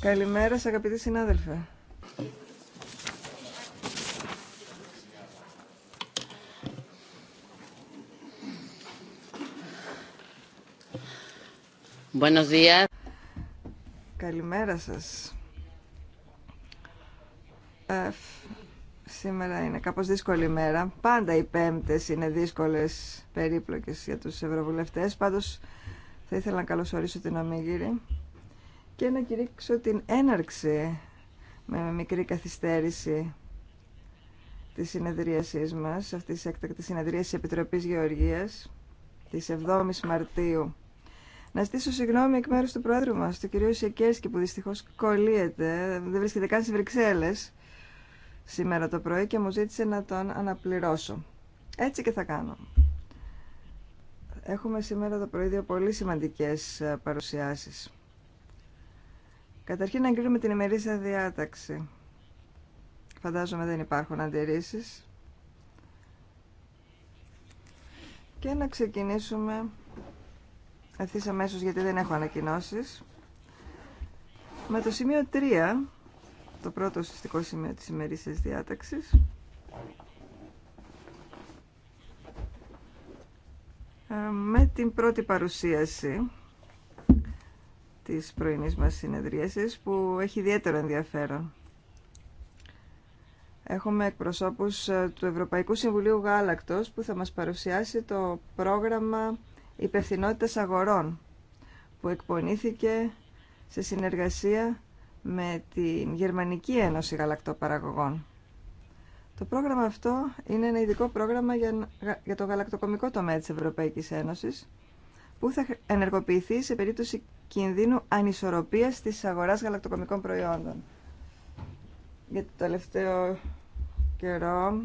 Καλημέρα σας αγαπητοί συνάδελφοι. Καλημέρα σας. Ε, σήμερα είναι κάπως δύσκολη ημέρα. Πάντα οι πέμπτες είναι δύσκολες περίπλοκες για τους ευρωβουλευτές. Πάντως θα ήθελα να καλωσορίσω την Ομίγυρη και να κηρύξω την έναρξη με μικρή καθυστέρηση της συνεδρίασής μας, αυτής της έκτακτης συνεδρίας της Επιτροπής Γεωργίας, της 7ης Μαρτίου. Να στήσω συγγνώμη εκ μέρους του Πρόεδρου μας, του κυρίου Σεκέσκη, που δυστυχώς κολλείεται, δεν βρίσκεται καν στις Βρυξέλλες σήμερα το πρωί και μου ζήτησε να τον αναπληρώσω. Έτσι και θα κάνω. Έχουμε σήμερα το πρωί δύο πολύ σημαντικές παρουσιάσεις. Καταρχήν να εγκρίνουμε την ημερήσια διάταξη. Φαντάζομαι δεν υπάρχουν αντιρρήσεις. Και να ξεκινήσουμε ευθύς αμέσω γιατί δεν έχω ανακοινώσεις. Με το σημείο 3, το πρώτο συστικό σημείο της ημερήσιας διάταξης, ε, με την πρώτη παρουσίαση της πρωινή μα συνεδρίασης που έχει ιδιαίτερο ενδιαφέρον. Έχουμε εκπροσώπους ε, του Ευρωπαϊκού Συμβουλίου Γάλακτος που θα μας παρουσιάσει το πρόγραμμα υπευθυνότητα αγορών που εκπονήθηκε σε συνεργασία με την Γερμανική Ένωση Γαλακτοπαραγωγών. Το πρόγραμμα αυτό είναι ένα ειδικό πρόγραμμα για το γαλακτοκομικό τομέα της Ευρωπαϊκής Ένωσης που θα ενεργοποιηθεί σε περίπτωση κινδύνου ανισορροπίας της αγοράς γαλακτοκομικών προϊόντων. Για το τελευταίο καιρό,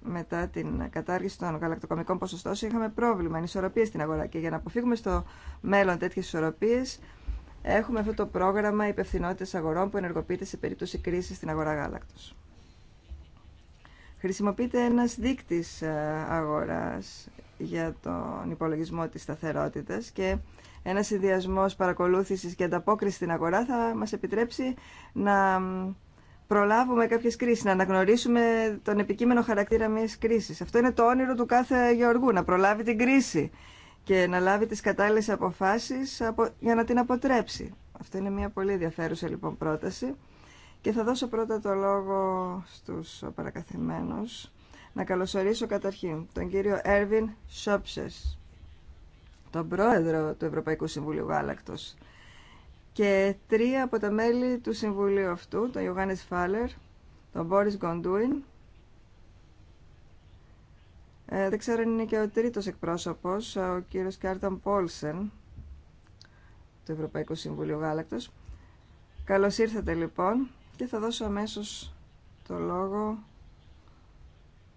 μετά την κατάργηση των γαλακτοκομικών ποσοστών, είχαμε πρόβλημα ανισορροπίας στην αγορά και για να αποφύγουμε στο μέλλον τέτοιες ισορροπίες, έχουμε αυτό το πρόγραμμα υπευθυνότητε αγορών που ενεργοποιείται σε περίπτωση κρίσης στην αγορά γάλακτος. Χρησιμοποιείται ένας δείκτης ε, αγοράς για τον υπολογισμό της σταθερότητας και ένας συνδυασμό παρακολούθησης και ανταπόκριση στην αγορά θα μας επιτρέψει να προλάβουμε κάποιες κρίσεις, να αναγνωρίσουμε τον επικείμενο χαρακτήρα μιας κρίσης. Αυτό είναι το όνειρο του κάθε γεωργού, να προλάβει την κρίση και να λάβει τις κατάλληλες αποφάσεις για να την αποτρέψει. Αυτό είναι μια πολύ ενδιαφέρουσα λοιπόν πρόταση. Και θα δώσω πρώτα το λόγο στους παρακαθημένους. Να καλωσορίσω καταρχήν τον κύριο Έρβιν Σόψες, τον πρόεδρο του Ευρωπαϊκού Συμβουλίου Γάλακτος και τρία από τα μέλη του Συμβουλίου αυτού, τον Ιωάννης Φάλερ, τον Μπόρις Γκοντούιν, ε, δεν ξέρω αν είναι και ο τρίτος εκπρόσωπος, ο κύριος Κάρταν Πόλσεν, του Ευρωπαϊκού Συμβουλίου Γάλακτος. Καλώς ήρθατε λοιπόν και θα δώσω αμέσως το λόγο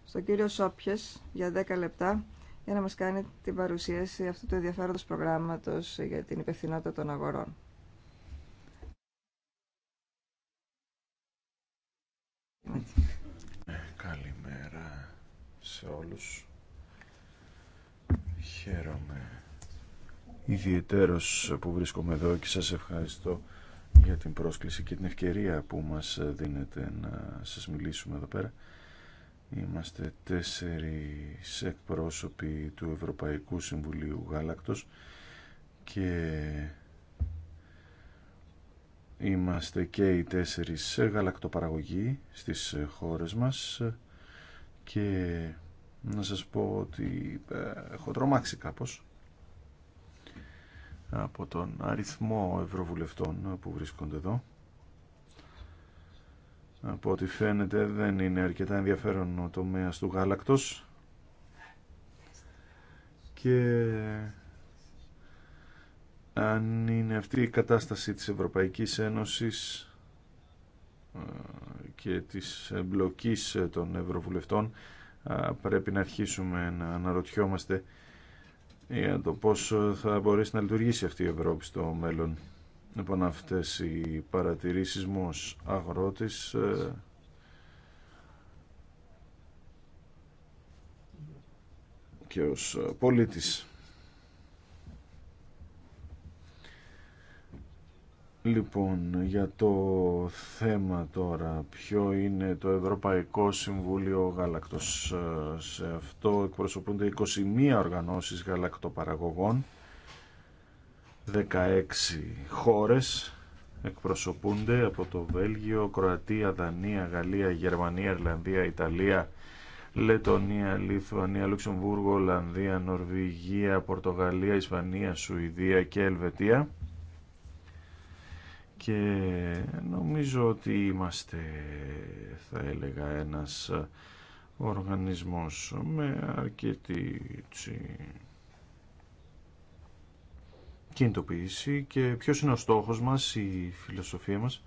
στον κύριο Σόπιες για 10 λεπτά για να μας κάνει την παρουσίαση αυτού του ενδιαφέροντος προγράμματος για την υπευθυνότητα των αγορών. Καλημέρα σε όλους. Χαίρομαι ιδιαιτέρως που βρίσκομαι εδώ και σας ευχαριστώ για την πρόσκληση και την ευκαιρία που μας δίνετε να σας μιλήσουμε εδώ πέρα Είμαστε τέσσερις εκπρόσωποι του Ευρωπαϊκού Συμβουλίου Γάλακτος και είμαστε και οι τέσσερις γαλακτοπαραγωγοί στις χώρες μας και να σας πω ότι ε, έχω τρομάξει κάπως από τον αριθμό ευρωβουλευτών που βρίσκονται εδώ. Από ό,τι φαίνεται δεν είναι αρκετά ενδιαφέρον ο τομέας του γάλακτος και αν είναι αυτή η κατάσταση της Ευρωπαϊκής Ένωσης ε, και της εμπλοκής των Ευρωβουλευτών ε, πρέπει να αρχίσουμε να αναρωτιόμαστε για το πώς θα μπορέσει να λειτουργήσει αυτή η Ευρώπη στο μέλλον. Λοιπόν, οι παρατηρήσεις μου ως αγρότης ε, και ω ε, πολίτης. Λοιπόν, για το θέμα τώρα, ποιο είναι το Ευρωπαϊκό Συμβούλιο Γαλακτος. Ε, σε αυτό εκπροσωπούνται 21 οργανώσεις γαλακτοπαραγωγών 16 χώρες εκπροσωπούνται από το Βέλγιο, Κροατία, Δανία, Γαλλία, Γερμανία, Ιρλανδία, Ιταλία, Λετωνία, Λιθουανία, Λουξεμβούργο, Ολλανδία, Νορβηγία, Πορτογαλία, Ισπανία, Σουηδία και Ελβετία. Και νομίζω ότι είμαστε, θα έλεγα, ένας οργανισμός με αρκετή κινητοποίηση και ποιος είναι ο στόχος μας, η φιλοσοφία μας.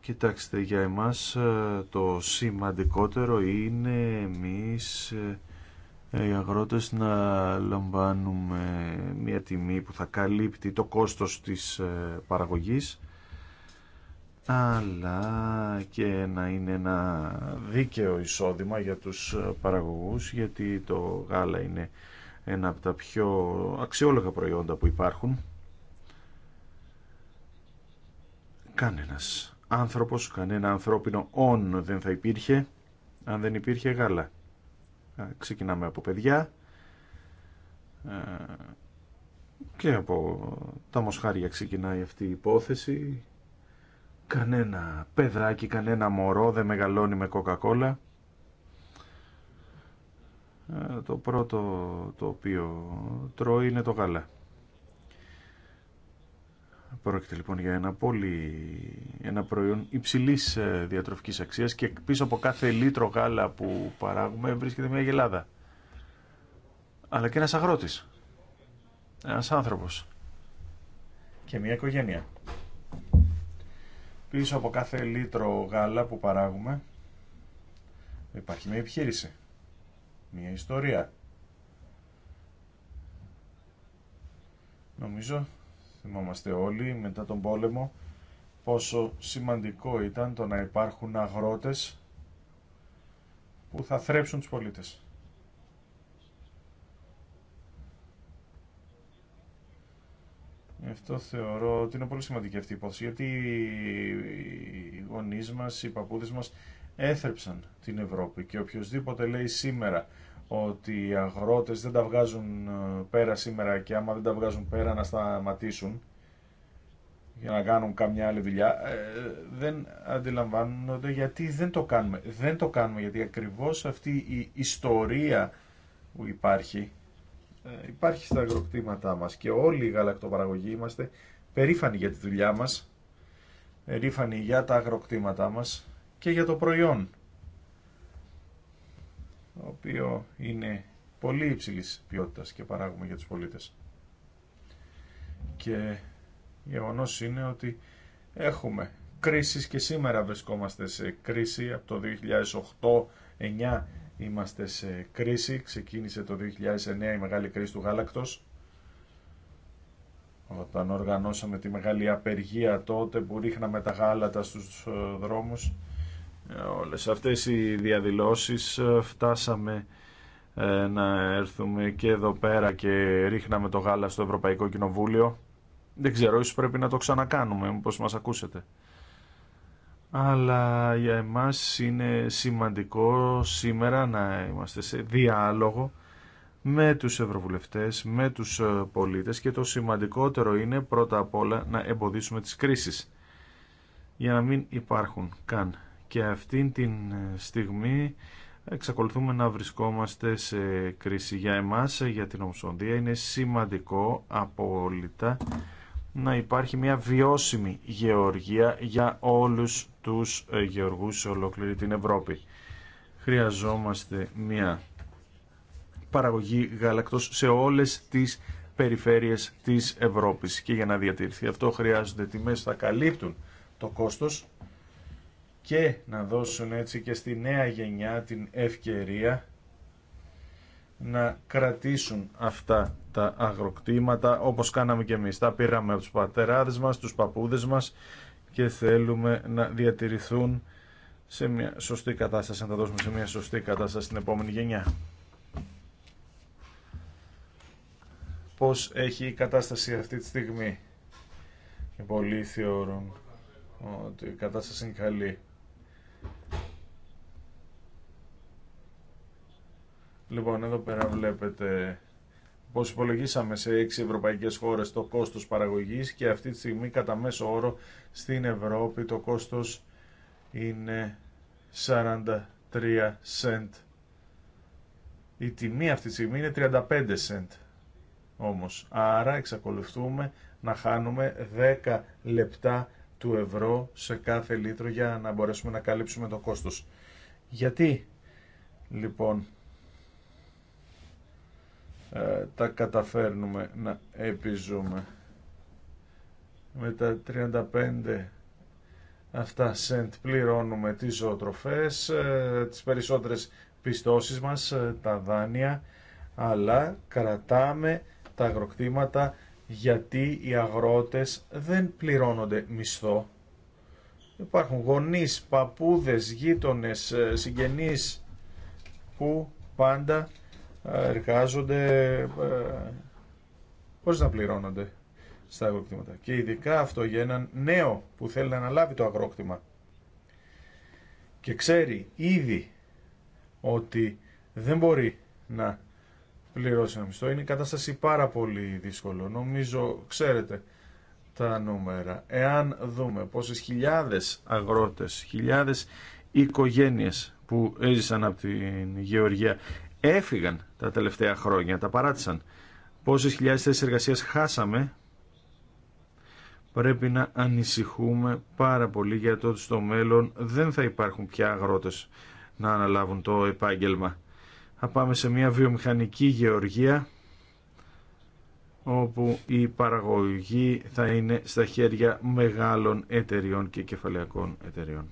Κοιτάξτε, για εμάς ε, το σημαντικότερο είναι εμείς ε, οι αγρότες να λαμβάνουμε μια τιμή που θα καλύπτει το κόστος της ε, παραγωγής αλλά και να είναι ένα δίκαιο εισόδημα για τους παραγωγούς γιατί το γάλα είναι ένα από τα πιο αξιόλογα προϊόντα που υπάρχουν. Κανένας άνθρωπος, κανένα ανθρώπινο όν δεν θα υπήρχε αν δεν υπήρχε γάλα. Ξεκινάμε από παιδιά και από τα μοσχάρια ξεκινάει αυτή η υπόθεση. Κανένα παιδάκι, κανένα μωρό δεν μεγαλώνει με κοκακόλα. Ε, το πρώτο το οποίο τρώει είναι το γάλα. Πρόκειται λοιπόν για ένα, πολύ, ένα προϊόν υψηλής ε, διατροφικής αξίας και πίσω από κάθε λίτρο γάλα που παράγουμε βρίσκεται μια γελάδα. Αλλά και ένας αγρότης, ένας άνθρωπος και μια οικογένεια. Πίσω από κάθε λίτρο γάλα που παράγουμε υπάρχει μια επιχείρηση μια ιστορία. Νομίζω, θυμόμαστε όλοι, μετά τον πόλεμο, πόσο σημαντικό ήταν το να υπάρχουν αγρότες που θα θρέψουν τους πολίτες. αυτό θεωρώ ότι είναι πολύ σημαντική αυτή η υπόθεση, γιατί οι γονείς μα, οι παππούδες μα έθρεψαν την Ευρώπη και οποιοδήποτε λέει σήμερα ότι οι αγρότες δεν τα βγάζουν ε, πέρα σήμερα και άμα δεν τα βγάζουν πέρα να σταματήσουν για να κάνουν καμιά άλλη δουλειά ε, δεν αντιλαμβάνονται γιατί δεν το κάνουμε. Δεν το κάνουμε γιατί ακριβώς αυτή η ιστορία που υπάρχει ε, υπάρχει στα αγροκτήματά μας και όλοι οι γαλακτοπαραγωγοί είμαστε περήφανοι για τη δουλειά μας περήφανοι για τα αγροκτήματά μας και για το προϊόν το οποίο είναι πολύ υψηλής ποιότητας και παράγουμε για τους πολίτες. Και γεγονό είναι ότι έχουμε κρίσεις και σήμερα βρισκόμαστε σε κρίση. Από το 2008-2009 είμαστε σε κρίση. Ξεκίνησε το 2009 η μεγάλη κρίση του γάλακτος. Όταν οργανώσαμε τη μεγάλη απεργία τότε που ρίχναμε τα γάλατα στους ε, δρόμους όλες αυτές οι διαδηλώσεις ε, φτάσαμε ε, να έρθουμε και εδώ πέρα και ρίχναμε το γάλα στο Ευρωπαϊκό Κοινοβούλιο. Δεν ξέρω, ίσως πρέπει να το ξανακάνουμε, όπως μας ακούσετε. Αλλά για εμάς είναι σημαντικό σήμερα να είμαστε σε διάλογο με τους ευρωβουλευτές, με τους ε, πολίτες και το σημαντικότερο είναι πρώτα απ' όλα να εμποδίσουμε τις κρίσεις για να μην υπάρχουν καν και αυτήν την ε, στιγμή εξακολουθούμε να βρισκόμαστε σε κρίση για εμάς, ε, για την Ομοσπονδία. Είναι σημαντικό απόλυτα να υπάρχει μια βιώσιμη γεωργία για όλους τους ε, γεωργούς σε ολόκληρη την Ευρώπη. Χρειαζόμαστε μια παραγωγή γάλακτος σε όλες τις περιφέρειες της Ευρώπης και για να διατηρηθεί αυτό χρειάζονται τιμές που θα καλύπτουν το κόστος και να δώσουν έτσι και στη νέα γενιά την ευκαιρία να κρατήσουν αυτά τα αγροκτήματα όπως κάναμε και εμείς. Τα πήραμε από τους πατεράδες μας, τους παππούδες μας και θέλουμε να διατηρηθούν σε μια σωστή κατάσταση, να τα δώσουμε σε μια σωστή κατάσταση στην επόμενη γενιά. Πώς έχει η κατάσταση αυτή τη στιγμή. Πολλοί θεωρούν ότι η κατάσταση είναι καλή. Λοιπόν, εδώ πέρα βλέπετε πως υπολογίσαμε σε 6 ευρωπαϊκές χώρες το κόστος παραγωγής και αυτή τη στιγμή κατά μέσο όρο στην Ευρώπη το κόστος είναι 43 cent. Η τιμή αυτή τη στιγμή είναι 35 cent όμως. Άρα εξακολουθούμε να χάνουμε 10 λεπτά του ευρώ σε κάθε λίτρο για να μπορέσουμε να καλύψουμε το κόστος. Γιατί λοιπόν ε, τα καταφέρνουμε να επιζούμε. Με τα 35 αυτά σεντ πληρώνουμε τις ζωοτροφές, ε, τις περισσότερες πιστώσεις μας, ε, τα δάνεια, αλλά κρατάμε τα αγροκτήματα γιατί οι αγρότες δεν πληρώνονται μισθό. Υπάρχουν γονείς, παππούδες, γείτονες, συγγενείς που πάντα ε, εργάζονται χωρίς ε, να πληρώνονται στα αγροκτήματα. Και ειδικά αυτό για έναν νέο που θέλει να αναλάβει το αγρόκτημα και ξέρει ήδη ότι δεν μπορεί να πληρώσει ένα μισθό. Είναι η κατάσταση πάρα πολύ δύσκολο. Νομίζω, ξέρετε, τα νούμερα. Εάν δούμε πόσες χιλιάδες αγρότες, χιλιάδες οικογένειες που έζησαν από την Γεωργία έφυγαν τα τελευταία χρόνια, τα παράτησαν. Πόσες χιλιάδες θέσεις εργασίας χάσαμε, πρέπει να ανησυχούμε πάρα πολύ για το ότι στο μέλλον δεν θα υπάρχουν πια αγρότες να αναλάβουν το επάγγελμα. Θα πάμε σε μια βιομηχανική γεωργία όπου η παραγωγή θα είναι στα χέρια μεγάλων εταιριών και κεφαλαιακών εταιριών.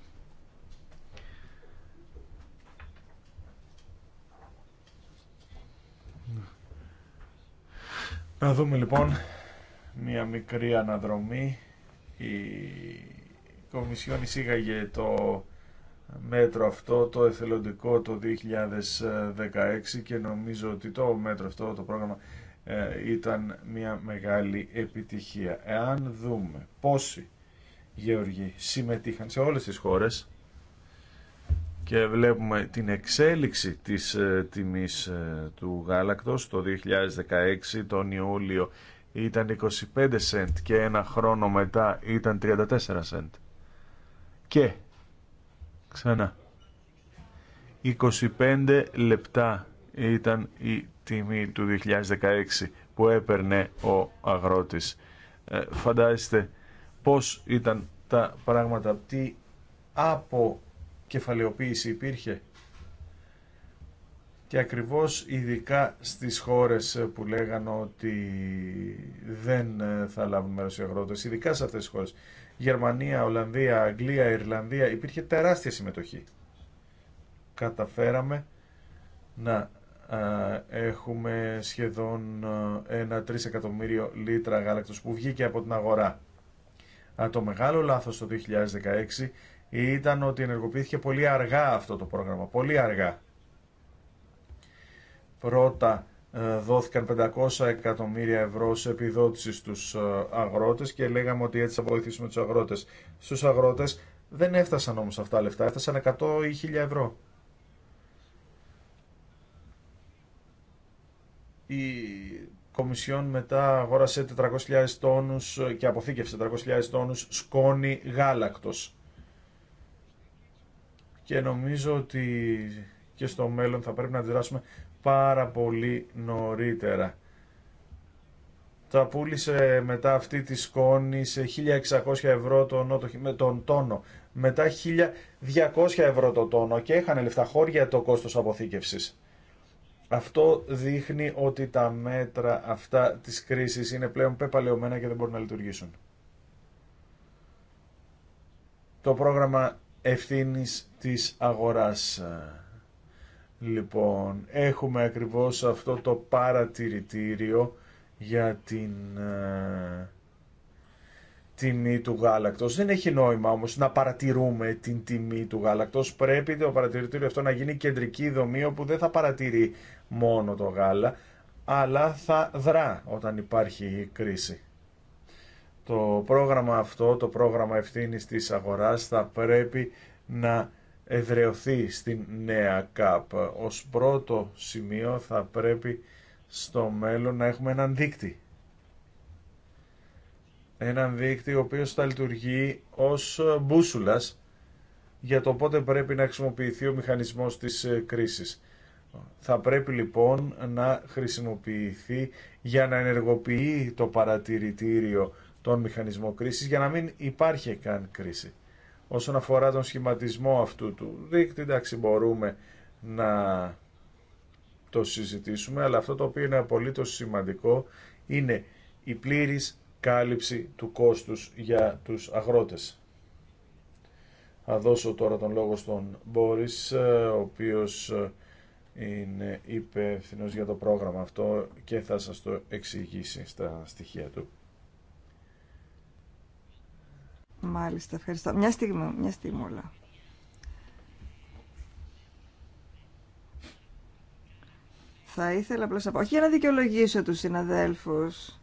Να δούμε λοιπόν μια μικρή αναδρομή. Η Κομισιόν εισήγαγε το μέτρο αυτό, το εθελοντικό το 2016 και νομίζω ότι το μέτρο αυτό, το πρόγραμμα ε, ήταν μια μεγάλη επιτυχία. Εάν δούμε πόσοι γεωργοί συμμετείχαν σε όλες τις χώρες και βλέπουμε την εξέλιξη της ε, τιμής ε, του γάλακτος το 2016 τον Ιούλιο ήταν 25 σεντ και ένα χρόνο μετά ήταν 34 σεντ και ξανά 25 λεπτά ήταν η τιμή του 2016 που έπαιρνε ο αγρότης ε, φαντάζεστε πως ήταν τα πράγματα τι από κεφαλαιοποίηση υπήρχε. Και ακριβώς ειδικά στις χώρες που λέγανε ότι δεν ε, θα λάβουν μέρος οι αγρότες, ειδικά σε αυτές τις χώρες, Γερμανία, Ολλανδία, Αγγλία, Ιρλανδία, υπήρχε τεράστια συμμετοχή. Καταφέραμε να ε, έχουμε σχεδόν ε, ένα 3 εκατομμύριο λίτρα γάλακτος που βγήκε από την αγορά. Α, το μεγάλο λάθος το 2016 ήταν ότι ενεργοποιήθηκε πολύ αργά αυτό το πρόγραμμα. Πολύ αργά. Πρώτα ε, δόθηκαν 500 εκατομμύρια ευρώ σε επιδότηση στους ε, αγρότες και λέγαμε ότι έτσι θα βοηθήσουμε τους αγρότες. Στους αγρότες δεν έφτασαν όμως αυτά λεφτά, έφτασαν 100 ή 1000 ευρώ. Η Κομισιόν μετά αγόρασε 400.000 τόνους και αποθήκευσε 400.000 τόνους σκόνη γάλακτος και νομίζω ότι και στο μέλλον θα πρέπει να αντιδράσουμε πάρα πολύ νωρίτερα. Τα πούλησε μετά αυτή τη σκόνη σε 1600 ευρώ τον, με τον τόνο. Μετά 1200 ευρώ το τόνο και είχαν λεφτά χώρια το κόστος αποθήκευσης. Αυτό δείχνει ότι τα μέτρα αυτά της κρίσης είναι πλέον πεπαλαιωμένα και δεν μπορούν να λειτουργήσουν. Το πρόγραμμα ευθύνης της αγοράς. Λοιπόν, έχουμε ακριβώς αυτό το παρατηρητήριο για την ε, τιμή του γάλακτος. Δεν έχει νόημα όμως να παρατηρούμε την τιμή του γάλακτος. Πρέπει το παρατηρητήριο αυτό να γίνει κεντρική δομή όπου δεν θα παρατηρεί μόνο το γάλα, αλλά θα δρά όταν υπάρχει κρίση. Το πρόγραμμα αυτό, το πρόγραμμα ευθύνης της αγοράς θα πρέπει να εδρεωθεί στην νέα ΚΑΠ. Ως πρώτο σημείο θα πρέπει στο μέλλον να έχουμε έναν δίκτυ. Έναν δίκτυο ο οποίος θα λειτουργεί ως μπούσουλας για το πότε πρέπει να χρησιμοποιηθεί ο μηχανισμός της κρίσης. Θα πρέπει λοιπόν να χρησιμοποιηθεί για να ενεργοποιεί το παρατηρητήριο τον μηχανισμό κρίσης για να μην υπάρχει καν κρίση όσον αφορά τον σχηματισμό αυτού του δίκτυ, εντάξει μπορούμε να το συζητήσουμε, αλλά αυτό το οποίο είναι απολύτως σημαντικό είναι η πλήρης κάλυψη του κόστους για τους αγρότες. Θα δώσω τώρα τον λόγο στον Μπόρις, ε, ο οποίος ε, είναι υπεύθυνος για το πρόγραμμα αυτό και θα σας το εξηγήσει στα στοιχεία του. Μάλιστα, ευχαριστώ. Μια στιγμή, μια στιγμούλα. Θα ήθελα απλώς να πω, όχι για να δικαιολογήσω τους συναδέλφους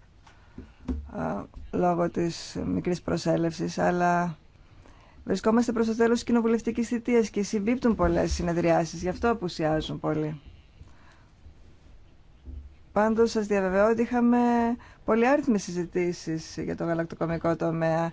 λόγω της μικρής προσέλευσης, αλλά βρισκόμαστε προς το τέλος της κοινοβουλευτικής θητείας και συμπίπτουν πολλές συνεδριάσεις, γι' αυτό απουσιάζουν πολύ. Πάντως σας διαβεβαιώ ότι είχαμε πολύ άριθμες συζητήσεις για το γαλακτοκομικό τομέα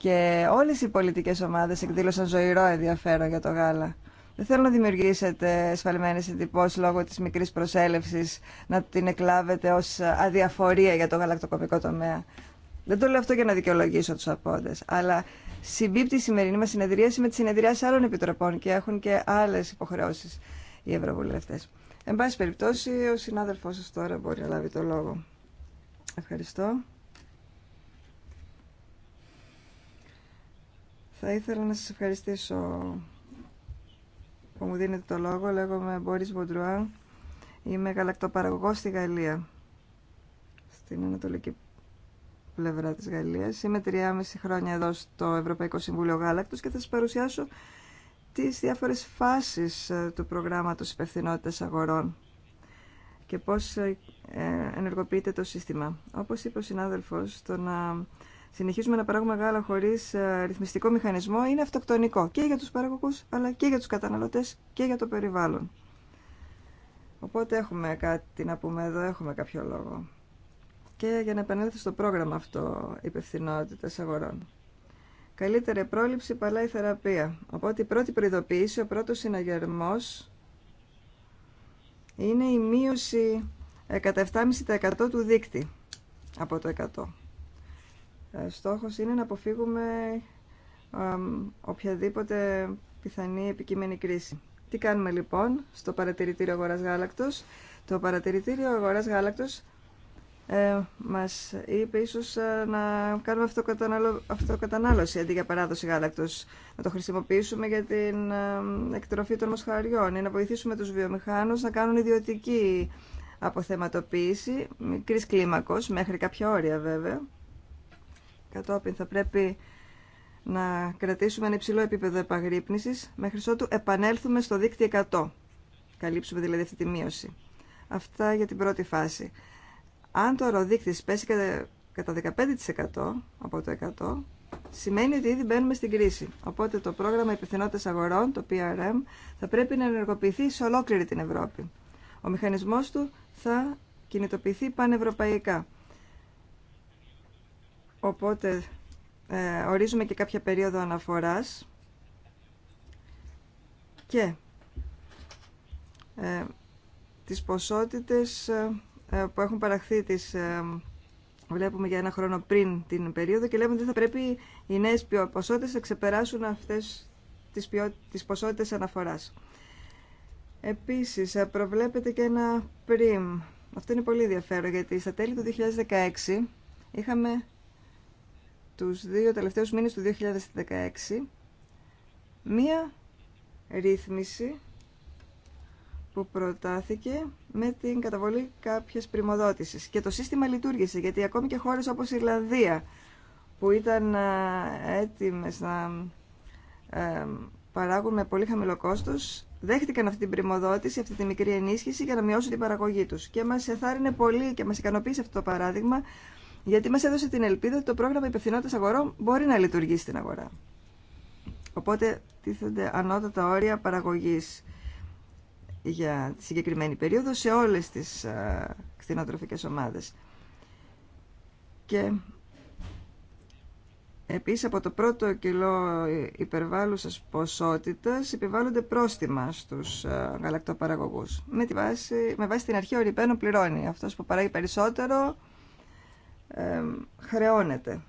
και όλες οι πολιτικές ομάδες εκδήλωσαν ζωηρό ενδιαφέρον για το γάλα. Δεν θέλω να δημιουργήσετε εσφαλμένε εντυπώσεις λόγω της μικρής προσέλευσης, να την εκλάβετε ως αδιαφορία για το γαλακτοκομικό τομέα. Δεν το λέω αυτό για να δικαιολογήσω τους απόντες, αλλά συμπίπτει η σημερινή μας συνεδρίαση με τη συνεδρίαση άλλων επιτροπών και έχουν και άλλες υποχρεώσεις οι ευρωβουλευτές. Εν πάση περιπτώσει, ο συνάδελφός σας τώρα μπορεί να λάβει το λόγο. Ευχαριστώ. Θα ήθελα να σας ευχαριστήσω που μου δίνετε το λόγο. Λέγομαι Μπόρις Βοντρουά. Είμαι γαλακτοπαραγωγός στη Γαλλία, στην ανατολική πλευρά της Γαλλίας. Είμαι 3,5 χρόνια εδώ στο Ευρωπαϊκό Συμβούλιο Γάλακτος και θα σας παρουσιάσω τις διάφορες φάσεις ε, του προγράμματος υπευθυνότητα αγορών και πώς ε, ε, ενεργοποιείται το σύστημα. Όπως είπε ο συνάδελφος, το να συνεχίζουμε να παράγουμε γάλα χωρί ε, ρυθμιστικό μηχανισμό είναι αυτοκτονικό και για του παραγωγού, αλλά και για του καταναλωτέ και για το περιβάλλον. Οπότε έχουμε κάτι να πούμε εδώ, έχουμε κάποιο λόγο. Και για να επανέλθω στο πρόγραμμα αυτό υπευθυνότητα αγορών. Καλύτερη πρόληψη παλά η θεραπεία. Οπότε η πρώτη προειδοποίηση, ο πρώτος συναγερμός είναι η μείωση ε, κατά 7,5% του δίκτυ από το 100. Ε, στόχος είναι να αποφύγουμε οποιαδήποτε πιθανή επικείμενη κρίση. Τι κάνουμε λοιπόν στο παρατηρητήριο αγοράς γάλακτος. Το παρατηρητήριο αγοράς γάλακτος ε, μας είπε ίσως ε, να κάνουμε αυτοκατανάλωση αντί για παράδοση γάλακτος. Να το χρησιμοποιήσουμε για την εκτροφή των μοσχαριών ή να βοηθήσουμε τους βιομηχάνους να κάνουν ιδιωτική αποθεματοποίηση, μικρής κλίμακος, μέχρι κάποια όρια βέβαια. Κατόπιν θα πρέπει να κρατήσουμε ένα υψηλό επίπεδο επαγρύπνησης μέχρι ότου επανέλθουμε στο δίκτυο 100. Καλύψουμε δηλαδή αυτή τη μείωση. Αυτά για την πρώτη φάση. Αν τώρα ο δείκτης πέσει κατά 15% από το 100, σημαίνει ότι ήδη μπαίνουμε στην κρίση. Οπότε το πρόγραμμα Επιθυνότητας Αγορών, το PRM, θα πρέπει να ενεργοποιηθεί σε ολόκληρη την Ευρώπη. Ο μηχανισμός του θα κινητοποιηθεί πανευρωπαϊκά. Οπότε ε, ορίζουμε και κάποια περίοδο αναφοράς και ε, τις ποσότητες ε, ε, που έχουν παραχθεί τις βλέπουμε για ένα χρόνο πριν την περίοδο και λέμε ότι θα πρέπει οι νέες ποσότητες να ξεπεράσουν αυτές τις, ποιο... τις ποσότητες αναφοράς. Επίσης, προβλέπεται και ένα πριμ. Αυτό είναι πολύ ενδιαφέρον γιατί στα τέλη του 2016 είχαμε τους δύο τελευταίους μήνες του 2016 μία ρύθμιση που προτάθηκε με την καταβολή κάποιες πρημοδότησης. Και το σύστημα λειτουργήσε, γιατί ακόμη και χώρες όπως η Ιρλανδία, που ήταν ε, έτοιμες να ε, παράγουν με πολύ χαμηλό κόστος, δέχτηκαν αυτή την πρημοδότηση, αυτή τη μικρή ενίσχυση για να μειώσουν την παραγωγή τους. Και μας εθάρρυνε πολύ και μας ικανοποίησε αυτό το παράδειγμα γιατί μας έδωσε την ελπίδα ότι το πρόγραμμα υπευθυνότητας αγορών μπορεί να λειτουργήσει στην αγορά. Οπότε τίθενται ανώτατα όρια παραγωγής για τη συγκεκριμένη περίοδο σε όλες τις κτηνοτροφικές ομάδες. Και επίσης από το πρώτο κιλό υπερβάλλουσας ποσότητας επιβάλλονται πρόστιμα στους γαλακτοπαραγωγούς. Με, τη βάση, με βάση την αρχή ο Ριπένο πληρώνει. Αυτός που παράγει περισσότερο χρεώνεται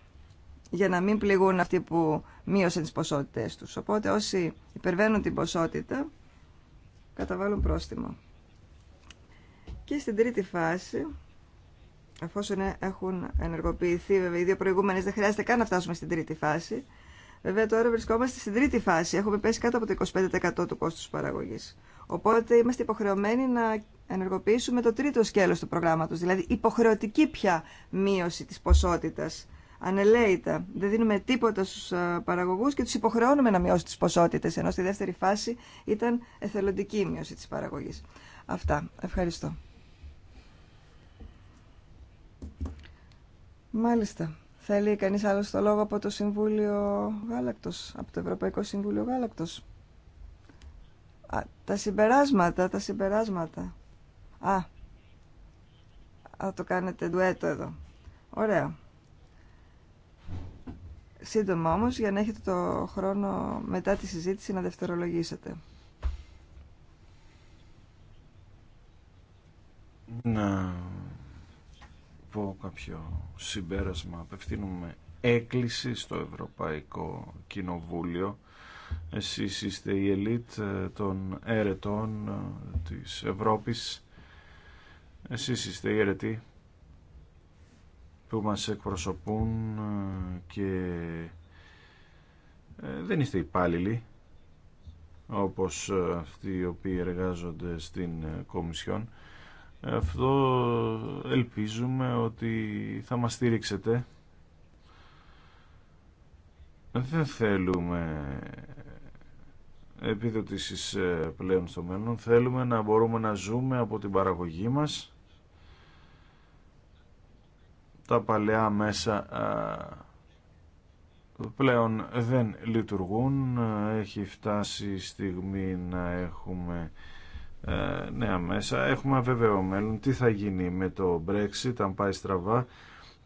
για να μην πληγούν αυτοί που μείωσαν τις ποσότητες τους. Οπότε όσοι υπερβαίνουν την ποσότητα καταβάλουν πρόστιμο. Και στην τρίτη φάση, αφόσον ε, έχουν ενεργοποιηθεί βέβαια οι δύο προηγούμενες, δεν χρειάζεται καν να φτάσουμε στην τρίτη φάση. Βέβαια τώρα βρισκόμαστε στην τρίτη φάση, έχουμε πέσει κάτω από το 25% του κόστους παραγωγής. Οπότε είμαστε υποχρεωμένοι να ενεργοποιήσουμε το τρίτο σκέλος του προγράμματος, δηλαδή υποχρεωτική πια μείωση της ποσότητας, ανελαίητα. Δεν δίνουμε τίποτα στους ε, παραγωγούς και τους υποχρεώνουμε να μειώσουν τις ποσότητες, ενώ στη δεύτερη φάση ήταν εθελοντική η μείωση της παραγωγής. Αυτά. Ευχαριστώ. Μάλιστα. Θέλει κανείς άλλο το λόγο από το Συμβούλιο Γάλακτος, από το Ευρωπαϊκό Συμβούλιο Γάλακτος τα συμπεράσματα, τα συμπεράσματα. Α, θα το κάνετε ντουέτο εδώ. Ωραία. Σύντομα όμως, για να έχετε το χρόνο μετά τη συζήτηση να δευτερολογήσετε. Να πω κάποιο συμπέρασμα. Απευθύνουμε έκκληση στο Ευρωπαϊκό Κοινοβούλιο εσείς είστε η ελίτ ε, των αιρετών ε, της Ευρώπης. Εσείς είστε οι αιρετοί που μας εκπροσωπούν ε, και δεν είστε υπάλληλοι όπως αυτοί οι οποίοι εργάζονται στην Κομισιόν. Αυτό ελπίζουμε ότι θα μας στήριξετε. Δεν θέλουμε επιδοτήσεις ε, πλέον στο μέλλον. Θέλουμε να μπορούμε να ζούμε από την παραγωγή μας. Τα παλαιά μέσα ε, πλέον δεν λειτουργούν. Έχει φτάσει η στιγμή να έχουμε ε, νέα μέσα. Έχουμε μέλλον τι θα γίνει με το Brexit αν πάει στραβά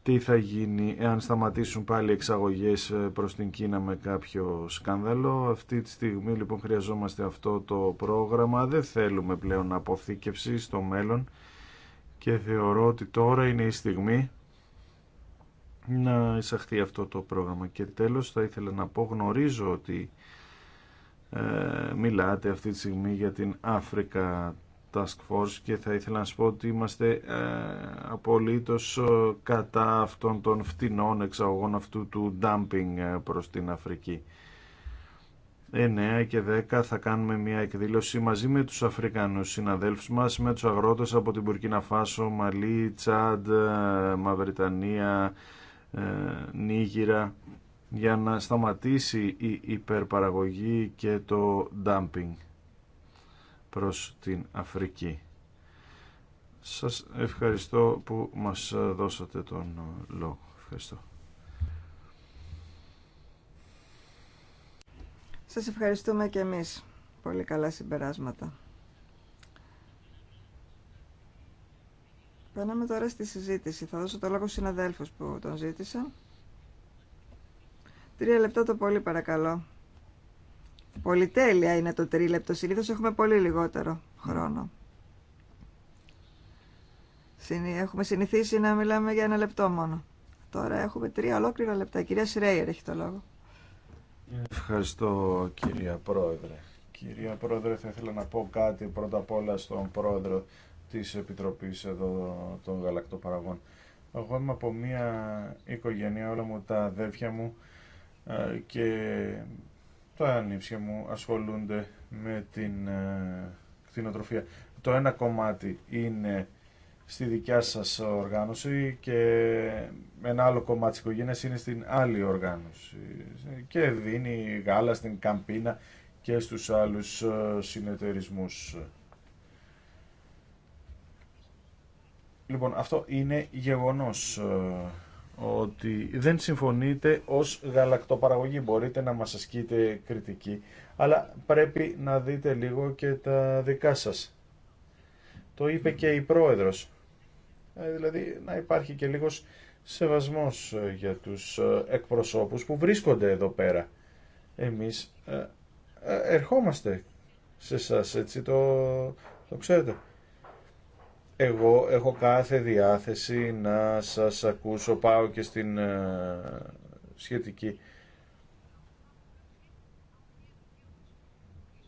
τι θα γίνει εάν σταματήσουν πάλι εξαγωγές ε, προς την Κίνα με κάποιο σκάνδαλο. Αυτή τη στιγμή λοιπόν χρειαζόμαστε αυτό το πρόγραμμα. Δεν θέλουμε πλέον αποθήκευση στο μέλλον και θεωρώ ότι τώρα είναι η στιγμή να εισαχθεί αυτό το πρόγραμμα. Και τέλος θα ήθελα να πω γνωρίζω ότι ε, μιλάτε αυτή τη στιγμή για την Αφρικα Task Force και θα ήθελα να σα πω ότι είμαστε ε, απολύτως ε, κατά αυτών των φτηνών εξαγωγών αυτού του dumping ε, προς την Αφρική. 9 και 10 θα κάνουμε μια εκδήλωση μαζί με τους Αφρικανούς συναδέλφους μας, με τους αγρότες από την Μπουρκίνα Φάσο, Μαλή, Τσάντ, Μαυριτανία, Νίγηρα, για να σταματήσει η υπερπαραγωγή και το dumping προς την Αφρική. Σας ευχαριστώ που μας δώσατε τον λόγο. Ευχαριστώ. Σας ευχαριστούμε και εμείς. Πολύ καλά συμπεράσματα. Περνάμε τώρα στη συζήτηση. Θα δώσω το λόγο στους συναδέλφους που τον ζήτησα. Τρία λεπτά το πολύ παρακαλώ Πολυτέλεια είναι το τρίλεπτο. σύνηθω. έχουμε πολύ λιγότερο χρόνο. Έχουμε συνηθίσει να μιλάμε για ένα λεπτό μόνο. Τώρα έχουμε τρία ολόκληρα λεπτά. κυρία Σρέιερ έχει το λόγο. Ευχαριστώ κυρία Πρόεδρε. Κυρία Πρόεδρε, θα ήθελα να πω κάτι πρώτα απ' όλα στον Πρόεδρο της Επιτροπής εδώ των Γαλακτοπαραγών. Εγώ είμαι από μια οικογένεια, όλα μου τα αδέρφια μου ε, και τα νύψια μου ασχολούνται με την ε, κτηνοτροφία. Το ένα κομμάτι είναι στη δικιά σας οργάνωση και ένα άλλο κομμάτι της οικογένειας είναι στην άλλη οργάνωση και δίνει γάλα στην Καμπίνα και στους άλλους ε, συνεταιρισμούς. Λοιπόν, αυτό είναι γεγονός ε, ότι δεν συμφωνείτε ως γαλακτοπαραγωγή. Μπορείτε να μας ασκείτε κριτική, αλλά πρέπει να δείτε λίγο και τα δικά σας. Το είπε και η πρόεδρος. Ε, δηλαδή να υπάρχει και λίγος σεβασμός ε, για τους ε, εκπροσώπους που βρίσκονται εδώ πέρα. Εμείς ερχόμαστε σε σας έτσι το, το ξέρετε. Εγώ έχω κάθε διάθεση να σας ακούσω. Πάω και στην ε, σχετική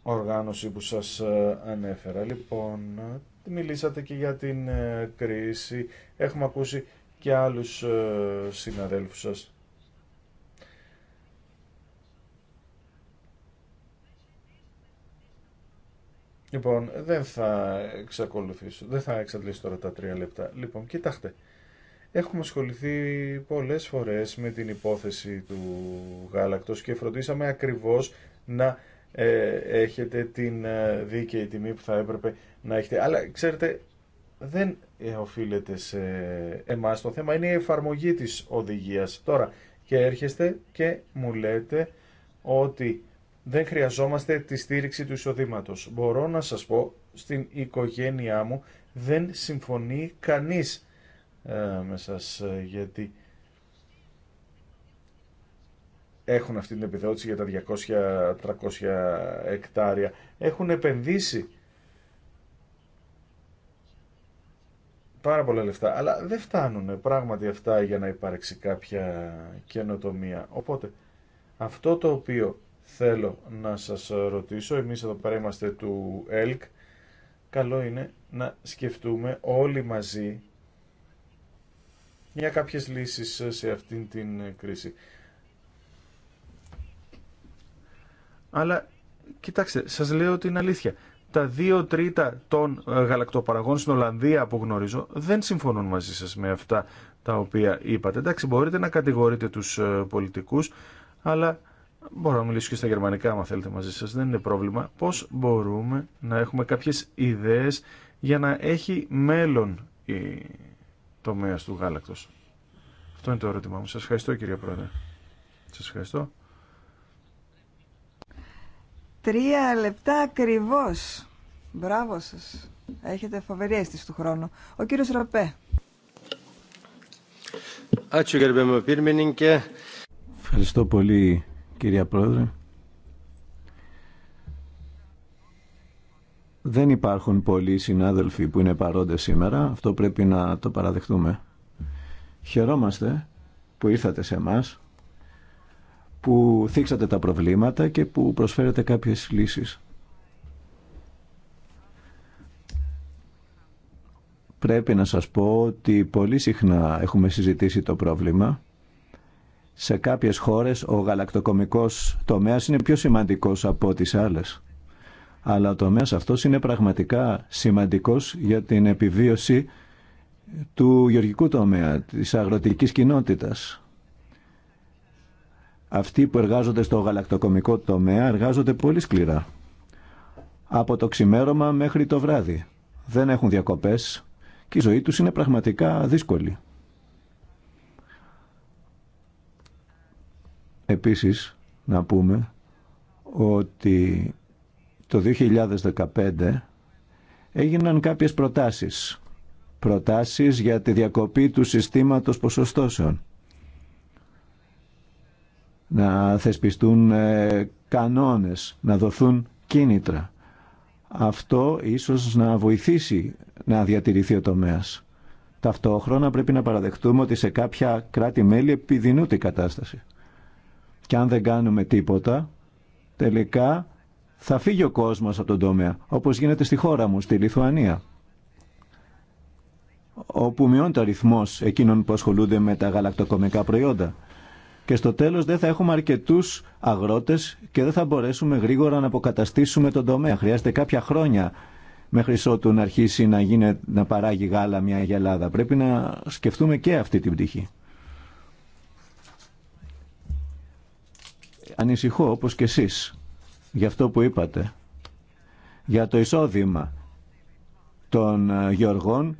οργάνωση που σας ε, ανέφερα. Λοιπόν, μιλήσατε και για την ε, κρίση. Έχουμε ακούσει και άλλους συναδέλφους σας Λοιπόν, δεν θα εξακολουθήσω, δεν θα εξαντλήσω τώρα τα τρία λεπτά. Λοιπόν, κοιτάξτε, έχουμε ασχοληθεί πολλές φορές με την υπόθεση του γάλακτος και φροντίσαμε ακριβώς να ε, έχετε την ε, δίκαιη τιμή που θα έπρεπε να έχετε. Αλλά ξέρετε, δεν ε, οφείλεται σε εμάς το θέμα, είναι η εφαρμογή της οδηγίας. Τώρα, και έρχεστε και μου λέτε ότι δεν χρειαζόμαστε τη στήριξη του εισοδήματο. Μπορώ να σας πω, στην οικογένειά μου δεν συμφωνεί κανείς ε, με σας, ε, γιατί έχουν αυτή την επιδότηση για τα 200-300 εκτάρια. Έχουν επενδύσει πάρα πολλά λεφτά, αλλά δεν φτάνουν πράγματι αυτά για να υπάρξει κάποια καινοτομία. Οπότε, αυτό το οποίο θέλω να σας ρωτήσω. Εμείς εδώ πέρα είμαστε του ΕΛΚ. Καλό είναι να σκεφτούμε όλοι μαζί για κάποιες λύσεις σε αυτήν την κρίση. Αλλά κοιτάξτε, σας λέω την αλήθεια. Τα δύο τρίτα των ε, γαλακτοπαραγών στην Ολλανδία που γνωρίζω δεν συμφωνούν μαζί σας με αυτά τα οποία είπατε. Εντάξει, μπορείτε να κατηγορείτε τους ε, πολιτικούς, αλλά Μπορώ να μιλήσω και στα γερμανικά, αν θέλετε μαζί σα. δεν είναι πρόβλημα. Πώ μπορούμε να έχουμε κάποιε ιδέε για να έχει μέλλον η τομέα του γάλακτο. Αυτό είναι το ερώτημά μου. Σα ευχαριστώ κύριε Πρόεδρε. Σα ευχαριστώ. Τρία λεπτά ακριβώ. Μπράβο σα. Έχετε φοβερή αίσθηση του χρόνου. Ο κύριο Ραπέ. Ευχαριστώ πολύ κυρία Πρόεδρε. Δεν υπάρχουν πολλοί συνάδελφοι που είναι παρόντες σήμερα. Αυτό πρέπει να το παραδεχτούμε. Χαιρόμαστε που ήρθατε σε μας, που θίξατε τα προβλήματα και που προσφέρετε κάποιες λύσεις. Πρέπει να σας πω ότι πολύ συχνά έχουμε συζητήσει το πρόβλημα σε κάποιες χώρες ο γαλακτοκομικός τομέας είναι πιο σημαντικός από τις άλλες. Αλλά ο τομέας αυτός είναι πραγματικά σημαντικός για την επιβίωση του γεωργικού τομέα, της αγροτικής κοινότητας. Αυτοί που εργάζονται στο γαλακτοκομικό τομέα εργάζονται πολύ σκληρά. Από το ξημέρωμα μέχρι το βράδυ. Δεν έχουν διακοπές και η ζωή τους είναι πραγματικά δύσκολη. Επίσης, να πούμε ότι το 2015 έγιναν κάποιες προτάσεις. Προτάσεις για τη διακοπή του συστήματος ποσοστώσεων. Να θεσπιστούν ε, κανόνες, να δοθούν κίνητρα. Αυτό ίσως να βοηθήσει να διατηρηθεί ο τομέας. Ταυτόχρονα πρέπει να παραδεχτούμε ότι σε κάποια κράτη-μέλη επιδεινούται η κατάσταση. Και αν δεν κάνουμε τίποτα, τελικά θα φύγει ο κόσμος από τον τομέα, όπως γίνεται στη χώρα μου, στη Λιθουανία όπου μειώνεται ο αριθμό εκείνων που ασχολούνται με τα γαλακτοκομικά προϊόντα. Και στο τέλος δεν θα έχουμε αρκετούς αγρότες και δεν θα μπορέσουμε γρήγορα να αποκαταστήσουμε τον τομέα. Χρειάζεται κάποια χρόνια μέχρι ότου να αρχίσει να, γίνει, να παράγει γάλα μια γελάδα. Πρέπει να σκεφτούμε και αυτή την πτυχή. ανησυχώ όπως και εσείς για αυτό που είπατε, για το εισόδημα των ε, γεωργών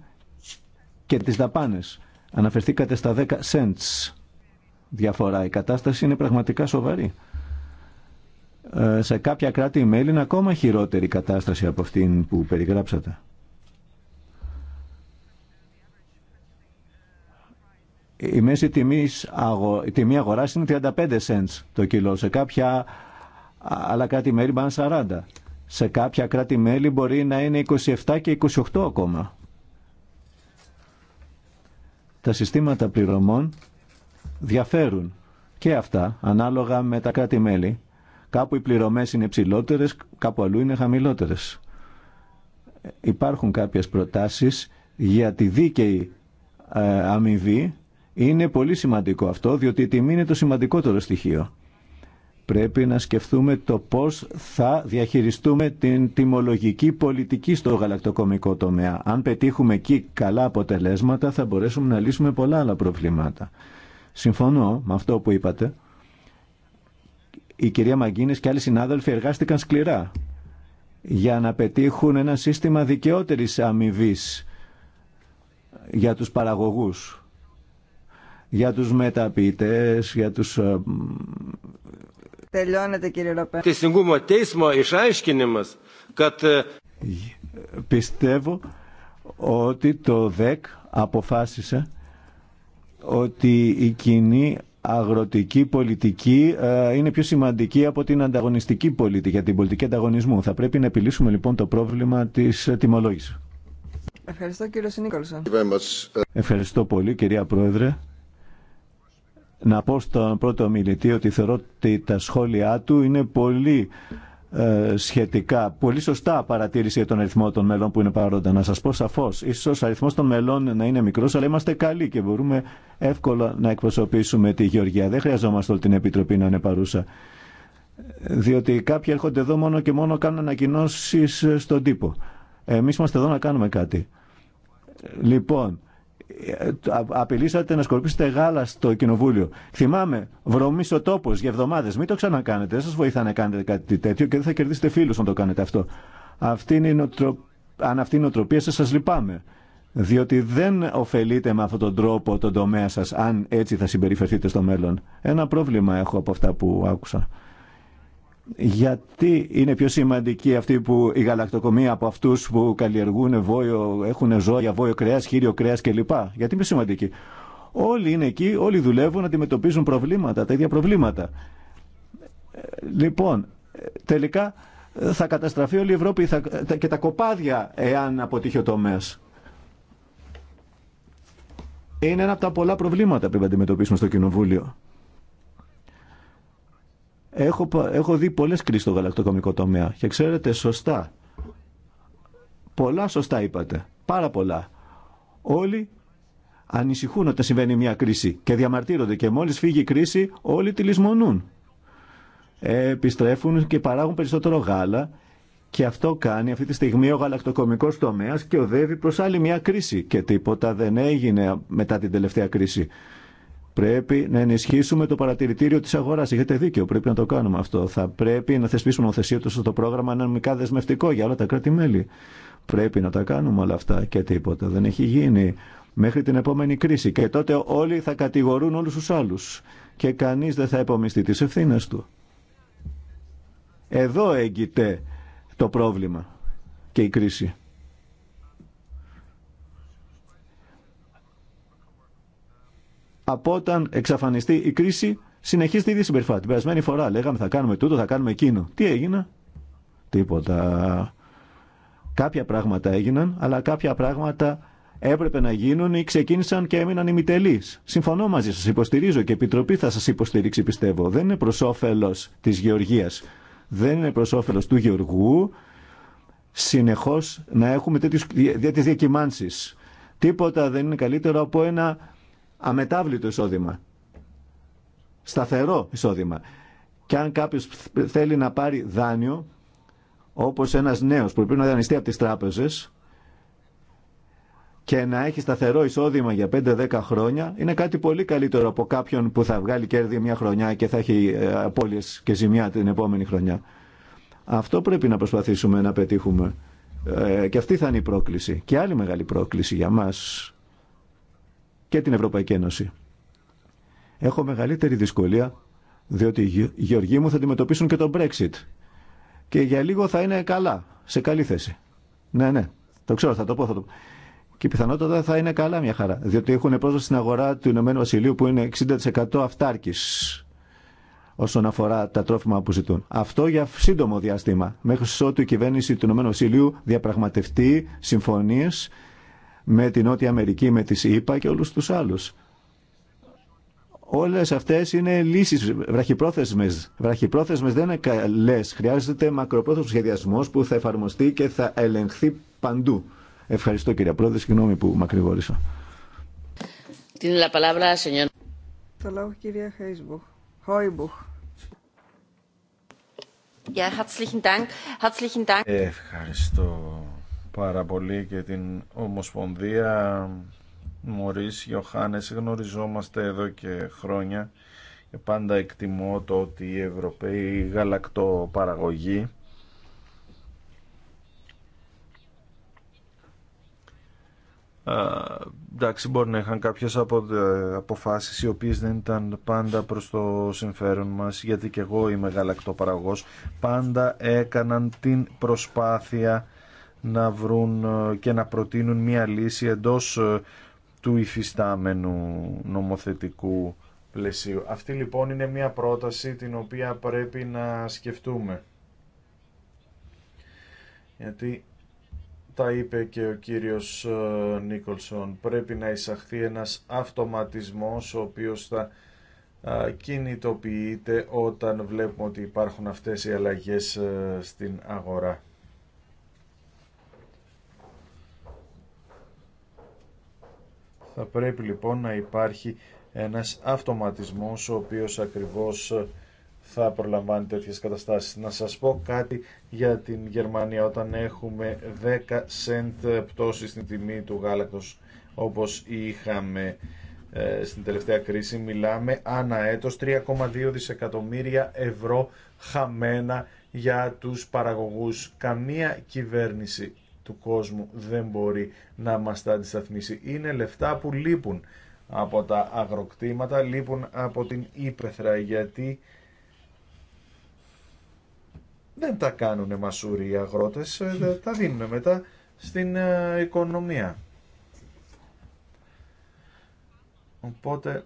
και τις δαπάνες. Αναφερθήκατε στα 10 cents διαφορά. Η κατάσταση είναι πραγματικά σοβαρή. Ε, σε κάποια κράτη-μέλη είναι ακόμα χειρότερη κατάσταση από αυτήν που περιγράψατε. η μέση τιμής, η τιμή αγορά είναι 35 cents το κιλό. Σε κάποια άλλα κράτη-μέλη πάνε 40. Σε κάποια κράτη-μέλη μπορεί να είναι 27 και 28 ακόμα. Τα συστήματα πληρωμών διαφέρουν και αυτά ανάλογα με τα κράτη-μέλη. Κάπου οι πληρωμές είναι ψηλότερες, κάπου αλλού είναι χαμηλότερες. Ε, υπάρχουν κάποιες προτάσεις για τη δίκαιη ε, αμοιβή είναι πολύ σημαντικό αυτό, διότι η τιμή είναι το σημαντικότερο στοιχείο. Πρέπει να σκεφτούμε το πώς θα διαχειριστούμε την τιμολογική πολιτική στο γαλακτοκομικό τομέα. Αν πετύχουμε εκεί καλά αποτελέσματα θα μπορέσουμε να λύσουμε πολλά άλλα προβλήματα. Συμφωνώ με αυτό που είπατε. Η κυρία Μαγκίνης και άλλοι συνάδελφοι εργάστηκαν σκληρά για να πετύχουν ένα σύστημα δικαιότερης αμοιβή για τους παραγωγούς για τους μεταποιητές, για τους... Ε, Τελειώνεται κύριε Ροπέ. Ε, πιστεύω ότι το ΔΕΚ αποφάσισε ότι η κοινή αγροτική πολιτική ε, είναι πιο σημαντική από την ανταγωνιστική πολιτική, για την πολιτική ανταγωνισμού. Θα πρέπει να επιλύσουμε λοιπόν το πρόβλημα της τιμολόγησης. Ευχαριστώ κύριο Ευχαριστώ πολύ κυρία Πρόεδρε να πω στον πρώτο ομιλητή ότι θεωρώ ότι τα σχόλιά του είναι πολύ ε, σχετικά, πολύ σωστά παρατήρηση για τον αριθμό των μελών που είναι παρόντα. Να σας πω σαφώς, ίσως ο αριθμός των μελών να είναι μικρός, αλλά είμαστε καλοί και μπορούμε εύκολα να εκπροσωπήσουμε τη Γεωργία. Δεν χρειαζόμαστε όλη την Επιτροπή να είναι παρούσα. Διότι κάποιοι έρχονται εδώ μόνο και μόνο κάνουν ανακοινώσει στον τύπο. Εμείς είμαστε εδώ να κάνουμε κάτι. Λοιπόν, απειλήσατε να σκορπίσετε γάλα στο κοινοβούλιο. Θυμάμαι, βρωμή ο τόπο για εβδομάδε. Μην το ξανακάνετε. Δεν σα βοηθά να κάνετε κάτι τέτοιο και δεν θα κερδίσετε φίλου αν το κάνετε αυτό. Αυτή είναι η Αν αυτή είναι η νοοτροπία σα, σα λυπάμαι. Διότι δεν ωφελείτε με αυτόν τον τρόπο τον τομέα σα, αν έτσι θα συμπεριφερθείτε στο μέλλον. Ένα πρόβλημα έχω από αυτά που άκουσα γιατί είναι πιο σημαντική αυτή που η γαλακτοκομία από αυτού που καλλιεργούν βόλιο, έχουν ζώα, βόλιο κρέα, χείριο κρέα κλπ. Γιατί είναι πιο σημαντική. Όλοι είναι εκεί, όλοι δουλεύουν, αντιμετωπίζουν προβλήματα, τα ίδια προβλήματα. Λοιπόν, τελικά ε, θα καταστραφεί όλη η Ευρώπη και τα κοπάδια εάν αποτύχει ο τομέα. Είναι ένα από τα πολλά προβλήματα που αντιμετωπίσουμε στο Κοινοβούλιο. Έχω, έχω δει πολλέ κρίσει στο γαλακτοκομικό τομέα και ξέρετε σωστά, πολλά σωστά είπατε, πάρα πολλά. Όλοι ανησυχούν όταν συμβαίνει μια κρίση και διαμαρτύρονται και μόλις φύγει η κρίση όλοι τη λησμονούν. επιστρέφουν και παράγουν περισσότερο γάλα και αυτό κάνει αυτή τη στιγμή ο γαλακτοκομικός τομέας και οδεύει προς άλλη μια κρίση και τίποτα δεν έγινε μετά την τελευταία κρίση. Πρέπει να ενισχύσουμε το παρατηρητήριο τη αγορά. Έχετε δίκιο, πρέπει να το κάνουμε αυτό. Θα πρέπει να θεσπίσουμε νομοθεσία του στο πρόγραμμα να νομικά δεσμευτικό για όλα τα κράτη-μέλη. Πρέπει να τα κάνουμε όλα αυτά και τίποτα. Δεν έχει γίνει μέχρι την επόμενη κρίση. Και τότε όλοι θα κατηγορούν όλου του άλλου. Και κανεί δεν θα επομιστεί τι ευθύνε του. Εδώ έγκυται το πρόβλημα και η κρίση. από όταν εξαφανιστεί η κρίση, συνεχίζεται η ίδια συμπεριφορά. Την περασμένη φορά λέγαμε θα κάνουμε τούτο, θα κάνουμε εκείνο. Τι έγινε, τίποτα. Κάποια πράγματα έγιναν, αλλά κάποια πράγματα έπρεπε να γίνουν ή ξεκίνησαν και έμειναν ημιτελεί. Συμφωνώ μαζί σα, υποστηρίζω και η Επιτροπή θα σα υποστηρίξει, πιστεύω. Δεν είναι προ όφελο τη γεωργία. Δεν είναι προ όφελο του γεωργού συνεχώ να έχουμε τέτοιε διακυμάνσει. Τίποτα δεν είναι καλύτερο από ένα αμετάβλητο εισόδημα. Σταθερό εισόδημα. Και αν κάποιος θέλει να πάρει δάνειο, όπως ένας νέος που πρέπει να δανειστεί από τις τράπεζες και να έχει σταθερό εισόδημα για 5-10 χρόνια, είναι κάτι πολύ καλύτερο από κάποιον που θα βγάλει κέρδη μια χρονιά και θα έχει ε, απώλειες και ζημιά την επόμενη χρονιά. Αυτό πρέπει να προσπαθήσουμε να πετύχουμε. Ε, και αυτή θα είναι η πρόκληση. Και άλλη μεγάλη πρόκληση για μας και την Ευρωπαϊκή Ένωση. Έχω μεγαλύτερη δυσκολία διότι οι γεωργοί μου θα αντιμετωπίσουν και το Brexit. Και για λίγο θα είναι καλά, σε καλή θέση. Ναι, ναι, το ξέρω, θα το πω, θα το πω. Και πιθανότατα θα είναι καλά μια χαρά, διότι έχουν πρόσβαση στην αγορά του Ηνωμένου Βασιλείου που είναι 60% αυτάρκης όσον αφορά τα τρόφιμα που ζητούν. Αυτό για σύντομο διάστημα, μέχρι ότου η κυβέρνηση του Ηνωμένου Βασιλείου διαπραγματευτεί συμφωνίες με την Νότια Αμερική, με τις ΗΠΑ και όλους τους άλλους. Όλες αυτές είναι λύσεις βραχυπρόθεσμες. Βραχυπρόθεσμες δεν είναι καλές. Χρειάζεται μακροπρόθεσμος σχεδιασμός που θα εφαρμοστεί και θα ελεγχθεί παντού. Ευχαριστώ κύριε Πρόεδρε, συγγνώμη που μακρηγόρησα. Το κυρία Χόιμπουχ. Ευχαριστώ πάρα πολύ και την Ομοσπονδία Μωρίς Ιωάννης γνωριζόμαστε εδώ και χρόνια και πάντα εκτιμώ το ότι οι Ευρωπαίοι γαλακτοπαραγωγοί εντάξει μπορεί να είχαν κάποιες απο, ε, αποφάσεις οι οποίες δεν ήταν πάντα προς το συμφέρον μας γιατί και εγώ είμαι γαλακτοπαραγωγός πάντα έκαναν την προσπάθεια να βρουν ε, και να προτείνουν μια λύση εντός ε, του υφιστάμενου νομοθετικού πλαισίου. Αυτή λοιπόν είναι μια πρόταση την οποία πρέπει να σκεφτούμε. Γιατί τα είπε και ο κύριος ε, Νίκολσον, πρέπει να εισαχθεί ένας αυτοματισμός ο οποίος θα κινητοποιείται όταν βλέπουμε ότι υπάρχουν αυτές οι αλλαγές στην αγορά. Θα πρέπει λοιπόν να υπάρχει ένας αυτοματισμός ο οποίος ακριβώς θα προλαμβάνει τέτοιες καταστάσεις. Να σας πω κάτι για την Γερμανία όταν έχουμε 10 cent πτώση στην τιμή του γάλακτος όπως είχαμε ε, στην τελευταία κρίση μιλάμε ανά έτος 3,2 δισεκατομμύρια ευρώ χαμένα για τους παραγωγούς. Καμία κυβέρνηση του κόσμου δεν μπορεί να μας τα αντισταθμίσει. Είναι λεφτά που λείπουν από τα αγροκτήματα, λείπουν από την ύπεθρα γιατί δεν τα κάνουν μασούροι οι αγρότες, ε, τα δίνουν μετά στην ε, οικονομία. Οπότε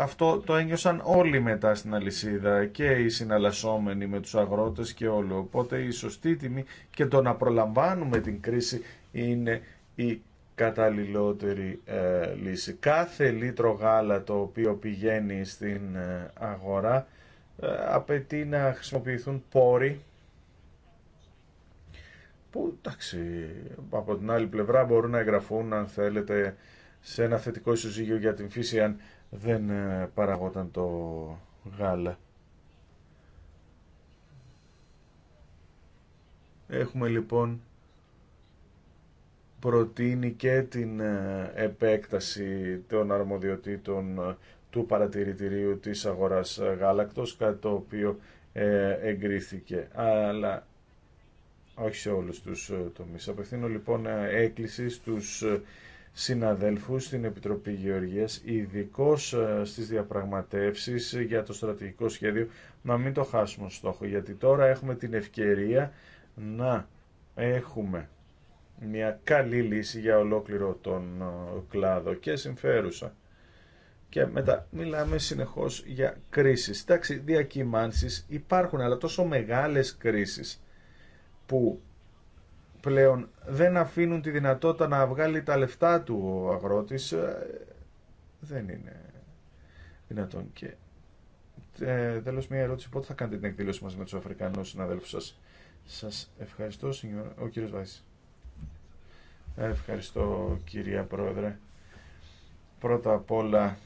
αυτό το ένιωσαν όλοι μετά στην αλυσίδα και οι συναλλασσόμενοι με τους αγρότες και όλο. Οπότε η σωστή τιμή και το να προλαμβάνουμε την κρίση είναι η καταλληλότερη ε, λύση. Κάθε λίτρο γάλα το οποίο πηγαίνει στην ε, αγορά ε, απαιτεί να χρησιμοποιηθούν πόροι που από την άλλη πλευρά μπορούν να εγγραφούν αν θέλετε σε ένα θετικό ισοζύγιο για την φύση αν δεν ε, παραγόταν το γάλα. Έχουμε λοιπόν προτείνει και την ε, επέκταση των αρμοδιοτήτων ε, του παρατηρητηρίου της αγοράς γάλακτος, κάτι το οποίο εγκρίθηκε, αλλά όχι σε όλους τους τομείς. Απευθύνω λοιπόν έκκληση στους συναδέλφους στην Επιτροπή Γεωργίας, ειδικώ ε, στις διαπραγματεύσεις για το στρατηγικό σχέδιο, να μην το χάσουμε στόχο, γιατί τώρα έχουμε την ευκαιρία να έχουμε μια καλή λύση για ολόκληρο τον ε, κλάδο και συμφέρουσα. Και μετά μιλάμε συνεχώς για κρίσεις. Εντάξει, διακυμάνσεις υπάρχουν, αλλά τόσο μεγάλες κρίσεις που πλέον δεν αφήνουν τη δυνατότητα να βγάλει τα λεφτά του ο αγρότης ε, δεν είναι δυνατόν και ε, τέλος μια ερώτηση πότε θα κάνετε την εκδήλωση μαζί με τους Αφρικανούς συναδέλφους σας σας ευχαριστώ ο κύριος ευχαριστώ κυρία Πρόεδρε πρώτα απ' όλα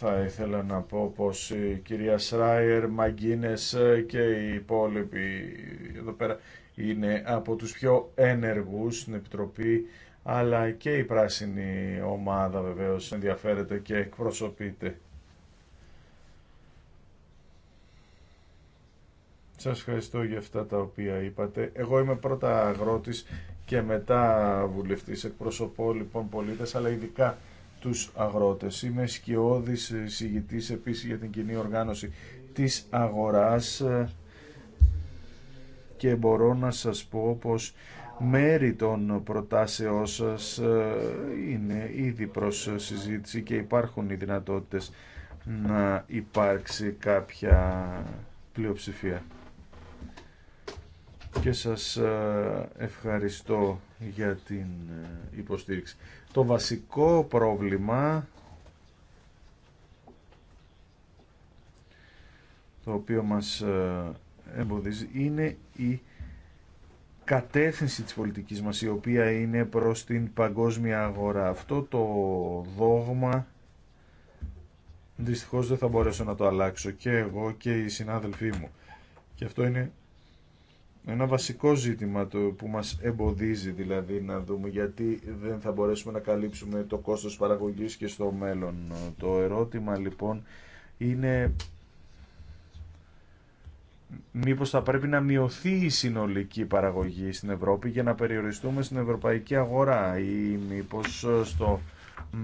θα ήθελα να πω πως η κυρία Σράιερ, Μαγκίνες και οι υπόλοιποι εδώ πέρα είναι από τους πιο ενεργούς στην Επιτροπή αλλά και η πράσινη ομάδα βεβαίως ενδιαφέρεται και εκπροσωπείται. Σας ευχαριστώ για αυτά τα οποία είπατε. Εγώ είμαι πρώτα αγρότης και μετά βουλευτής. Εκπροσωπώ λοιπόν πολίτες, αλλά ειδικά τους αγρότες. Είμαι σκιώδης συγητής επίσης για την κοινή οργάνωση της αγοράς και μπορώ να σας πω πως μέρη των προτάσεών σας ε, είναι ήδη προς συζήτηση και υπάρχουν οι δυνατότητες να υπάρξει κάποια πλειοψηφία και σας ε, ευχαριστώ για την ε, υποστήριξη. Το βασικό πρόβλημα το οποίο μας ε, εμποδίζει είναι η κατεύθυνση της πολιτικής μας η οποία είναι προς την παγκόσμια αγορά. Αυτό το δόγμα δυστυχώς δεν θα μπορέσω να το αλλάξω και εγώ και οι συνάδελφοί μου. Και αυτό είναι ένα βασικό ζήτημα το που μας εμποδίζει δηλαδή να δούμε γιατί δεν θα μπορέσουμε να καλύψουμε το κόστος παραγωγής και στο μέλλον. Το ερώτημα λοιπόν είναι μήπως θα πρέπει να μειωθεί η συνολική παραγωγή στην Ευρώπη για να περιοριστούμε στην ευρωπαϊκή αγορά ή μήπως στο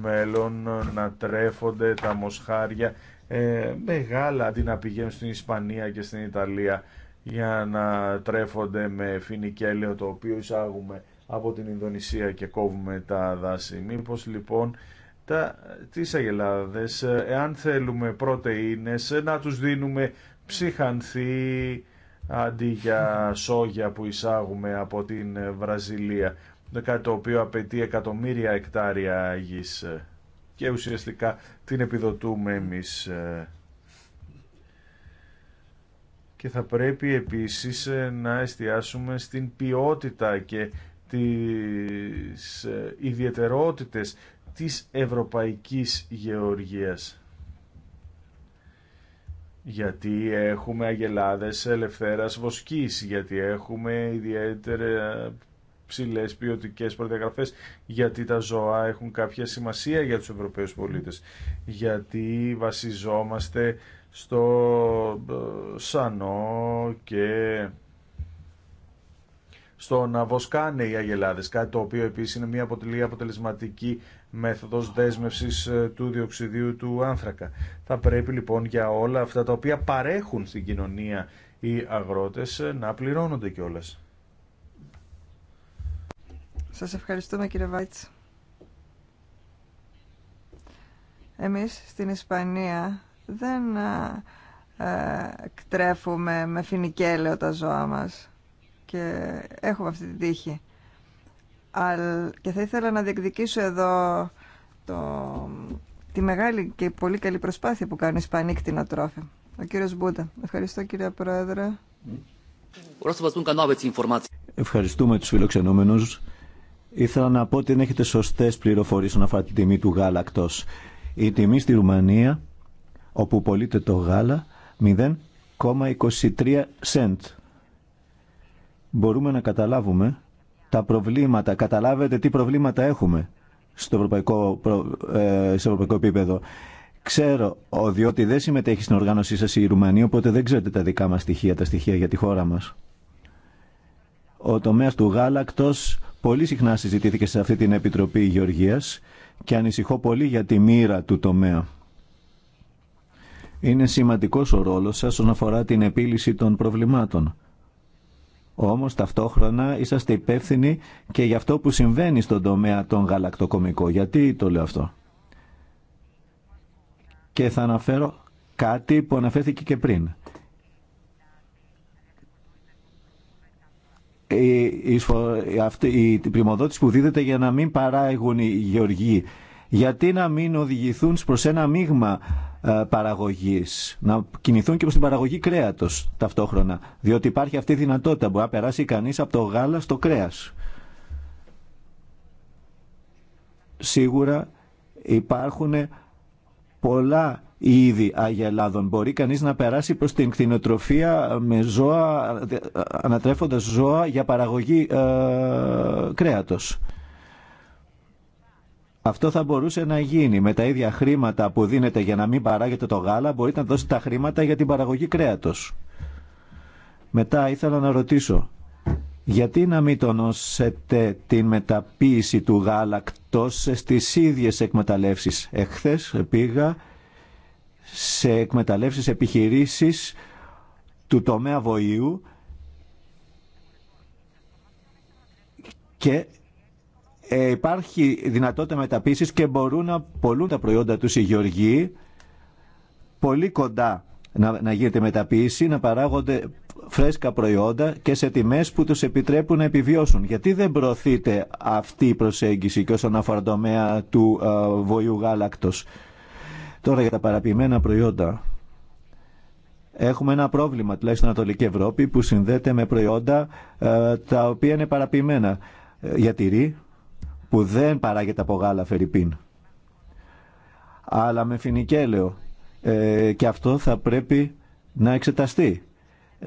μέλλον να τρέφονται τα μοσχάρια ε, μεγάλα αντί να πηγαίνουν στην Ισπανία και στην Ιταλία για να τρέφονται με φινικέλαιο το οποίο εισάγουμε από την Ινδονησία και κόβουμε τα δάση. Μήπως λοιπόν τα, τις αγελάδες, εάν θέλουμε πρωτεΐνες, να τους δίνουμε ψυχανθή αντί για σόγια που εισάγουμε από την Βραζιλία, κάτι το οποίο απαιτεί εκατομμύρια εκτάρια γης και ουσιαστικά την επιδοτούμε εμείς ε, και θα πρέπει επίσης ε, να εστιάσουμε στην ποιότητα και τις ε, ιδιαιτερότητες της ευρωπαϊκής γεωργίας. Γιατί έχουμε αγελάδες ελευθέρας βοσκής, γιατί έχουμε ιδιαίτερα ψηλές ποιοτικέ προδιαγραφές, γιατί τα ζώα έχουν κάποια σημασία για τους Ευρωπαίους πολίτες, γιατί βασιζόμαστε στο ε, Σανό και στο να βοσκάνε οι αγελάδες, κάτι το οποίο επίσης είναι μια αποτελεσματική μέθοδος δέσμευσης ε, του διοξιδίου του άνθρακα. Θα πρέπει λοιπόν για όλα αυτά τα οποία παρέχουν στην κοινωνία οι αγρότες ε, να πληρώνονται κιόλα. Σας ευχαριστούμε κύριε Βάιτς. Εμείς στην Ισπανία δεν ε, ε κτρέφουμε με φινικέλαιο τα ζώα μας και έχουμε αυτή την τύχη. Αλλά, και θα ήθελα να διεκδικήσω εδώ το, τη μεγάλη και πολύ καλή προσπάθεια που κάνει οι τρόφι. Ο κύριος Μπούντα. Ευχαριστώ κύριε Πρόεδρε. Ευχαριστούμε τους φιλοξενούμενους. Ήθελα να πω ότι δεν έχετε σωστές πληροφορίες να αφορά τη τιμή του γάλακτος. Η τιμή στη Ρουμανία όπου πωλείται το γάλα 0,23 σεντ. Μπορούμε να καταλάβουμε τα προβλήματα. Καταλάβετε τι προβλήματα έχουμε στο ευρωπαϊκό, ε, ευρωπαϊκό επίπεδο. Ξέρω, ότι δεν συμμετέχει στην οργάνωσή σας η Ρουμανία, οπότε δεν ξέρετε τα δικά μας στοιχεία, τα στοιχεία για τη χώρα μας. Ο τομέας του γάλακτος πολύ συχνά συζητήθηκε σε αυτή την Επιτροπή Γεωργίας και ανησυχώ πολύ για τη μοίρα του τομέα. Είναι σημαντικός ο ρόλος σας όσον αφορά την επίλυση των προβλημάτων. Όμως ταυτόχρονα είσαστε υπεύθυνοι και για αυτό που συμβαίνει στον τομέα των γαλακτοκομικών. Γιατί το λέω αυτό. Και θα αναφέρω κάτι που αναφέρθηκε και πριν. Η, η, που δίδεται για να μην παράγουν οι γεωργοί. Γιατί να μην οδηγηθούν προς ένα μείγμα ε, παραγωγής, να κινηθούν και προς την παραγωγή κρέατος ταυτόχρονα, διότι υπάρχει αυτή η δυνατότητα, μπορεί να περάσει κανείς από το γάλα στο κρέας. Σίγουρα υπάρχουν πολλά είδη αγελάδων. Μπορεί κανείς να περάσει προς την κτηνοτροφία με ζώα, ε, ανατρέφοντας ζώα για παραγωγή ε, κρέατος. Αυτό θα μπορούσε να γίνει. Με τα ίδια χρήματα που δίνετε για να μην παράγετε το γάλα, μπορείτε να δώσετε τα χρήματα για την παραγωγή κρέατος. Μετά ήθελα να ρωτήσω, γιατί να μην τονώσετε την μεταποίηση του γάλακτος στις ίδιες εκμεταλλεύσεις. Εχθές πήγα σε εκμεταλλεύσεις επιχειρήσεις του τομέα βοήου και ε, υπάρχει δυνατότητα μεταποίησης και μπορούν να πολλούν τα προϊόντα τους οι γεωργοί πολύ κοντά να, να γίνεται μεταποίηση, να παράγονται φρέσκα προϊόντα και σε τιμές που τους επιτρέπουν να επιβιώσουν. Γιατί δεν προωθείται αυτή η προσέγγιση και όσον αφορά το τομέα του ε, βοηού γάλακτος. Τώρα για τα παραποιημένα προϊόντα. Έχουμε ένα πρόβλημα, τουλάχιστον στην Ανατολική Ευρώπη, που συνδέεται με προϊόντα ε, τα οποία είναι παραποιημένα. Ε, για τυρί, που δεν παράγεται από γάλα φερρυπίν, αλλά με φινικέλαιο. Ε, και αυτό θα πρέπει να εξεταστεί.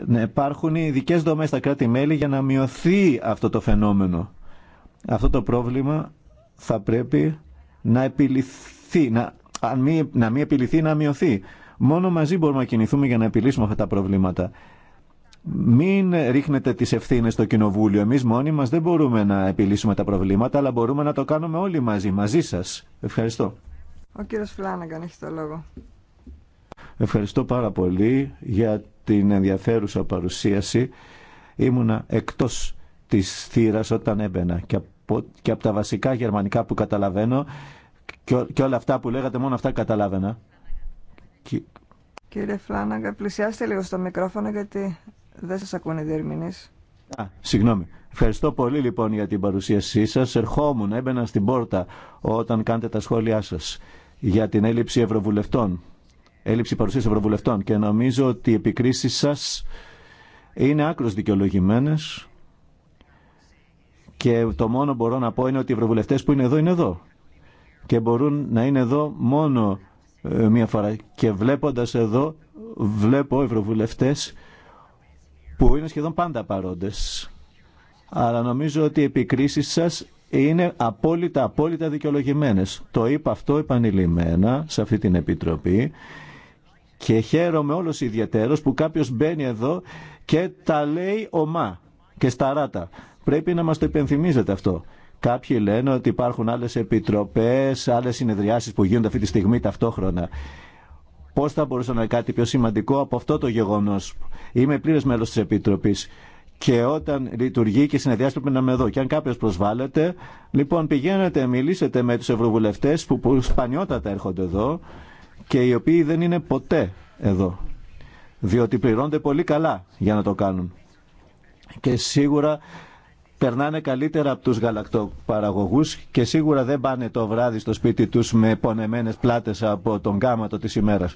Να υπάρχουν ειδικέ δομέ στα κράτη-μέλη για να μειωθεί αυτό το φαινόμενο. Αυτό το πρόβλημα θα πρέπει να επιληθεί, να, μη, να μην επιληθεί, να μειωθεί. Μόνο μαζί μπορούμε να κινηθούμε για να επιλύσουμε αυτά τα προβλήματα μην ρίχνετε τις ευθύνες στο Κοινοβούλιο. Εμείς μόνοι μας δεν μπορούμε να επιλύσουμε τα προβλήματα, αλλά μπορούμε να το κάνουμε όλοι μαζί, μαζί σας. Ευχαριστώ. Ο κύριος Φλάνναγκαν έχει το λόγο. Ευχαριστώ πάρα πολύ για την ενδιαφέρουσα παρουσίαση. Ήμουνα εκτός της θύρας όταν έμπαινα και από, και από τα βασικά γερμανικά που καταλαβαίνω και, και όλα αυτά που λέγατε μόνο αυτά καταλάβαινα. Κύριε Φλάναγκα, πλησιάστε λίγο στο μικρόφωνο γιατί δεν σας ακούνε οι διερμηνείς. συγγνώμη. Ευχαριστώ πολύ λοιπόν για την παρουσίασή σας. Ερχόμουν, έμπαινα στην πόρτα όταν κάνετε τα σχόλιά σας για την έλλειψη ευρωβουλευτών. Έλλειψη παρουσίας ευρωβουλευτών και νομίζω ότι οι επικρίσεις σας είναι άκρως δικαιολογημένε και το μόνο που μπορώ να πω είναι ότι οι ευρωβουλευτές που είναι εδώ είναι εδώ και μπορούν να είναι εδώ μόνο ε, μία φορά και βλέποντας εδώ βλέπω ευρωβουλευτές που είναι σχεδόν πάντα παρόντες. Αλλά νομίζω ότι οι επικρίσεις σας είναι απόλυτα, απόλυτα δικαιολογημένες. Το είπα αυτό επανειλημμένα σε αυτή την Επιτροπή και χαίρομαι όλος ιδιαίτερος που κάποιος μπαίνει εδώ και τα λέει ομά και σταράτα. Πρέπει να μας το υπενθυμίζετε αυτό. Κάποιοι λένε ότι υπάρχουν άλλες επιτροπές, άλλες συνεδριάσεις που γίνονται αυτή τη στιγμή ταυτόχρονα. Πώ θα μπορούσε να είναι κάτι πιο σημαντικό από αυτό το γεγονό. Είμαι πλήρε μέλο τη Επιτροπή. Και όταν λειτουργεί και συνεδριάζεται πρέπει να είμαι εδώ. Και αν κάποιο προσβάλλεται, λοιπόν πηγαίνετε, μιλήσετε με του ευρωβουλευτέ που, που σπανιότατα έρχονται εδώ και οι οποίοι δεν είναι ποτέ εδώ. Διότι πληρώνονται πολύ καλά για να το κάνουν. Και σίγουρα περνάνε καλύτερα από τους γαλακτοπαραγωγούς και σίγουρα δεν πάνε το βράδυ στο σπίτι τους με πονεμένες πλάτες από τον κάματο της ημέρας.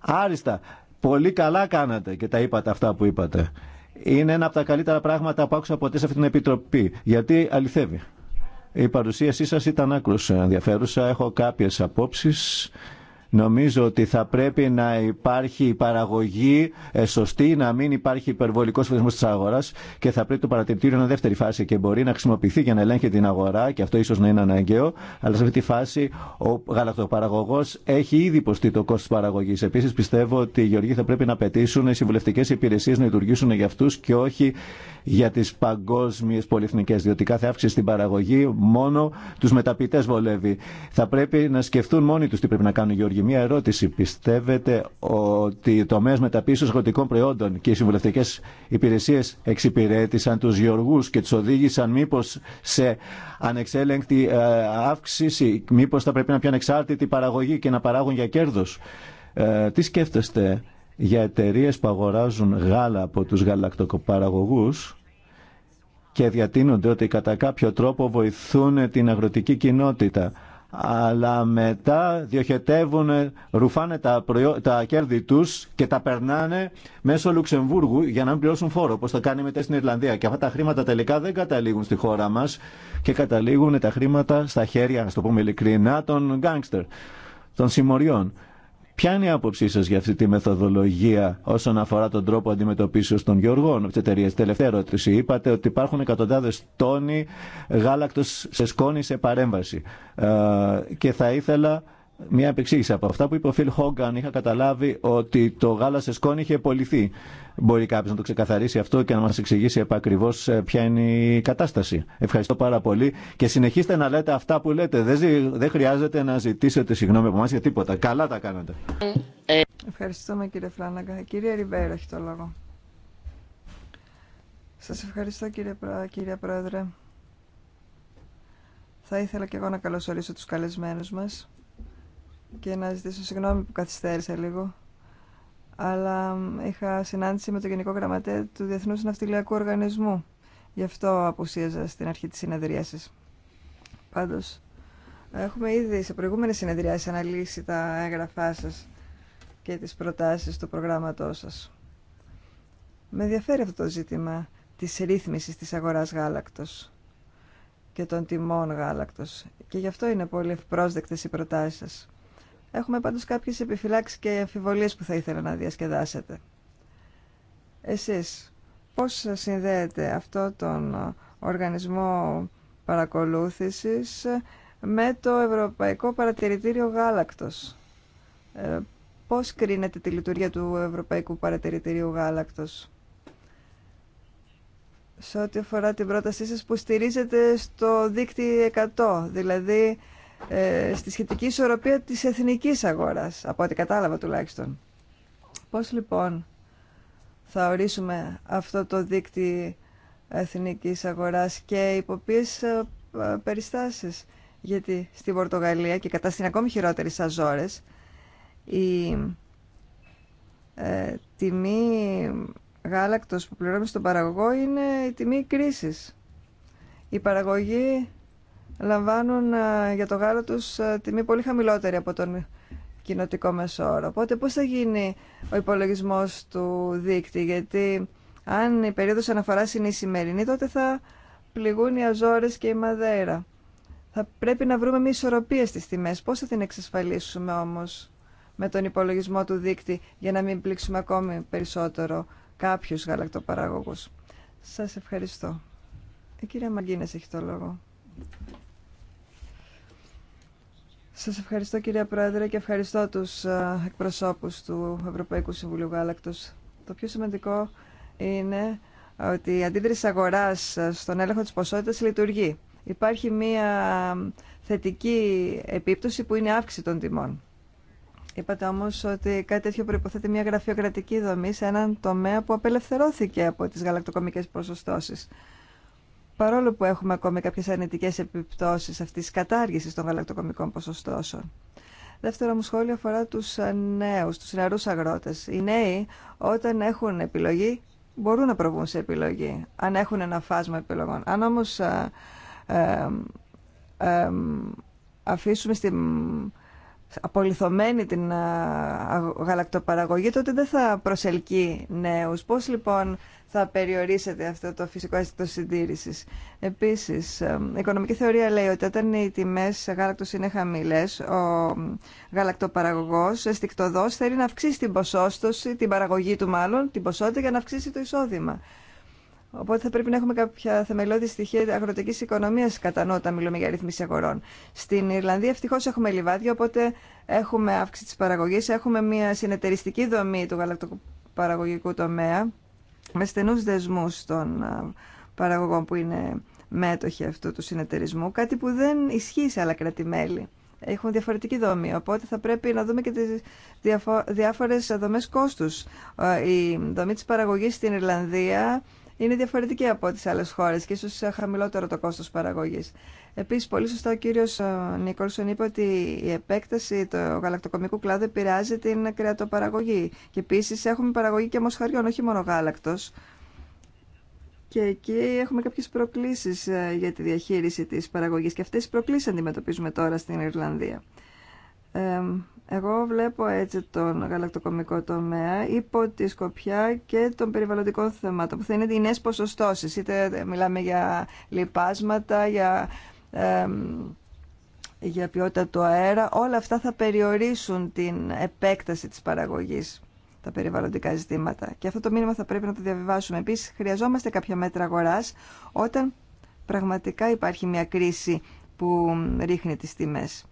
Άριστα, πολύ καλά κάνατε και τα είπατε αυτά που είπατε. Είναι ένα από τα καλύτερα πράγματα που άκουσα ποτέ σε αυτή την επιτροπή, γιατί αληθεύει. Η παρουσίασή σας ήταν άκρως ενδιαφέρουσα, έχω κάποιες απόψεις. Νομίζω ότι θα πρέπει να υπάρχει η παραγωγή ε, σωστή, να μην υπάρχει υπερβολικό φωτισμό τη αγορά και θα πρέπει το παρατηρητήριο να δεύτερη φάση και μπορεί να χρησιμοποιηθεί για να ελέγχει την αγορά και αυτό ίσω να είναι αναγκαίο. Αλλά σε αυτή τη φάση ο γαλακτοπαραγωγό έχει ήδη υποστεί το κόστο τη παραγωγή. Επίση πιστεύω ότι οι γεωργοί θα πρέπει να απαιτήσουν οι συμβουλευτικέ υπηρεσίε να λειτουργήσουν για αυτού και όχι για τι παγκόσμιε πολυεθνικέ. Διότι κάθε αύξηση στην παραγωγή μόνο του μεταπητέ βολεύει. Θα πρέπει να σκεφτούν μόνοι του τι πρέπει να κάνουν οι γεωργοί Μία ερώτηση. Πιστεύετε ότι οι τομέα μεταπίσεω αγροτικών προϊόντων και οι συμβουλευτικέ υπηρεσίε εξυπηρέτησαν του γεωργού και του οδήγησαν μήπω σε ανεξέλεγκτη ε, αύξηση, μήπω θα πρέπει να πιάνουν ανεξάρτητη παραγωγή και να παράγουν για κέρδο. Ε, τι σκέφτεστε για εταιρείε που αγοράζουν γάλα από του γαλακτοπαραγωγού και διατείνονται ότι κατά κάποιο τρόπο βοηθούν την αγροτική κοινότητα αλλά μετά διοχετεύουν, ρουφάνε τα, τα κέρδη τους και τα περνάνε μέσω Λουξεμβούργου για να μην πληρώσουν φόρο, όπως το κάνει μετά στην Ιρλανδία. Και αυτά τα χρήματα τελικά δεν καταλήγουν στη χώρα μας και καταλήγουν τα χρήματα στα χέρια, να το πούμε ειλικρινά, των γκάγκστερ, των συμμοριών. Ποια είναι η άποψή σα για αυτή τη μεθοδολογία όσον αφορά τον τρόπο αντιμετωπίσεω των γεωργών τη εταιρεία. Τελευταία ερώτηση. Είπατε ότι υπάρχουν εκατοντάδε τόνοι γάλακτο σε σκόνη σε παρέμβαση. Ε, και θα ήθελα μια επεξήγηση από αυτά που είπε ο Φιλ Χόγκαν. Είχα καταλάβει ότι το γάλα σε σκόνη είχε πολιθεί. Μπορεί κάποιο να το ξεκαθαρίσει αυτό και να μα εξηγήσει επακριβώ ε, ποια είναι η κατάσταση. Ευχαριστώ πάρα πολύ και συνεχίστε να λέτε αυτά που λέτε. Δεν χρειάζεται να ζητήσετε συγγνώμη από εμά για τίποτα. Καλά τα κάνετε. Ευχαριστούμε κύριε Φλάναγκα. Κύριε Ριβέρα έχει το λόγο. Σα ευχαριστώ κύριε, κύριε Πρόεδρε. Θα ήθελα και εγώ να καλωσορίσω τους καλεσμένους μας και να ζητήσω συγγνώμη που καθυστέρησα λίγο. Αλλά είχα συνάντηση με τον Γενικό Γραμματέα του Διεθνούς Ναυτιλιακού Οργανισμού. Γι' αυτό απουσίαζα στην αρχή της συνεδρίασης. Πάντως, έχουμε ήδη σε προηγούμενες συνεδριάσεις αναλύσει τα έγγραφά σας και τις προτάσεις του προγράμματός σας. Με ενδιαφέρει αυτό το ζήτημα της ρύθμισης της αγοράς γάλακτος και των τιμών γάλακτος. Και γι' αυτό είναι πολύ ευπρόσδεκτες οι προτάσεις σας. Έχουμε πάντως κάποιες επιφυλάξεις και αμφιβολίες που θα ήθελα να διασκεδάσετε. Εσείς, πώς συνδέεται αυτό τον οργανισμό παρακολούθησης με το Ευρωπαϊκό Παρατηρητήριο Γάλακτος. Ε, πώς κρίνεται τη λειτουργία του Ευρωπαϊκού Παρατηρητήριου Γάλακτος σε ό,τι αφορά την πρότασή σας που στηρίζεται στο δίκτυο 100, δηλαδή ε, στη σχετική ισορροπία της εθνικής αγοράς, από ό,τι κατάλαβα τουλάχιστον. Πώς λοιπόν θα ορίσουμε αυτό το δίκτυο εθνικής αγοράς και υπό ποιες ε, περιστάσεις. Γιατί στη Πορτογαλία και κατά στην ακόμη χειρότερη Αζόρες η ε, τιμή γάλακτος που πληρώνουμε στον παραγωγό είναι η τιμή κρίσης. Η παραγωγή λαμβάνουν ε, για το γάλα τους ε, τιμή πολύ χαμηλότερη από τον κοινοτικό μεσόρο. Οπότε πώς θα γίνει ο υπολογισμός του δίκτυ, γιατί αν η περίοδος αναφοράς είναι η σημερινή, τότε θα πληγούν οι αζόρες και η μαδέρα. Θα πρέπει να βρούμε μια ισορροπία στις τιμές. Πώς θα την εξασφαλίσουμε όμως με τον υπολογισμό του δίκτυ για να μην πλήξουμε ακόμη περισσότερο κάποιους γαλακτοπαραγωγούς. Σας ευχαριστώ. Η κυρία Μαγκίνες έχει το λόγο. Σας ευχαριστώ κυρία Πρόεδρε και ευχαριστώ τους ε, εκπροσώπους του Ευρωπαϊκού Συμβουλίου Γάλακτος. Το πιο σημαντικό είναι ότι η αντίδραση αγοράς ε, στον έλεγχο της ποσότητας λειτουργεί. Υπάρχει μία ε, θετική επίπτωση που είναι αύξηση των τιμών. Είπατε όμω ότι κάτι τέτοιο προποθέτει μια γραφειοκρατική δομή σε έναν τομέα που απελευθερώθηκε από τι γαλακτοκομικέ ποσοστώσει παρόλο που έχουμε ακόμη κάποιες αρνητικές επιπτώσεις αυτής της κατάργησης των γαλακτοκομικών ποσοστώσεων. Δεύτερο μου σχόλιο αφορά τους νέους, τους νεαρούς αγρότες. Οι νέοι όταν έχουν επιλογή μπορούν να προβούν σε επιλογή, αν έχουν ένα φάσμα επιλογών. Αν όμως ε, ε, ε, αφήσουμε στη απολυθωμένη την ε, γαλακτοπαραγωγή, τότε δεν θα προσελκύει νέους. Πώς λοιπόν θα περιορίσετε αυτό το φυσικό αίσθητο συντήρησης. Επίσης, η ε, οικονομική θεωρία λέει ότι όταν οι τιμές γάλακτος είναι χαμηλές, ο γαλακτοπαραγωγός αισθηκτοδός θέλει να αυξήσει την ποσόστοση, την παραγωγή του μάλλον, την ποσότητα για να αυξήσει το εισόδημα. Οπότε θα πρέπει να έχουμε κάποια θεμελιώδη στοιχεία αγροτική οικονομία κατά νου μιλούμε για ρύθμιση αγορών. Στην Ιρλανδία ευτυχώ έχουμε λιβάδια, οπότε έχουμε αύξηση τη παραγωγή, έχουμε μια συνεταιριστική δομή του γαλακτοπαραγωγικού τομέα με στενού δεσμού των παραγωγών που είναι μέτοχοι αυτού του συνεταιρισμού, κάτι που δεν ισχύει σε άλλα Έχουν διαφορετική δομή, οπότε θα πρέπει να δούμε και τι διάφορε δομές κόστους. Ε, η δομή τη παραγωγής στην Ιρλανδία είναι διαφορετική από τις άλλες χώρες και ίσως χαμηλότερο το κόστος παραγωγής. Επίσης, πολύ σωστά ο κύριος ε, Νίκολσον είπε ότι η επέκταση του γαλακτοκομικού κλάδου επηρεάζει την κρεατοπαραγωγή. Και επίσης έχουμε παραγωγή και μοσχαριών, όχι μόνο γάλακτος. Και εκεί έχουμε κάποιες προκλήσεις ε, για τη διαχείριση της παραγωγής και αυτές οι προκλήσεις αντιμετωπίζουμε τώρα στην Ιρλανδία. Εγώ βλέπω έτσι τον γαλακτοκομικό τομέα υπό τη σκοπιά και των περιβαλλοντικών θεμάτων που θα είναι οι νέες ποσοστώσεις. Είτε μιλάμε για λιπάσματα, για, για ποιότητα του αέρα. Όλα αυτά θα περιορίσουν την επέκταση της παραγωγής τα περιβαλλοντικά ζητήματα. Και αυτό το μήνυμα θα πρέπει να το διαβιβάσουμε. Επίσης, χρειαζόμαστε κάποια μέτρα αγοράς όταν πραγματικά υπάρχει μια κρίση που ρίχνει τις τιμές.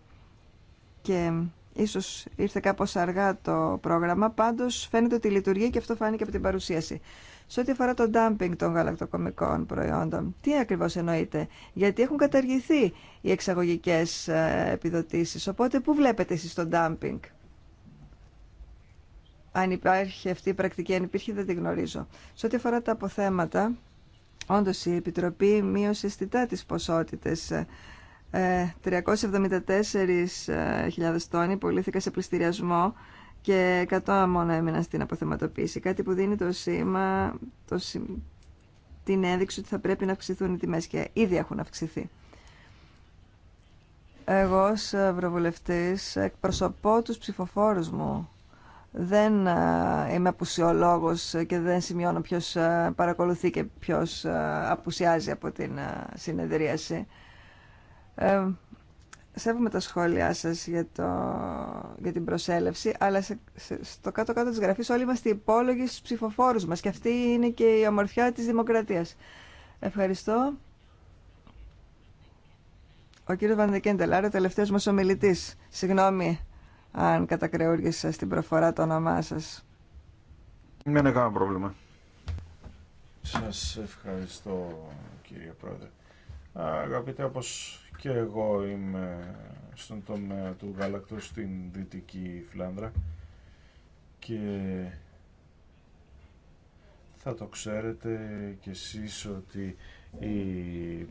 Και Ίσως ήρθε κάπως αργά το πρόγραμμα, πάντως φαίνεται ότι λειτουργεί και αυτό φάνηκε από την παρουσίαση. Σε ό,τι αφορά το dumping των γαλακτοκομικών προϊόντων, τι ακριβώς εννοείτε, γιατί έχουν καταργηθεί οι εξαγωγικές ε, επιδοτήσεις, οπότε πού βλέπετε εσείς το dumping. Αν υπάρχει αυτή η πρακτική, αν υπήρχε δεν τη γνωρίζω. Σε ό,τι αφορά τα αποθέματα, όντως η Επιτροπή μείωσε αισθητά τις ποσότητες ε, 374.000 ε, ε, τόνοι πουλήθηκαν σε πληστηριασμό και 100 μόνο έμειναν στην αποθεματοποίηση. Κάτι που δίνει το σήμα, το, την ένδειξη ότι θα πρέπει να αυξηθούν οι τιμές και ήδη έχουν αυξηθεί. Εγώ ως ευρωβουλευτής εκπροσωπώ τους ψηφοφόρους μου. Δεν ε, είμαι απουσιολόγος και δεν σημειώνω ποιος παρακολουθεί και ποιος απουσιάζει από την συνεδρίαση. Ε, σέβομαι τα σχόλιά σας για, το, για την προσέλευση, αλλά σε, στο κάτω-κάτω της γραφής όλοι είμαστε υπόλογοι στους ψηφοφόρους μας και αυτή είναι και η ομορφιά της δημοκρατίας. Ευχαριστώ. Ο κύριος Βαντεκέντελάρη, ο τελευταίος μας ομιλητής. Συγγνώμη αν κατακρεούργησα στην προφορά το όνομά σας. Δεν είναι πρόβλημα. Σας ευχαριστώ κύριε Πρόεδρε. Αγαπητέ, όπως και εγώ είμαι στον τομέα του γάλακτο στην Δυτική Φλάνδρα και θα το ξέρετε κι εσείς ότι η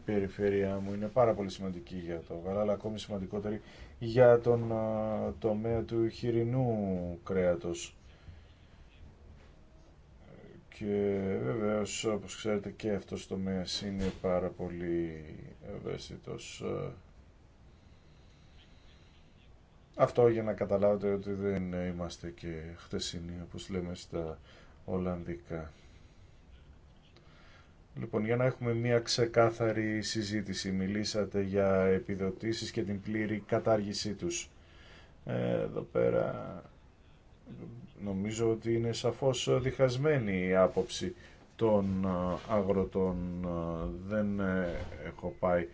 περιφέρειά μου είναι πάρα πολύ σημαντική για το γάλα αλλά ακόμη σημαντικότερη για τον ε, τομέα του χοιρινού κρέατος και βεβαίω όπως ξέρετε, και αυτός το τομέα είναι πάρα πολύ ευαίσθητος. Αυτό για να καταλάβετε ότι δεν είμαστε και χτεσινοί, όπως λέμε στα Ολλανδικά. Λοιπόν, για να έχουμε μια ξεκάθαρη συζήτηση, μιλήσατε για επιδοτήσεις και την πλήρη κατάργησή τους. Ε, εδώ πέρα νομίζω ότι είναι σαφώς διχασμένη η άποψη των ε, αγροτών. Ε, δεν ε, έχω πάει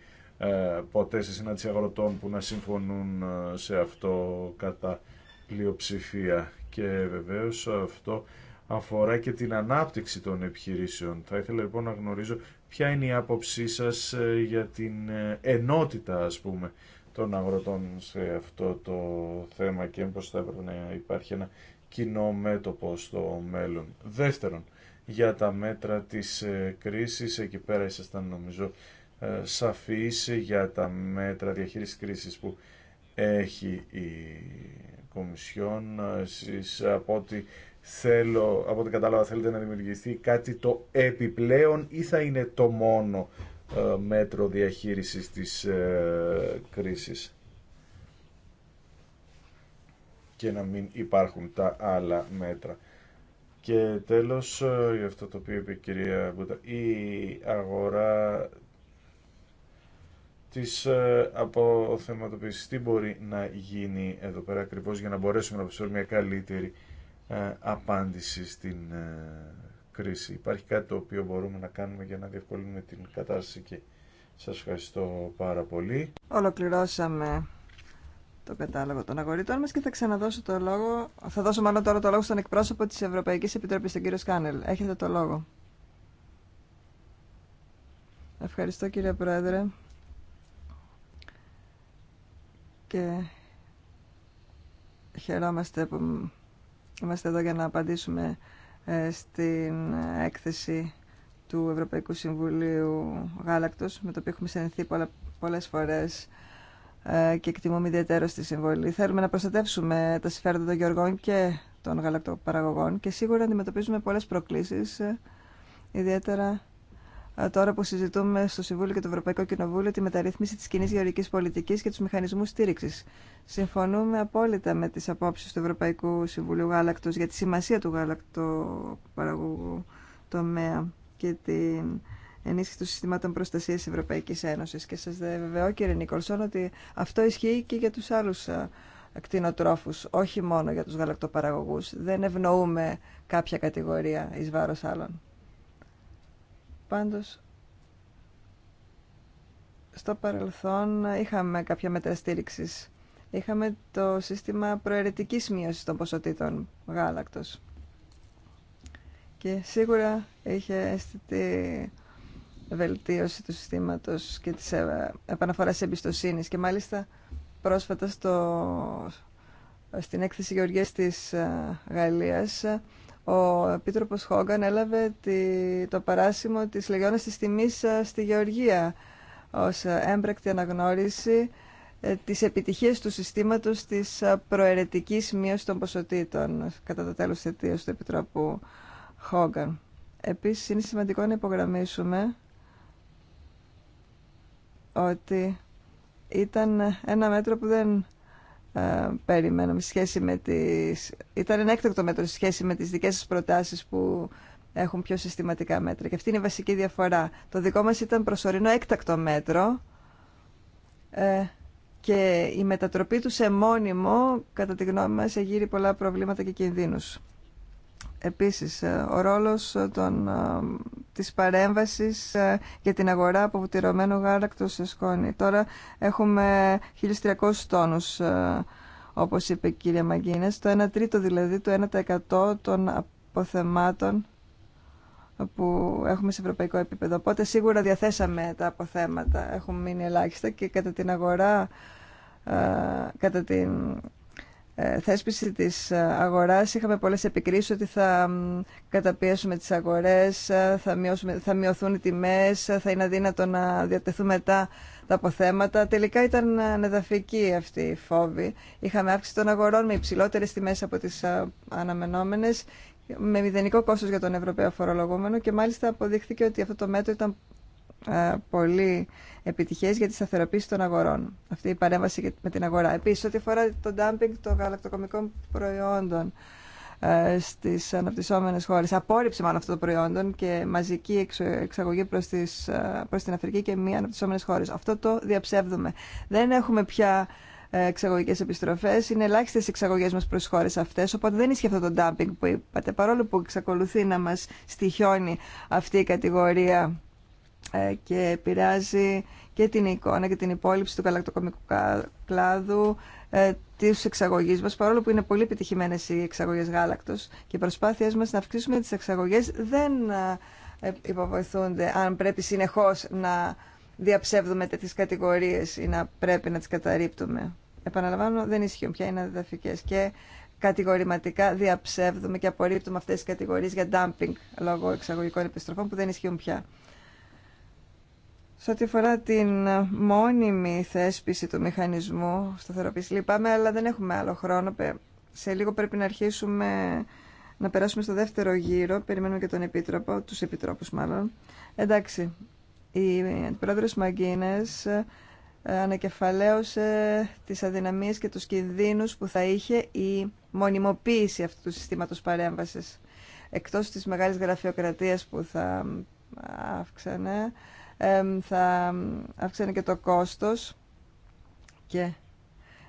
ποτέ σε συνάντηση αγροτών που να συμφωνούν σε αυτό κατά πλειοψηφία. Και βεβαίως αυτό αφορά και την ανάπτυξη των επιχειρήσεων. Θα ήθελα λοιπόν να γνωρίζω ποια είναι η άποψή σας για την ενότητα ας πούμε των αγροτών σε αυτό το θέμα και πως θα έπρεπε να υπάρχει ένα κοινό μέτωπο στο μέλλον. Δεύτερον, για τα μέτρα της ε, κρίσης, εκεί πέρα ήσασταν νομίζω ε, σαφείς για τα μέτρα διαχείρισης κρίσης που έχει η Κομισιόν. Εσείς από ό,τι θέλω, από ό,τι κατάλαβα θέλετε να δημιουργηθεί κάτι το επιπλέον ή θα είναι το μόνο ε, μέτρο διαχείρισης της ε, κρίσης και να μην υπάρχουν τα άλλα μέτρα. Και τέλος, ε, για αυτό το οποίο είπε η κυρία Μπούτα, η αγορά της αποθεματοποίησης, τι μπορεί να γίνει εδώ πέρα ακριβώς για να μπορέσουμε να προσφέρουμε μια καλύτερη απάντηση στην κρίση. Υπάρχει κάτι το οποίο μπορούμε να κάνουμε για να διευκολύνουμε την κατάσταση και Σας ευχαριστώ πάρα πολύ. Ολοκληρώσαμε το κατάλογο των αγορήτων μας και θα ξαναδώσω το λόγο, θα δώσω μάλλον τώρα το λόγο στον εκπρόσωπο της Ευρωπαϊκής Επιτροπής, τον κύριο Σκάνελ. Έχετε το λόγο. Ευχαριστώ κύριε Πρόεδρε. Και χαιρόμαστε που είμαστε εδώ για να απαντήσουμε ε, στην έκθεση του Ευρωπαϊκού Συμβουλίου Γάλακτος, με το οποίο έχουμε συνενθεί πολλές φορές ε, και εκτιμούμε ιδιαίτερο στη συμβολή. Θέλουμε να προστατεύσουμε τα συμφέροντα των γεωργών και των γαλακτοπαραγωγών και σίγουρα αντιμετωπίζουμε πολλές προκλήσεις, ε, ιδιαίτερα τώρα που συζητούμε στο Συμβούλιο και το Ευρωπαϊκό Κοινοβούλιο τη μεταρρύθμιση τη κοινή γεωργική πολιτική και του μηχανισμού στήριξη. Συμφωνούμε απόλυτα με τι απόψει του Ευρωπαϊκού Συμβουλίου Γάλακτο για τη σημασία του γάλακτο παραγωγου τομέα και την ενίσχυση των συστημάτων προστασία τη Ευρωπαϊκή Ένωση. Και σα βεβαιώ, κύριε Νίκολσον, ότι αυτό ισχύει και για του άλλου κτηνοτρόφου, όχι μόνο για του γαλακτοπαραγωγού. Δεν ευνοούμε κάποια κατηγορία ει βάρο άλλων. Πάντως, στο παρελθόν είχαμε κάποια μέτρα στήριξη. Είχαμε το σύστημα προαιρετικής μείωσης των ποσοτήτων γάλακτος. Και σίγουρα είχε αισθητή βελτίωση του συστήματος και της ε, επαναφοράς εμπιστοσύνης. Και μάλιστα πρόσφατα στην έκθεση Γεωργίας της ε, Γαλλίας ο Επίτροπος Χόγκαν έλαβε το παράσημο της Λεγιώνας της Τιμής ε, στη Γεωργία ως ε, έμπρακτη αναγνώριση ε, της επιτυχίας του συστήματος της προαιρετικής μείωσης των ποσοτήτων κατά το τέλος της του Επιτροπού Χόγκαν. Επίσης είναι σημαντικό να υπογραμμίσουμε ότι ήταν ένα μέτρο που δεν ε, με σχέση με τις... Ήταν ένα έκτακτο μέτρο σε σχέση με τις δικές σας προτάσεις που έχουν πιο συστηματικά μέτρα. Και αυτή είναι η βασική διαφορά. Το δικό μας ήταν προσωρινό έκτακτο μέτρο ε, και η μετατροπή του σε μόνιμο, κατά τη γνώμη μας, εγείρει πολλά προβλήματα και κινδύνους. Επίσης, ε, ο ρόλος ε, των, ε, της παρέμβασης για την αγορά από βουτυρωμένο γάλακτος σε σκόνη. Τώρα έχουμε 1.300 τόνους, όπως είπε η κυρία Μαγκίνες, το 1 τρίτο δηλαδή, το 1% των αποθεμάτων που έχουμε σε ευρωπαϊκό επίπεδο. Οπότε σίγουρα διαθέσαμε τα αποθέματα, έχουν μείνει ελάχιστα και κατά την αγορά, κατά την ε, θέσπιση της ε, αγοράς είχαμε πολλές επικρίσεις ότι θα καταπιέσουμε τις αγορές, ε, θα, θα μειωθούν οι τιμές, θα είναι αδύνατο να διατεθούν μετά τα αποθέματα. Τελικά ήταν ανεδαφική αυτή η φόβη. Είχαμε αύξηση των αγορών με υψηλότερες τιμές από τις αναμενόμενες με μηδενικό κόστος για τον Ευρωπαίο φορολογούμενο και μάλιστα αποδείχθηκε ότι αυτό το μέτρο ήταν ε, πολύ επιτυχές για τη σταθεροποίηση των αγορών. Αυτή η παρέμβαση με την αγορά. Επίσης, ό,τι αφορά το dumping των γαλακτοκομικών προϊόντων ε, στις αναπτυσσόμενες χώρες, απόρριψη μάλλον αυτών των προϊόντων και μαζική εξαγωγή προς, τις, ε, προς την Αφρική και μία αναπτυσσόμενες χώρες. Αυτό το διαψεύδουμε. Δεν έχουμε πια εξαγωγικέ επιστροφέ. Είναι ελάχιστε οι εξαγωγέ μα προ χώρε αυτέ. Οπότε δεν ισχύει αυτό το dumping που είπατε. Παρόλο που εξακολουθεί να μα στοιχιώνει αυτή η κατηγορία ε, και επηρεάζει και την εικόνα και την υπόλοιψη του γαλακτοκομικού κλάδου, ε, εξαγωγής εξαγωγή μα. Παρόλο που είναι πολύ επιτυχημένε οι εξαγωγέ γάλακτο και οι προσπάθειέ μα να αυξήσουμε τι εξαγωγέ δεν ε, ε, υποβοηθούνται αν πρέπει συνεχώ να διαψεύδουμε τέτοιε κατηγορίε ή να πρέπει να τι καταρρύπτουμε. Επαναλαμβάνω, δεν ισχύουν πια, είναι αδεδαφικέ. Και κατηγορηματικά διαψεύδουμε και απορρίπτουμε αυτέ τι κατηγορίε για dumping λόγω εξαγωγικών επιστροφών που δεν ισχύουν πια. Σε ό,τι αφορά την μόνιμη θέσπιση του μηχανισμού σταθεροποίηση, λυπάμαι, αλλά δεν έχουμε άλλο χρόνο. Σε λίγο πρέπει να αρχίσουμε να περάσουμε στο δεύτερο γύρο. Περιμένουμε και τον Επίτροπο, τους Επιτρόπους μάλλον. Εντάξει, η Πρόεδρος Μαγκίνες ε, ανακεφαλαίωσε τις αδυναμίες και τους κινδύνους που θα είχε η μονιμοποίηση αυτού του συστήματος παρέμβασης. Εκτός της μεγάλης γραφειοκρατίας που θα ε, αύξανε, θα αυξάνει και το κόστος και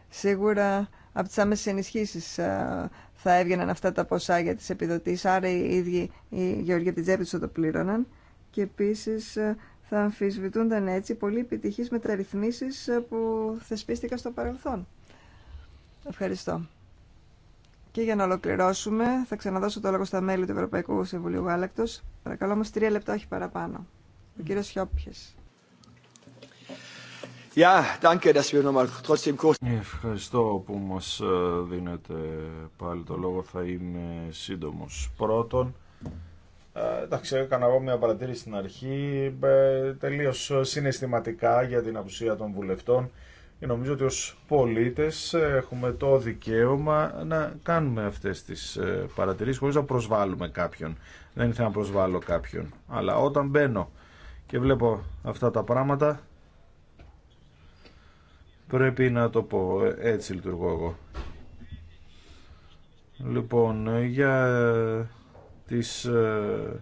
σίγουρα από τις άμεσες ενισχύσεις ε, θα έβγαιναν αυτά τα ποσά για τις επιδοτήσεις, άρα οι ίδιοι οι γεωργοί από την τσέπη το πλήρωναν και επίσης ε, θα αμφισβητούνταν έτσι πολύ επιτυχείς μεταρρυθμίσεις ε, που θεσπίστηκαν στο παρελθόν. Ευχαριστώ. Και για να ολοκληρώσουμε, θα ξαναδώσω το λόγο στα μέλη του Ευρωπαϊκού Συμβουλίου Γάλακτο. Παρακαλώ όμως τρία λεπτά, όχι παραπάνω. Ο κύριος Ευχαριστώ που μας ε, δίνετε πάλι το λόγο. Θα είμαι σύντομος. Πρώτον, ε, εντάξει, έκανα εγώ μια παρατήρηση στην αρχή, ε, τελείως συναισθηματικά για την απουσία των βουλευτών. Και νομίζω ότι ως πολίτες έχουμε το δικαίωμα να κάνουμε αυτές τις παρατηρήσεις χωρίς να προσβάλλουμε κάποιον. Δεν ήθελα να προσβάλλω κάποιον. Αλλά όταν μπαίνω και βλέπω αυτά τα πράγματα πρέπει να το πω έτσι λειτουργώ εγώ λοιπόν για τις ε,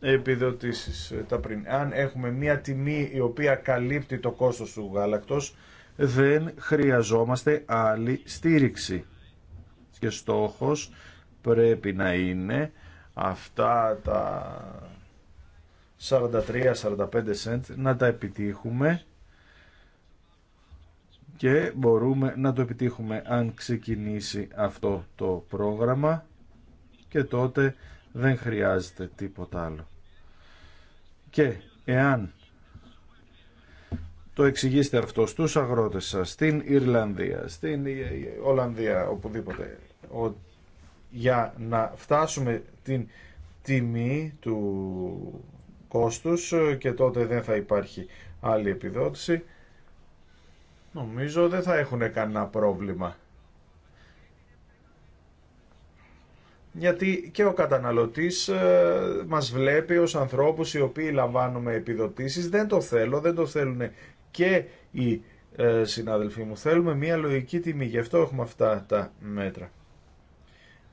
επιδοτήσεις ε, τα πριν αν έχουμε μια τιμή η οποία καλύπτει το κόστος του γάλακτος δεν χρειαζόμαστε άλλη στήριξη και στόχος πρέπει να είναι αυτά τα 43-45 cent να τα επιτύχουμε και μπορούμε να το επιτύχουμε αν ξεκινήσει αυτό το πρόγραμμα και τότε δεν χρειάζεται τίποτα άλλο. Και εάν το εξηγήσετε αυτό στους αγρότες σας, στην Ιρλανδία, στην Ολλανδία, οπουδήποτε, για να φτάσουμε την τιμή του κόστους ε, και τότε δεν θα υπάρχει άλλη επιδότηση νομίζω δεν θα έχουν κανένα πρόβλημα γιατί και ο καταναλωτής ε, μας βλέπει ως ανθρώπους οι οποίοι λαμβάνουμε επιδοτήσεις δεν το θέλω, δεν το θέλουν και οι ε, συνάδελφοί μου θέλουμε μια λογική τιμή γι' αυτό έχουμε αυτά τα μέτρα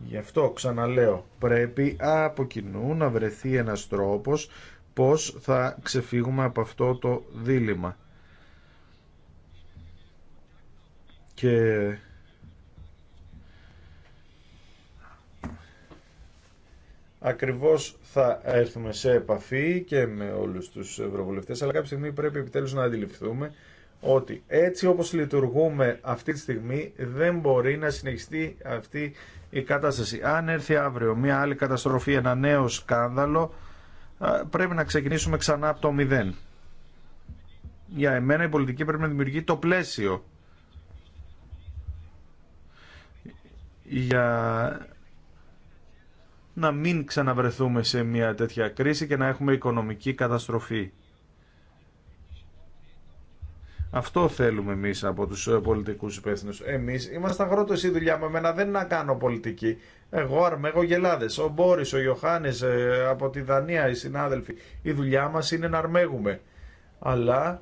Γι' αυτό ξαναλέω πρέπει από κοινού να βρεθεί ένας τρόπος πώς θα ξεφύγουμε από αυτό το δίλημα. Και ακριβώς θα έρθουμε σε επαφή και με όλους τους ευρωβουλευτές, αλλά κάποια στιγμή πρέπει επιτέλους να αντιληφθούμε ότι έτσι όπως λειτουργούμε αυτή τη στιγμή δεν μπορεί να συνεχιστεί αυτή η κατάσταση. Αν έρθει αύριο μια άλλη καταστροφή, ένα νέο σκάνδαλο, πρέπει να ξεκινήσουμε ξανά από το μηδέν. Για εμένα η πολιτική πρέπει να δημιουργεί το πλαίσιο για να μην ξαναβρεθούμε σε μια τέτοια κρίση και να έχουμε οικονομική καταστροφή. Αυτό θέλουμε εμεί από τους ε, πολιτικούς υπεύθυνου. Εμείς είμαστε αγρότες η δουλειά με εμένα δεν είναι να κάνω πολιτική. Εγώ αρμέγω γελάδε. ο Μπόρις, ο Ιωάννη ε, από τη Δανία, οι συνάδελφοι. Η δουλειά μας είναι να αρμέγουμε. Αλλά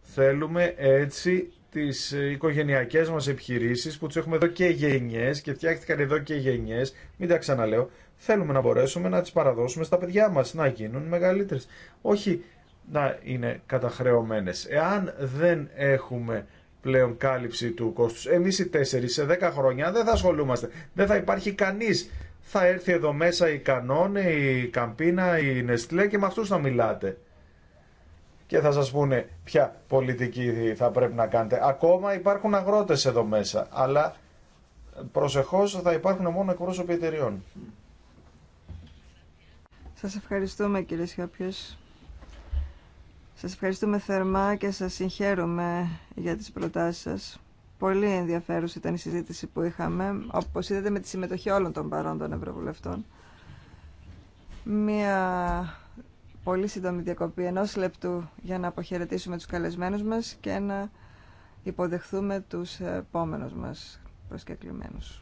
θέλουμε έτσι τις ε, οικογενειακές μας επιχειρήσεις που τι έχουμε εδώ και γενιές και φτιάχτηκαν εδώ και γενιές, μην τα ξαναλέω, θέλουμε να μπορέσουμε να τι παραδώσουμε στα παιδιά μα, να γίνουν μεγαλύτερε. Όχι να είναι καταχρεωμένες. Εάν δεν έχουμε πλέον κάλυψη του κόστους, εμείς οι τέσσερις σε δέκα χρόνια δεν θα ασχολούμαστε, δεν θα υπάρχει κανείς. Θα έρθει εδώ μέσα η Κανόνε, η Καμπίνα, η Νεστλέ και με αυτούς θα μιλάτε. Και θα σας πούνε ποια πολιτική θα πρέπει να κάνετε. Ακόμα υπάρχουν αγρότες εδώ μέσα, αλλά προσεχώς θα υπάρχουν μόνο εκπρόσωποι εταιριών. Σας ευχαριστούμε κύριε Σιώπιος. Σας ευχαριστούμε θερμά και σας συγχαίρουμε για τις προτάσεις σας. Πολύ ενδιαφέρουσα ήταν η συζήτηση που είχαμε, όπως είδατε με τη συμμετοχή όλων των παρόντων ευρωβουλευτών. Μία πολύ σύντομη διακοπή ενός λεπτού για να αποχαιρετήσουμε τους καλεσμένους μας και να υποδεχθούμε τους επόμενους μας προσκεκλημένους.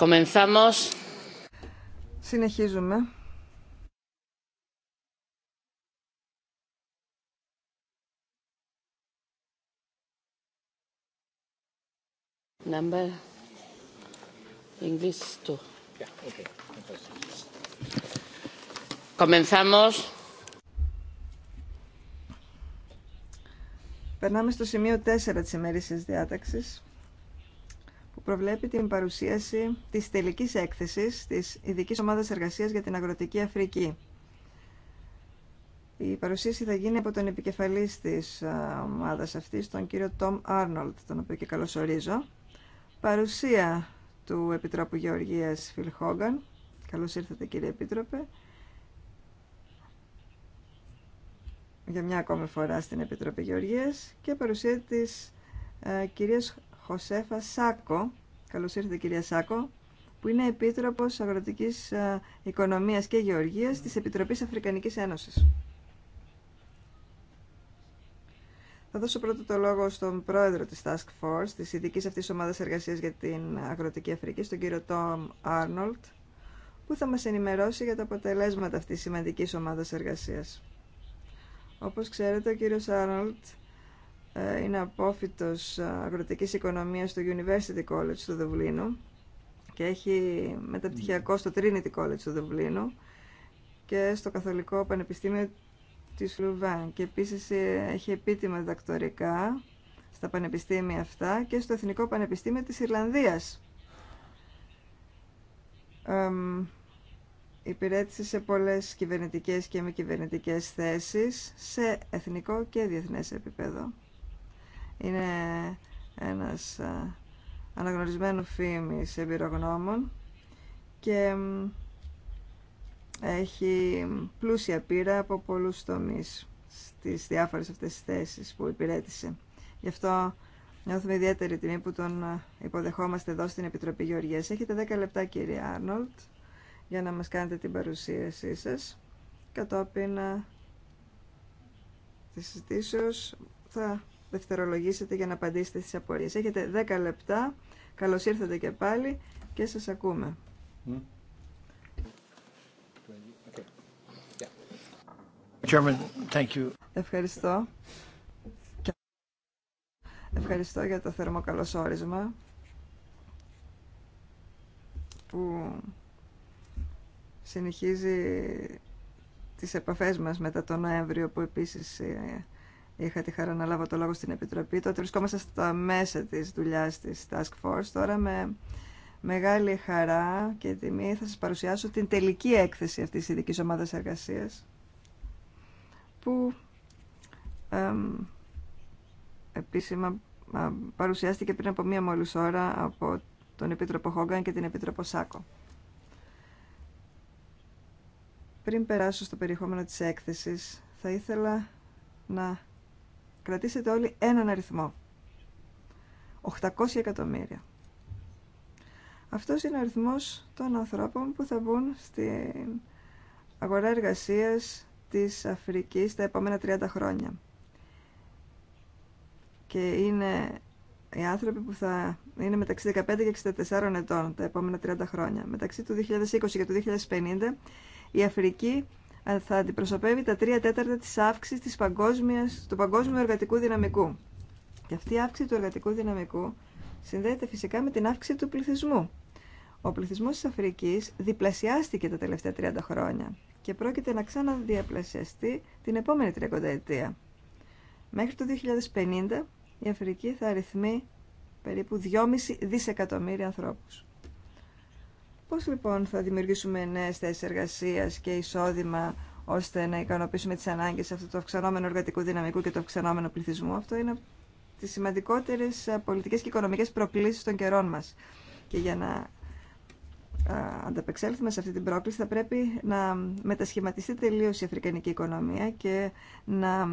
Comenzamos. Συνεχίζουμε. Number English too. Comenzamos. Περνάμε στο σημείο 4 της ημέρησης διάταξης προβλέπει την παρουσίαση της τελικής έκθεσης της Ειδικής Ομάδας Εργασίας για την Αγροτική Αφρική. Η παρουσίαση θα γίνει από τον επικεφαλής της ομάδας αυτής, τον κύριο Τόμ Άρνολτ, τον οποίο και καλωσορίζω. Παρουσία του Επιτρόπου Γεωργίας Φιλ Χόγκαν. Καλώς ήρθατε κύριε Επίτροπε. Για μια ακόμη φορά στην Επιτροπή Γεωργίας και παρουσία της κυρίας Χωσέφα Σάκο. Καλώς ήρθατε κυρία Σάκο που είναι Επίτροπος Αγροτικής ε, Οικονομίας και Γεωργίας της Επιτροπής Αφρικανικής Ένωσης. Θα δώσω πρώτο το λόγο στον πρόεδρο της Task Force, της ειδική αυτής ομάδας εργασίας για την Αγροτική Αφρική, τον κύριο Τόμ Άρνολτ, που θα μας ενημερώσει για τα αποτελέσματα αυτής της σημαντικής ομάδας εργασίας. Όπως ξέρετε, ο κύριος Άρνολτ ε, είναι απόφυτος ε, αγροτικής οικονομίας στο University College του Δουβλίνου και έχει μεταπτυχιακό στο Trinity College του Δουβλίνου και στο Καθολικό Πανεπιστήμιο της Λουβάν και επίσης ε, έχει επίτιμα διδακτορικά στα πανεπιστήμια αυτά και στο Εθνικό Πανεπιστήμιο της Ιρλανδίας. υπηρέτησε σε πολλές κυβερνητικές και μη κυβερνητικές θέσεις σε εθνικό και διεθνές επίπεδο είναι ένας ε, αναγνωρισμένου φήμης εμπειρογνώμων και έχει πλούσια πείρα από πολλούς τομείς στις διάφορες αυτές τις θέσεις που υπηρέτησε. Γι' αυτό νιώθουμε ιδιαίτερη τιμή που τον ε, υποδεχόμαστε εδώ στην Επιτροπή Γεωργίας. Έχετε 10 λεπτά κύριε Άρνολτ για να μας κάνετε την παρουσίασή σας. Κατόπιν ε, τη συζητήσεως θα δευτερολογήσετε για να απαντήσετε στις απορίες. Έχετε 10 λεπτά, καλώς ήρθατε και πάλι και σας ακούμε. thank you. Ευχαριστώ. Ευχαριστώ για το θερμό καλωσόρισμα που συνεχίζει τις επαφές μας μετά τον Νοέμβριο που επίσης ε, είχα τη χαρά να λάβω το λόγο στην Επιτροπή. Τότε βρισκόμαστε στα μέσα της δουλειάς της Task Force. Τώρα με μεγάλη χαρά και τιμή θα σας παρουσιάσω την τελική έκθεση αυτής της ειδικής ομάδας εργασίας που εμ, επίσημα παρουσιάστηκε πριν από μία μόλις ώρα από τον Επίτροπο Χόγκαν και την Επίτροπο Σάκο. Πριν περάσω στο περιεχόμενο της έκθεσης, θα ήθελα να κρατήσετε όλοι έναν αριθμό. 800 εκατομμύρια. Αυτός είναι ο αριθμός των ανθρώπων που θα μπουν στην αγορά εργασίας της Αφρικής τα επόμενα 30 χρόνια. Και είναι οι άνθρωποι που θα είναι μεταξύ 15 και 64 ετών τα επόμενα 30 χρόνια. Μεταξύ του 2020 και του 2050 η Αφρική ε, θα αντιπροσωπεύει τα τρία τέταρτα της αύξησης της παγκόσμιας, του παγκόσμιου εργατικού δυναμικού. Και αυτή η αύξηση του εργατικού δυναμικού συνδέεται φυσικά με την αύξηση του πληθυσμού. Ο πληθυσμός της Αφρικής διπλασιάστηκε τα τελευταία 30 χρόνια και πρόκειται να ξαναδιαπλασιαστεί την επόμενη τριακονταετία. Μέχρι το 2050 η Αφρική θα αριθμεί περίπου 2,5 δισεκατομμύρια ανθρώπους. Πώς λοιπόν θα δημιουργήσουμε νέες θέσεις εργασίας και εισόδημα ώστε να ικανοποιήσουμε τις ανάγκες αυτού του αυξανόμενου εργατικού δυναμικού και του αυξανόμενου πληθυσμού. Αυτό είναι από τις σημαντικότερες ε, πολιτικές και οικονομικές προκλήσεις των καιρών μας. Και για να ε, ανταπεξέλθουμε σε αυτή την πρόκληση θα πρέπει να μετασχηματιστεί τελείως η αφρικανική οικονομία και να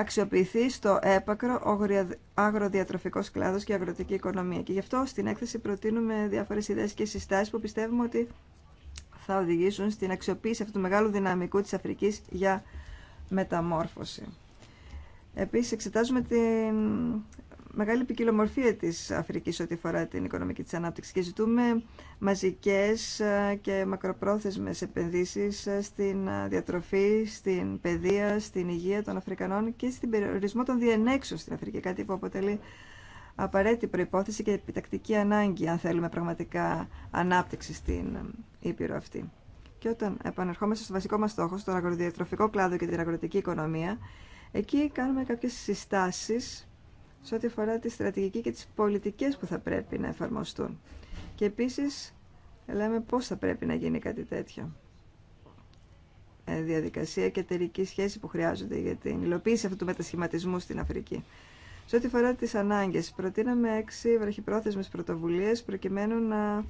αξιοποιηθεί στο έπακρο ο αγροδιατροφικός κλάδος και η αγροτική οικονομία. Και γι' αυτό στην έκθεση προτείνουμε διάφορες ιδέες και συστάσεις που πιστεύουμε ότι θα οδηγήσουν στην αξιοποίηση αυτού του μεγάλου δυναμικού της Αφρικής για μεταμόρφωση. Επίσης εξετάζουμε την μεγάλη ποικιλομορφία της Αφρικής ό,τι αφορά την οικονομική της ανάπτυξη και ζητούμε μαζικές ε, και μακροπρόθεσμες επενδύσεις ε, στην ε, διατροφή, στην παιδεία, στην υγεία των Αφρικανών και στην περιορισμό των διενέξεων στην Αφρική, κάτι που αποτελεί απαραίτητη προϋπόθεση και επιτακτική ανάγκη αν θέλουμε πραγματικά ανάπτυξη στην Ήπειρο αυτή. Και όταν επανερχόμαστε στο βασικό μας στόχο, στον αγροδιατροφικό κλάδο και την αγροτική οικονομία, εκεί κάνουμε κάποιες συστάσεις σε ό,τι αφορά τη στρατηγική και τις πολιτικές που θα πρέπει να εφαρμοστούν. Και επίσης λέμε πώς θα πρέπει να γίνει κάτι τέτοιο. Ε, διαδικασία και εταιρική σχέση που χρειάζονται για την υλοποίηση αυτού του μετασχηματισμού στην Αφρική. Σε ό,τι αφορά τις ανάγκες, προτείναμε έξι βραχυπρόθεσμες πρωτοβουλίες προκειμένου να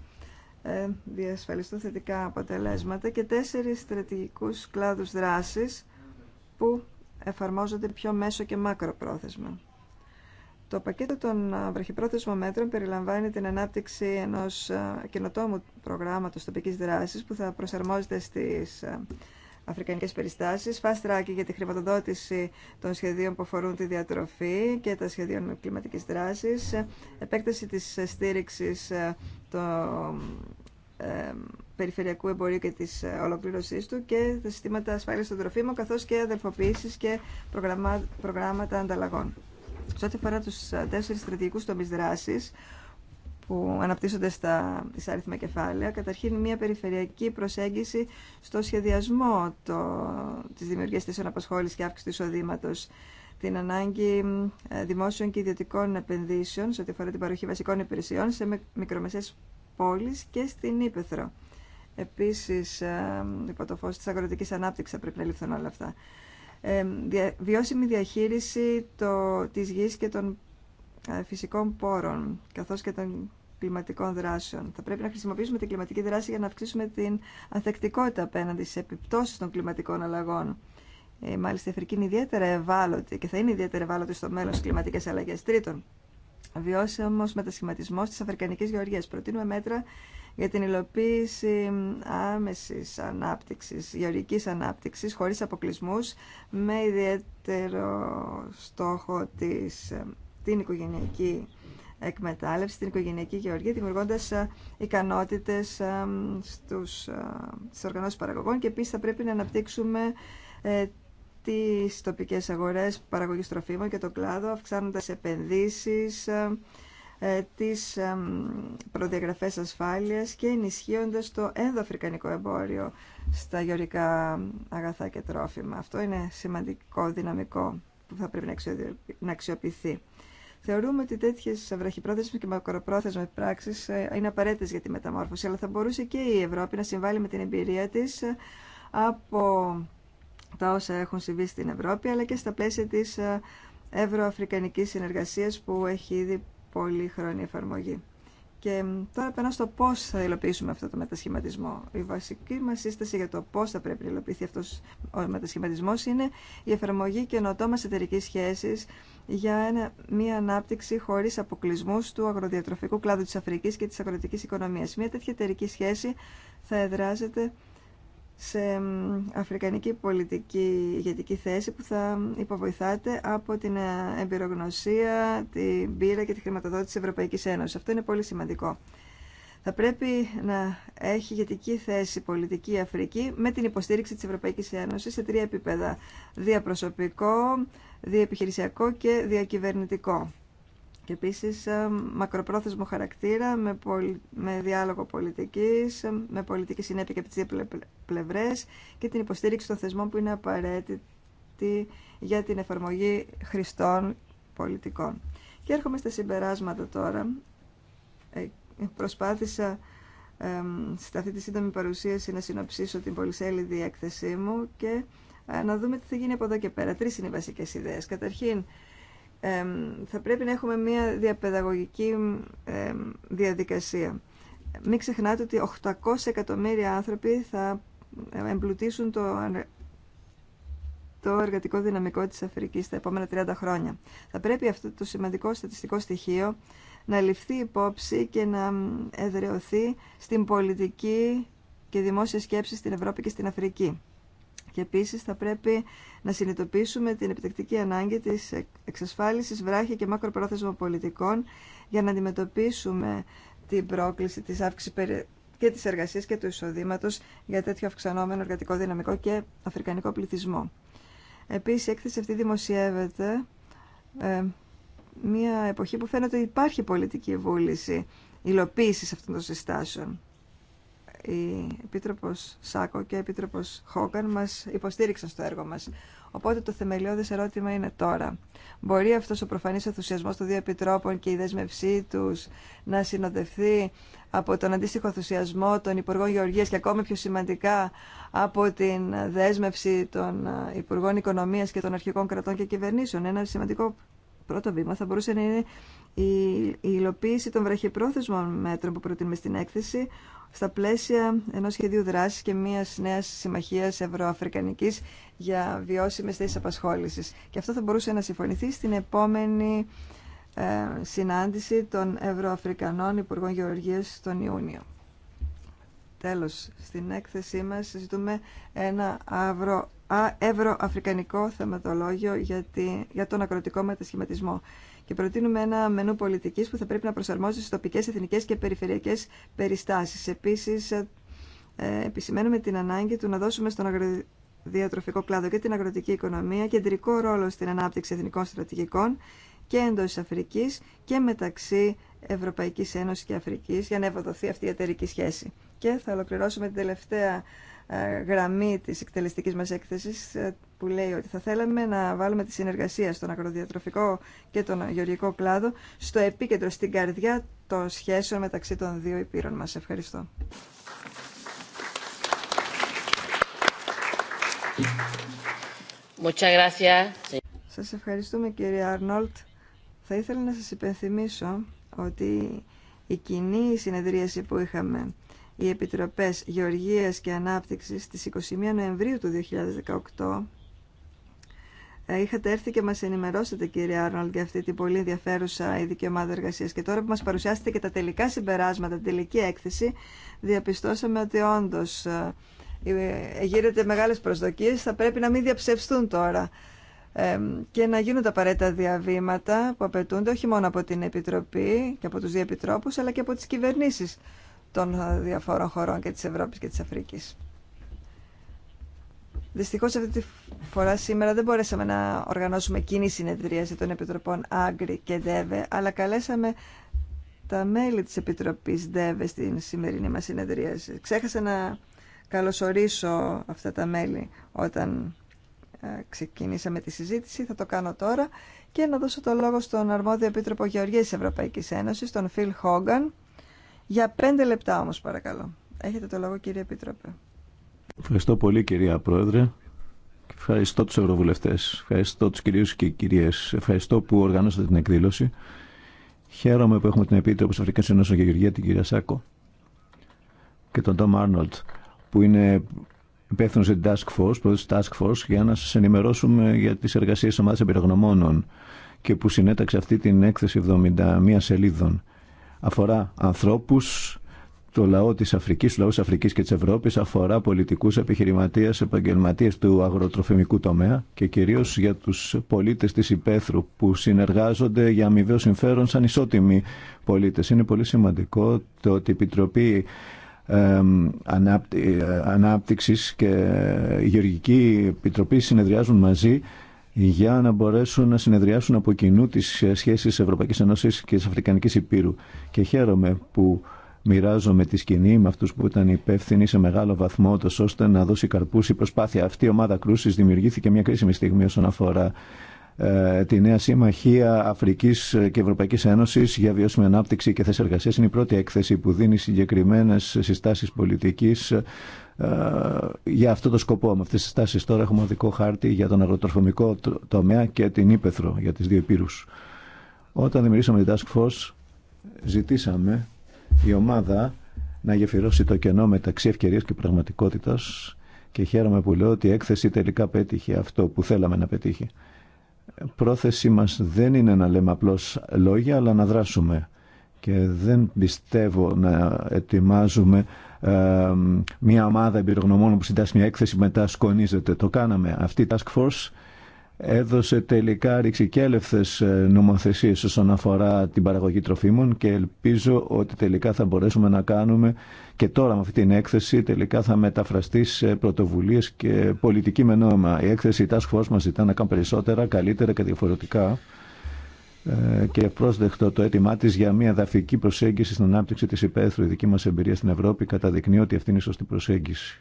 ε, διασφαλιστούν θετικά αποτελέσματα και τέσσερις στρατηγικούς κλάδους δράσης που εφαρμόζονται πιο μέσο και μακροπρόθεσμα. Το πακέτο των βραχυπρόθεσμων μέτρων περιλαμβάνει την ανάπτυξη ενό καινοτόμου προγράμματο τοπική δράση που θα προσαρμόζεται στι αφρικανικέ περιστάσει, fast track για τη χρηματοδότηση των σχεδίων που αφορούν τη διατροφή και τα σχεδίων κλιματική δράση, επέκταση της στήριξη το, ε, περιφερειακού εμπορίου και της ε, ολοκλήρωσής του και τα συστήματα ασφάλειας των τροφίμων καθώς και αδελφοποίησης και προγράμματα ανταλλαγών. Σε ό,τι αφορά του ε, τέσσερι στρατηγικού τομεί που αναπτύσσονται στα αριθμα κεφάλαια, καταρχήν μια περιφερειακή προσέγγιση στο σχεδιασμό το, της δημιουργίας θέσεων και αύξηση του εισοδήματο την ανάγκη ε, δημόσιων και ιδιωτικών επενδύσεων σε ό,τι αφορά την παροχή βασικών υπηρεσιών σε μικρομεσαίες πόλεις και στην Ήπεθρο. Επίσης, ε, υπό το φως της αγροτικής ανάπτυξη θα πρέπει να ληφθούν όλα αυτά βιώσιμη διαχείριση το, της γης και των ε, φυσικών πόρων, καθώς και των κλιματικών δράσεων. Θα πρέπει να χρησιμοποιήσουμε την κλιματική δράση για να αυξήσουμε την ανθεκτικότητα απέναντι στις επιπτώσεις των κλιματικών αλλαγών. Ε, μάλιστα, η Αφρική είναι ιδιαίτερα ευάλωτη και θα είναι ιδιαίτερα ευάλωτη στο μέλλον στι κλιματικέ αλλαγέ. Τρίτον, βιώσιμο μετασχηματισμό τη Αφρικανική Γεωργία. Προτείνουμε μέτρα για την υλοποίηση άμεσης ανάπτυξης, γεωργικής ανάπτυξης, χωρίς αποκλεισμούς, με ιδιαίτερο στόχο της, την οικογενειακή εκμετάλλευση, την οικογενειακή γεωργία, δημιουργώντα ε, ικανότητε ε, ε, στι οργανώσει παραγωγών και επίση θα πρέπει να αναπτύξουμε τι τοπικές αγορές παραγωγή τροφίμων και το κλάδο, αυξάνοντα επενδύσεις. Ε, τις προδιαγραφές ασφάλειας και ενισχύοντας το ενδοαφρικανικό εμπόριο στα γεωρικά αγαθά και τρόφιμα. Αυτό είναι σημαντικό δυναμικό που θα πρέπει να αξιοποιηθεί. Θεωρούμε ότι τέτοιε βραχυπρόθεσμε και μακροπρόθεσμε πράξει ε, είναι απαραίτητε για τη μεταμόρφωση, αλλά θα μπορούσε και η Ευρώπη να συμβάλλει με την εμπειρία τη ε, από τα όσα έχουν συμβεί στην Ευρώπη, αλλά και στα πλαίσια τη ευρωαφρικανική συνεργασία που έχει ήδη Πολύ χρόνια εφαρμογή. Και τώρα περνάω στο πώ θα υλοποιήσουμε αυτό το μετασχηματισμό. Η βασική μα σύσταση για το πώ θα πρέπει να υλοποιηθεί αυτό ο μετασχηματισμό είναι η εφαρμογή καινοτόμα εταιρική σχέση για μια ανάπτυξη χωρί αποκλεισμού του αγροδιατροφικού κλάδου τη Αφρική και τη αγροτική οικονομία. Μια τέτοια εταιρική σχέση θα εδράζεται σε αφρικανική πολιτική ηγετική θέση που θα υποβοηθάτε από την ε, εμπειρογνωσία, την πείρα και τη χρηματοδότηση της Ευρωπαϊκής Ένωσης. Αυτό είναι πολύ σημαντικό. Θα πρέπει να έχει ηγετική θέση πολιτική Αφρική με την υποστήριξη της Ευρωπαϊκής Ένωσης σε τρία επίπεδα. Διαπροσωπικό, διεπιχειρησιακό και διακυβερνητικό και επίσης ε, μακροπρόθεσμο χαρακτήρα με, με διάλογο πολιτικής, ε, με πολιτική συνέπεια και από τις δύο πλευρές και την υποστήριξη των θεσμών που είναι απαραίτητη για την εφαρμογή χρηστών πολιτικών. Και έρχομαι στα συμπεράσματα τώρα. Ε, προσπάθησα ε, σε αυτή τη σύντομη παρουσίαση να συνοψίσω την πολυσέλιδη έκθεσή μου και να δούμε τι θα γίνει από εδώ και πέρα. Τρεις είναι οι βασικές ιδέες. Καταρχήν, θα πρέπει να έχουμε μια διαπαιδαγωγική διαδικασία. Μην ξεχνάτε ότι 800 εκατομμύρια άνθρωποι θα ε, εμπλουτίσουν το, το εργατικό δυναμικό της Αφρικής τα επόμενα 30 χρόνια. Θα πρέπει αυτό το σημαντικό στατιστικό στοιχείο να ληφθεί υπόψη και να εδρεωθεί στην πολιτική και δημόσια σκέψη στην Ευρώπη και στην Αφρική. Και επίσης θα πρέπει να συνειδητοποιήσουμε την επιτακτική ανάγκη της εξασφάλιση, βράχη και μακροπρόθεσμων πολιτικών για να αντιμετωπίσουμε την πρόκληση της αύξησης και της εργασίας και του εισοδήματος για τέτοιο αυξανόμενο εργατικό δυναμικό και αφρικανικό πληθυσμό. Επίσης, η έκθεση αυτή δημοσιεύεται ε, μια εποχή που φαίνεται ότι υπάρχει πολιτική βούληση υλοποίησης αυτών των συστάσεων η Επίτροπος Σάκο και η Επίτροπος Χόγκαν μας υποστήριξαν στο έργο μας. Οπότε το θεμελιώδες ερώτημα είναι τώρα. Μπορεί αυτός ο προφανής ενθουσιασμός των δύο επιτρόπων και η δέσμευσή τους να συνοδευτεί από τον αντίστοιχο ενθουσιασμό των Υπουργών Γεωργίας και ακόμη πιο σημαντικά από την δέσμευση των Υπουργών Οικονομίας και των αρχικών κρατών και κυβερνήσεων. Ένα σημαντικό πρώτο βήμα θα μπορούσε να είναι η υλοποίηση των βραχυπρόθεσμων μέτρων που προτείνουμε στην έκθεση, στα πλαίσια ενός σχεδίου δράσης και μιας νέας συμμαχίας ευρωαφρικανικής για βιώσιμες θέσεις απασχόλησης. Και αυτό θα μπορούσε να συμφωνηθεί στην επόμενη ε, συνάντηση των Ευρωαφρικανών Υπουργών Γεωργίας τον Ιούνιο. Τέλος, στην έκθεσή μας ζητούμε ένα αυρο, ευρωαφρικανικό θεματολόγιο για, για τον ακροτικό μετασχηματισμό και προτείνουμε ένα μενού πολιτικής που θα πρέπει να προσαρμόζεται στι τοπικέ εθνικέ και περιφερειακές περιστάσεις. Επίσης, ε, ε, επισημαίνουμε την ανάγκη του να δώσουμε στον αγροδιατροφικό κλάδο και την αγροτική οικονομία κεντρικό ρόλο στην ανάπτυξη εθνικών στρατηγικών και εντό Αφρική και μεταξύ Ευρωπαϊκή Ένωση και Αφρική για να ευοδοθεί αυτή η εταιρική σχέση. Και θα ολοκληρώσουμε την τελευταία ε, γραμμή της εκτελεστικής μας έκθεσης ε, που λέει ότι θα θέλαμε να βάλουμε τη συνεργασία στον ακροδιατροφικό και τον γεωργικό κλάδο στο επίκεντρο, στην καρδιά των σχέσεων μεταξύ των δύο υπήρων μας. Ευχαριστώ. Σας ευχαριστούμε κύριε Αρνόλτ. Θα ήθελα να σας υπενθυμίσω ότι η κοινή συνεδρίαση που είχαμε οι Επιτροπές Γεωργίας και Ανάπτυξης στις 21 Νοεμβρίου του 2018 ε, Είχατε έρθει και μα ενημερώσετε, κύριε Άρνολτ, για αυτή την πολύ ενδιαφέρουσα ειδική ομάδα εργασία. Και τώρα που μας παρουσιάσετε και τα τελικά συμπεράσματα, την τελική έκθεση, διαπιστώσαμε ότι όντω ε, ε, γίνεται μεγάλε προσδοκίε. Θα πρέπει να μην διαψευστούν τώρα και να γίνουν τα απαραίτητα διαβήματα που απαιτούνται όχι μόνο από την Επιτροπή και από τους δύο αλλά και από τις κυβερνήσεις των ε, διαφόρων χωρών και της Ευρώπης και της Αφρικής. Δυστυχώς αυτή τη φορά σήμερα δεν μπορέσαμε να οργανώσουμε κοινή συνεδρίαση των Επιτροπών Άγκρη και ΔΕΒΕ, αλλά καλέσαμε τα μέλη της Επιτροπής ΔΕΒΕ στην σημερινή μας συνεδρίαση. Ξέχασα να καλωσορίσω αυτά τα μέλη όταν ε, ξεκινήσαμε τη συζήτηση, θα το κάνω τώρα και να δώσω το λόγο στον αρμόδιο Επίτροπο Γεωργίας Ευρωπαϊκής Ένωσης, τον Φιλ Χόγκαν, για πέντε λεπτά όμως παρακαλώ. Έχετε το λόγο κύριε Επίτροπε. Ευχαριστώ πολύ κυρία Πρόεδρε. Ευχαριστώ τους ευρωβουλευτές. Ευχαριστώ τους κυρίους και κυρίες. Ευχαριστώ που οργανώσατε την εκδήλωση. Χαίρομαι που έχουμε την Επίτροπο της Αφρικής Ενώσεων για Γεωργία, την κυρία Σάκο και τον Τόμ Άρνολτ που είναι υπεύθυνο για Task Force, Task Force, για να σα ενημερώσουμε για τι εργασίε τη ομάδα εμπειρογνωμόνων και που συνέταξε αυτή την έκθεση 71 σελίδων αφορά ανθρώπους, το λαό της Αφρικής, του λαού της Αφρικής και της Ευρώπης, αφορά πολιτικούς επιχειρηματίες, επαγγελματίες του αγροτροφημικού τομέα και κυρίως για τους πολίτες της υπαίθρου που συνεργάζονται για αμοιβαίο συμφέρον σαν ισότιμοι πολίτες. Είναι πολύ σημαντικό το ότι η Επιτροπή ε, Ανάπτυξης και η Γεωργική Επιτροπή συνεδριάζουν μαζί για να μπορέσουν να συνεδριάσουν από κοινού τις σχέσεις Ευρωπαϊκής Ένωσης και της Αφρικανικής Υπήρου. Και χαίρομαι που μοιράζομαι τη σκηνή με αυτούς που ήταν υπεύθυνοι σε μεγάλο βαθμό τόσο ώστε να δώσει καρπούς η προσπάθεια. Αυτή η ομάδα κρούσης δημιουργήθηκε μια κρίσιμη στιγμή όσον αφορά ε, τη νέα Συμμαχία Αφρική και Ευρωπαϊκή Ένωση για βιώσιμη ανάπτυξη και θέσει εργασία. Είναι η πρώτη έκθεση που δίνει συγκεκριμένε συστάσει πολιτική ε, για αυτό το σκοπό. Με αυτές τις στάσεις τώρα έχουμε δικό χάρτη για τον αγροτροφωμικό τομέα και την Ήπεθρο για τις δύο υπήρους. Όταν δημιουργήσαμε την Task Force ζητήσαμε η ομάδα να γεφυρώσει το κενό μεταξύ ευκαιρία και πραγματικότητα και χαίρομαι που λέω ότι η έκθεση τελικά πέτυχε αυτό που θέλαμε να πετύχει. Πρόθεσή μας δεν είναι να λέμε απλώς λόγια αλλά να δράσουμε και δεν πιστεύω να ετοιμάζουμε μια ομάδα εμπειρογνωμών που συντάσσει μια έκθεση μετά σκονίζεται. Το κάναμε. Αυτή η Task Force έδωσε τελικά ρηξικέλευθες ε, νομοθεσίες όσον αφορά την παραγωγή τροφίμων και ελπίζω ότι τελικά θα μπορέσουμε να κάνουμε και τώρα με αυτή την έκθεση τελικά θα μεταφραστεί σε πρωτοβουλίες και πολιτική με νόημα. Η έκθεση Task Force μας ζητά να περισσότερα, καλύτερα και διαφορετικά ε, και πρόσδεκτο το αίτημά τη για μια δαφική προσέγγιση στην ανάπτυξη τη υπαίθρου. Η δική μα εμπειρία στην Ευρώπη καταδεικνύει ότι αυτή είναι η σωστή προσέγγιση.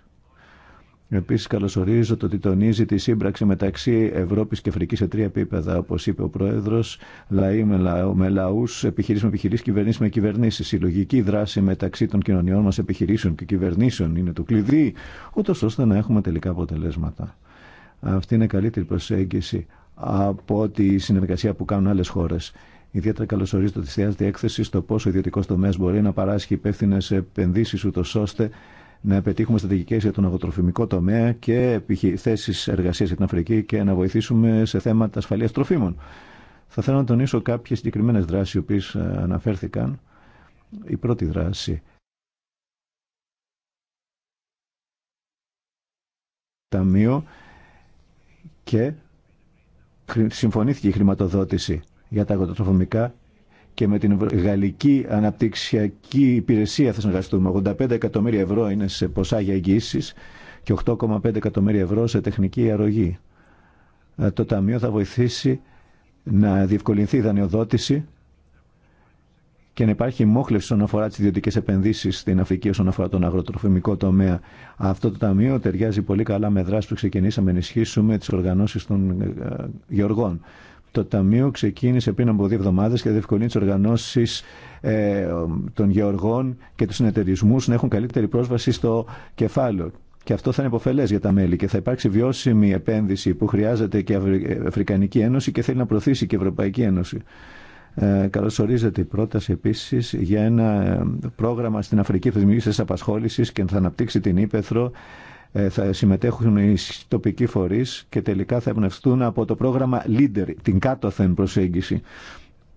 Επίση, καλωσορίζω το ότι τονίζει τη σύμπραξη μεταξύ Ευρώπη και Αφρική σε τρία επίπεδα, όπω είπε ο Πρόεδρο, λαοί με, λαού, με λαού, επιχειρήσει με επιχειρήσει, κυβερνήσει με κυβερνήσει. Η λογική δράση μεταξύ των κοινωνιών μα, επιχειρήσεων και κυβερνήσεων είναι το κλειδί, ούτω ώστε να έχουμε τελικά αποτελέσματα. Αυτή είναι καλύτερη προσέγγιση από τη συνεργασία που κάνουν άλλε χώρε. Ιδιαίτερα καλωσορίζω τη εστιάζεται έκθεση στο πόσο ο ιδιωτικό τομέα μπορεί να παράσχει υπεύθυνε επενδύσει, ούτω ώστε να πετύχουμε στρατηγικέ για τον αγροτροφημικό τομέα και θέσει εργασία για την Αφρική και να βοηθήσουμε σε θέματα ασφαλεία τροφίμων. Θα θέλω να τονίσω κάποιε συγκεκριμένε δράσει, οι οποίε ε, αναφέρθηκαν. Η πρώτη δράση. Ταμείο και συμφωνήθηκε η χρηματοδότηση για τα αγροτροφομικά και με την Γαλλική Αναπτυξιακή Υπηρεσία θα συνεργαστούμε. 85 εκατομμύρια ευρώ είναι σε ποσά για εγγύησει και 8,5 εκατομμύρια ευρώ σε τεχνική αρρωγή. Ε, το Ταμείο θα βοηθήσει να διευκολυνθεί η δανειοδότηση και να υπάρχει μόχλευση όσον αφορά τι ιδιωτικέ επενδύσει στην Αφρική, όσον αφορά τον αγροτροφημικό τομέα. Αυτό το ταμείο ταιριάζει πολύ καλά με δράσει που ξεκινήσαμε να ενισχύσουμε τι οργανώσει των ε, γεωργών. Το Ταμείο ξεκίνησε πριν από δύο εβδομάδε και διευκολύνει τι οργανώσει ε, των γεωργών και του συνεταιρισμού να έχουν καλύτερη πρόσβαση στο κεφάλαιο. Και αυτό θα είναι υποφελέ για τα μέλη και θα υπάρξει βιώσιμη επένδυση που χρειάζεται και η ε, Αφρικανική Ένωση και θέλει να προωθήσει και η Ευρωπαϊκή Ένωση. Ε, ορίζεται η πρόταση επίση για ένα ε, πρόγραμμα στην Αφρική που δημιουργήσει απασχόληση και θα αναπτύξει την Ήπεθρο. Ε, θα συμμετέχουν οι τοπικοί φορεί και τελικά θα εμπνευστούν από το πρόγραμμα Leader, την κάτωθεν προσέγγιση,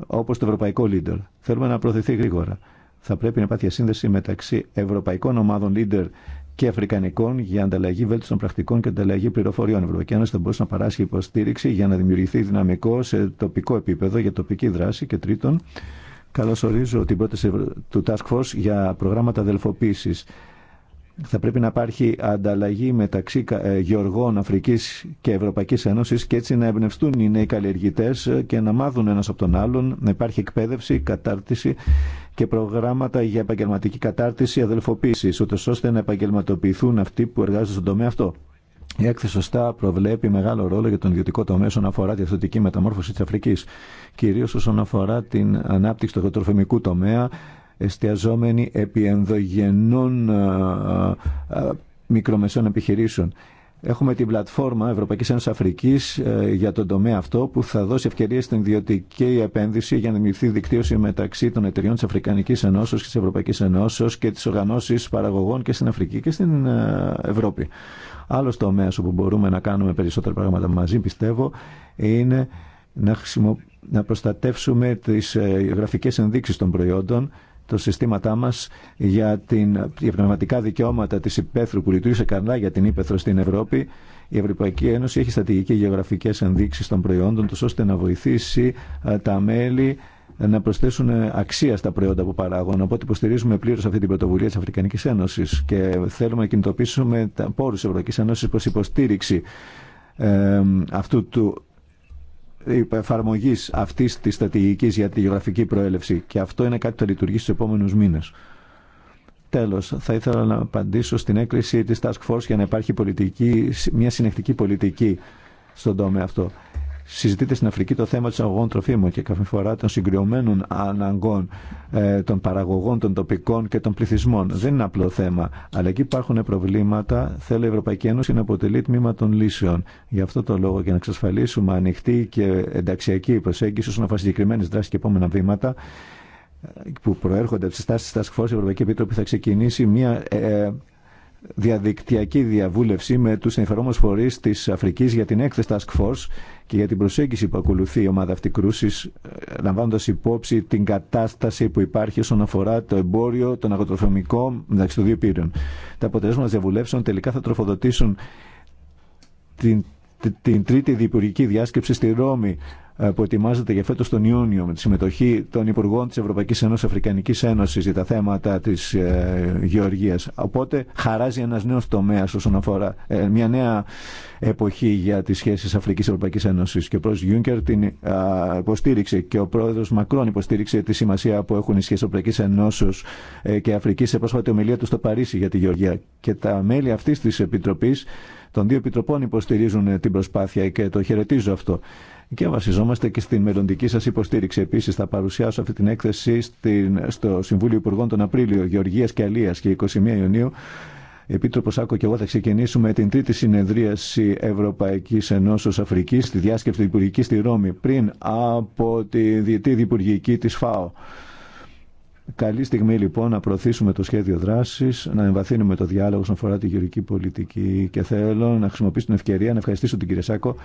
όπω το ευρωπαϊκό Leader. Θέλουμε να προωθηθεί γρήγορα. Θα πρέπει να υπάρχει σύνδεση μεταξύ ευρωπαϊκών ομάδων Leader και Αφρικανικών για ανταλλαγή βέλτιστων πρακτικών και ανταλλαγή πληροφοριών. Η Ευρωπαϊκή Ένωση θα μπορούσε να παράσχει υποστήριξη για να δημιουργηθεί δυναμικό σε τοπικό επίπεδο για τοπική δράση. Και τρίτον, ορίζω την πρόταση του Task Force για προγράμματα αδελφοποίηση θα πρέπει να υπάρχει ανταλλαγή μεταξύ ε, γεωργών Αφρικής και Ευρωπαϊκής Ένωσης και έτσι να εμπνευστούν οι νέοι καλλιεργητές και να μάθουν ένας από τον άλλον, να υπάρχει εκπαίδευση, κατάρτιση και προγράμματα για επαγγελματική κατάρτιση αδελφοποίηση ώστε να επαγγελματοποιηθούν αυτοί που εργάζονται στον τομέα αυτό. Η έκθεση σωστά προβλέπει μεγάλο ρόλο για τον ιδιωτικό τομέα όσον αφορά τη αυτοτική μεταμόρφωση τη Αφρική, κυρίω όσον αφορά την ανάπτυξη του αγροτροφημικού τομέα, εστιαζόμενοι επί ενδογενών μικρομεσών επιχειρήσεων. Έχουμε την πλατφόρμα Ευρωπαϊκής Ένωσης Αφρικής ε, για τον τομέα αυτό που θα δώσει ευκαιρίες στην ιδιωτική επένδυση για να δημιουργηθεί δικτύωση μεταξύ των εταιριών της Αφρικανικής Ενώσεως και της Ευρωπαϊκής Ενώσεως και της οργανώσεις παραγωγών και στην Αφρική και στην ε, Ευρώπη. Άλλο τομέα όπου μπορούμε να κάνουμε περισσότερα πράγματα μαζί πιστεύω είναι να, να προστατεύσουμε τις ε, γραφικές ενδείξεις των προϊόντων το συστήματά μα για, την, για πνευματικά δικαιώματα τη υπαίθρου που λειτουργήσε καλά για την ύπεθρο στην Ευρώπη. Η Ευρωπαϊκή Ένωση έχει στατηγικές γεωγραφικέ ενδείξει των προϊόντων τους ώστε να βοηθήσει ε, τα μέλη να προσθέσουν ε, αξία στα προϊόντα που παράγουν. Οπότε υποστηρίζουμε πλήρω αυτή την πρωτοβουλία τη Αφρικανική Ένωση και θέλουμε να κινητοποιήσουμε τα πόρου τη Ευρωπαϊκή Ένωση προ υποστήριξη ε, αυτού του εφαρμογή αυτή τη στρατηγική για τη γεωγραφική προέλευση. Και αυτό είναι κάτι που θα λειτουργήσει στου επόμενου μήνε. Τέλο, θα ήθελα να απαντήσω στην έκκληση τη Task Force για να υπάρχει πολιτική, μια συνεχτική πολιτική στον τομέα αυτό συζητείται στην Αφρική το θέμα της αγωγών τροφίμων και κάθε φορά των συγκριωμένων αναγκών ε, των παραγωγών, των τοπικών και των πληθυσμών. Δεν είναι απλό θέμα, αλλά εκεί υπάρχουν προβλήματα. θέλει η Ευρωπαϊκή Ένωση να αποτελεί τμήμα των λύσεων. Γι' αυτό το λόγο και να εξασφαλίσουμε ανοιχτή και ενταξιακή προσέγγιση όσον αφορά συγκεκριμένε δράσει και επόμενα βήματα που προέρχονται από τι τάσει τη Task Force, η Ευρωπαϊκή Επίτροπη θα ξεκινήσει μια ε, διαδικτυακή διαβούλευση με του ενδιαφερόμενου φορεί τη Αφρική για την έκθεση Task Force και για την προσέγγιση που ακολουθεί η ομάδα αυτή κρούση, ε, λαμβάνοντα υπόψη την κατάσταση που υπάρχει όσον αφορά το εμπόριο, τον αγροτροφημικό μεταξύ των δύο πύρων. Τα αποτελέσματα διαβουλεύσεων τελικά θα τροφοδοτήσουν την, την τρίτη διπουργική διάσκεψη στη Ρώμη ε, που ετοιμάζεται για φέτος τον Ιούνιο με τη συμμετοχή των Υπουργών της Ευρωπαϊκής Ένωσης Αφρικανικής Ένωσης για τα θέματα της ε, γεωργίας. Οπότε χαράζει ένας νέος τομέας όσον αφορά ε, μια νέα εποχή για τις σχέσεις Αφρικής-Ευρωπαϊκής Ένωσης. Και ο πρόεδρος Γιούνκερ την υποστήριξε και ο πρόεδρος Μακρόν υποστήριξε τη σημασία που έχουν οι σχέσεις Ευρωπαϊκής Ένωσης ε, και Αφρικής σε πρόσφατη ομιλία του στο Παρίσι για τη Γεωργία. Και τα μέλη αυτής της Επιτροπής των δύο επιτροπών υποστηρίζουν ε, την προσπάθεια και το χαιρετίζω αυτό. Και βασιζόμαστε και στην μελλοντική σα υποστήριξη. Επίση, θα παρουσιάσω αυτή την έκθεση στην, στο Συμβούλιο Υπουργών τον Απρίλιο Γεωργία και Αλία και 21 Ιουνίου Επίτροπο Άκο και εγώ θα ξεκινήσουμε την τρίτη συνεδρίαση Ευρωπαϊκή Ενώσεω Αφρική στη διάσκεψη υπουργική στη Ρώμη πριν από τη διετή διπουργική τη ΦΑΟ. Καλή στιγμή λοιπόν να προωθήσουμε το σχέδιο δράση, να εμβαθύνουμε το διάλογο όσον αφορά τη γεωργική πολιτική και θέλω να χρησιμοποιήσω την ευκαιρία να ευχαριστήσω την κυρία Σάκο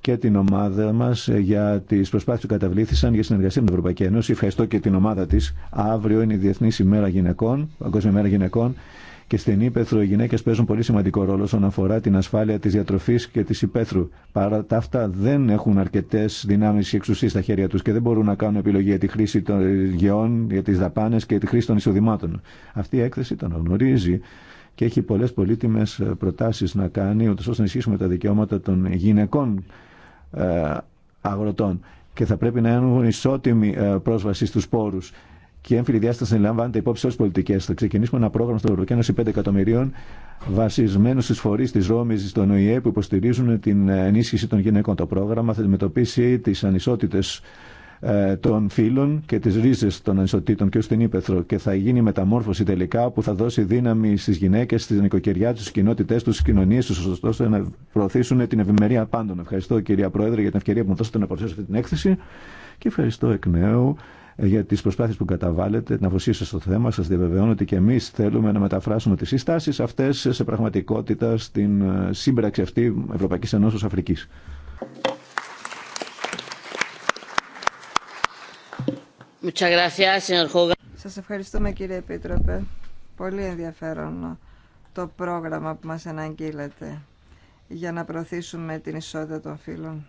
και την ομάδα μα για τι προσπάθειε που καταβλήθησαν για συνεργασία με την Ευρωπαϊκή Ένωση. Ευχαριστώ και την ομάδα τη. Αύριο είναι η Διεθνή ημέρα γυναικών, Παγκόσμια ημέρα γυναικών και στην Ήπεθρο οι γυναίκε παίζουν πολύ σημαντικό ρόλο όσον αφορά την ασφάλεια τη διατροφή και τη Ήπεθρου. Παρά τα αυτά δεν έχουν αρκετέ δυνάμει και εξουσίε στα χέρια του και δεν μπορούν να κάνουν επιλογή για τη χρήση των γεών, για τι δαπάνε και τη χρήση των εισοδημάτων. Αυτή η έκθεση τον γνωρίζει και έχει πολλέ πολύτιμε προτάσει να κάνει ώστε να ισχύσουμε τα δικαιώματα των γυναικών ε, αγροτών και θα πρέπει να έχουν ισότιμη ε, πρόσβαση στους πόρους και η έμφυλη διάσταση λαμβάνεται υπόψη όλε τι πολιτικέ. Θα ξεκινήσουμε ένα πρόγραμμα στο Ευρωπαϊκό Ένωση 5 εκατομμυρίων βασισμένο στι φορεί τη Ρώμη στον ΟΗΕ που υποστηρίζουν την ενίσχυση των γυναικών. Το πρόγραμμα θα αντιμετωπίσει τι ανισότητε ε, των φύλων και τις ρίζες των ανισοτήτων και την ύπεθρο και θα γίνει μεταμόρφωση τελικά που θα δώσει δύναμη στις γυναίκες, στις νοικοκυριά, στις κοινότητες, στις κοινωνίες τους ωστόσο να προωθήσουν την ευημερία πάντων. Ευχαριστώ κυρία Πρόεδρε για την ευκαιρία που μου δώσατε να παρουσιάσω αυτή την έκθεση και ευχαριστώ εκ νέου ε, για τις προσπάθειες που καταβάλλετε, την αφοσίωση στο θέμα. Σας διαβεβαιώνω ότι και εμείς θέλουμε να μεταφράσουμε τις συστάσεις αυτές σε πραγματικότητα στην ε, σύμπραξη αυτή Ευρωπαϊκής Ενώσης Αφρικής. Σας ευχαριστούμε κύριε Επίτροπε. Πολύ ενδιαφέρον το πρόγραμμα που μας αναγγείλατε για να προωθήσουμε την ισότητα των φύλων.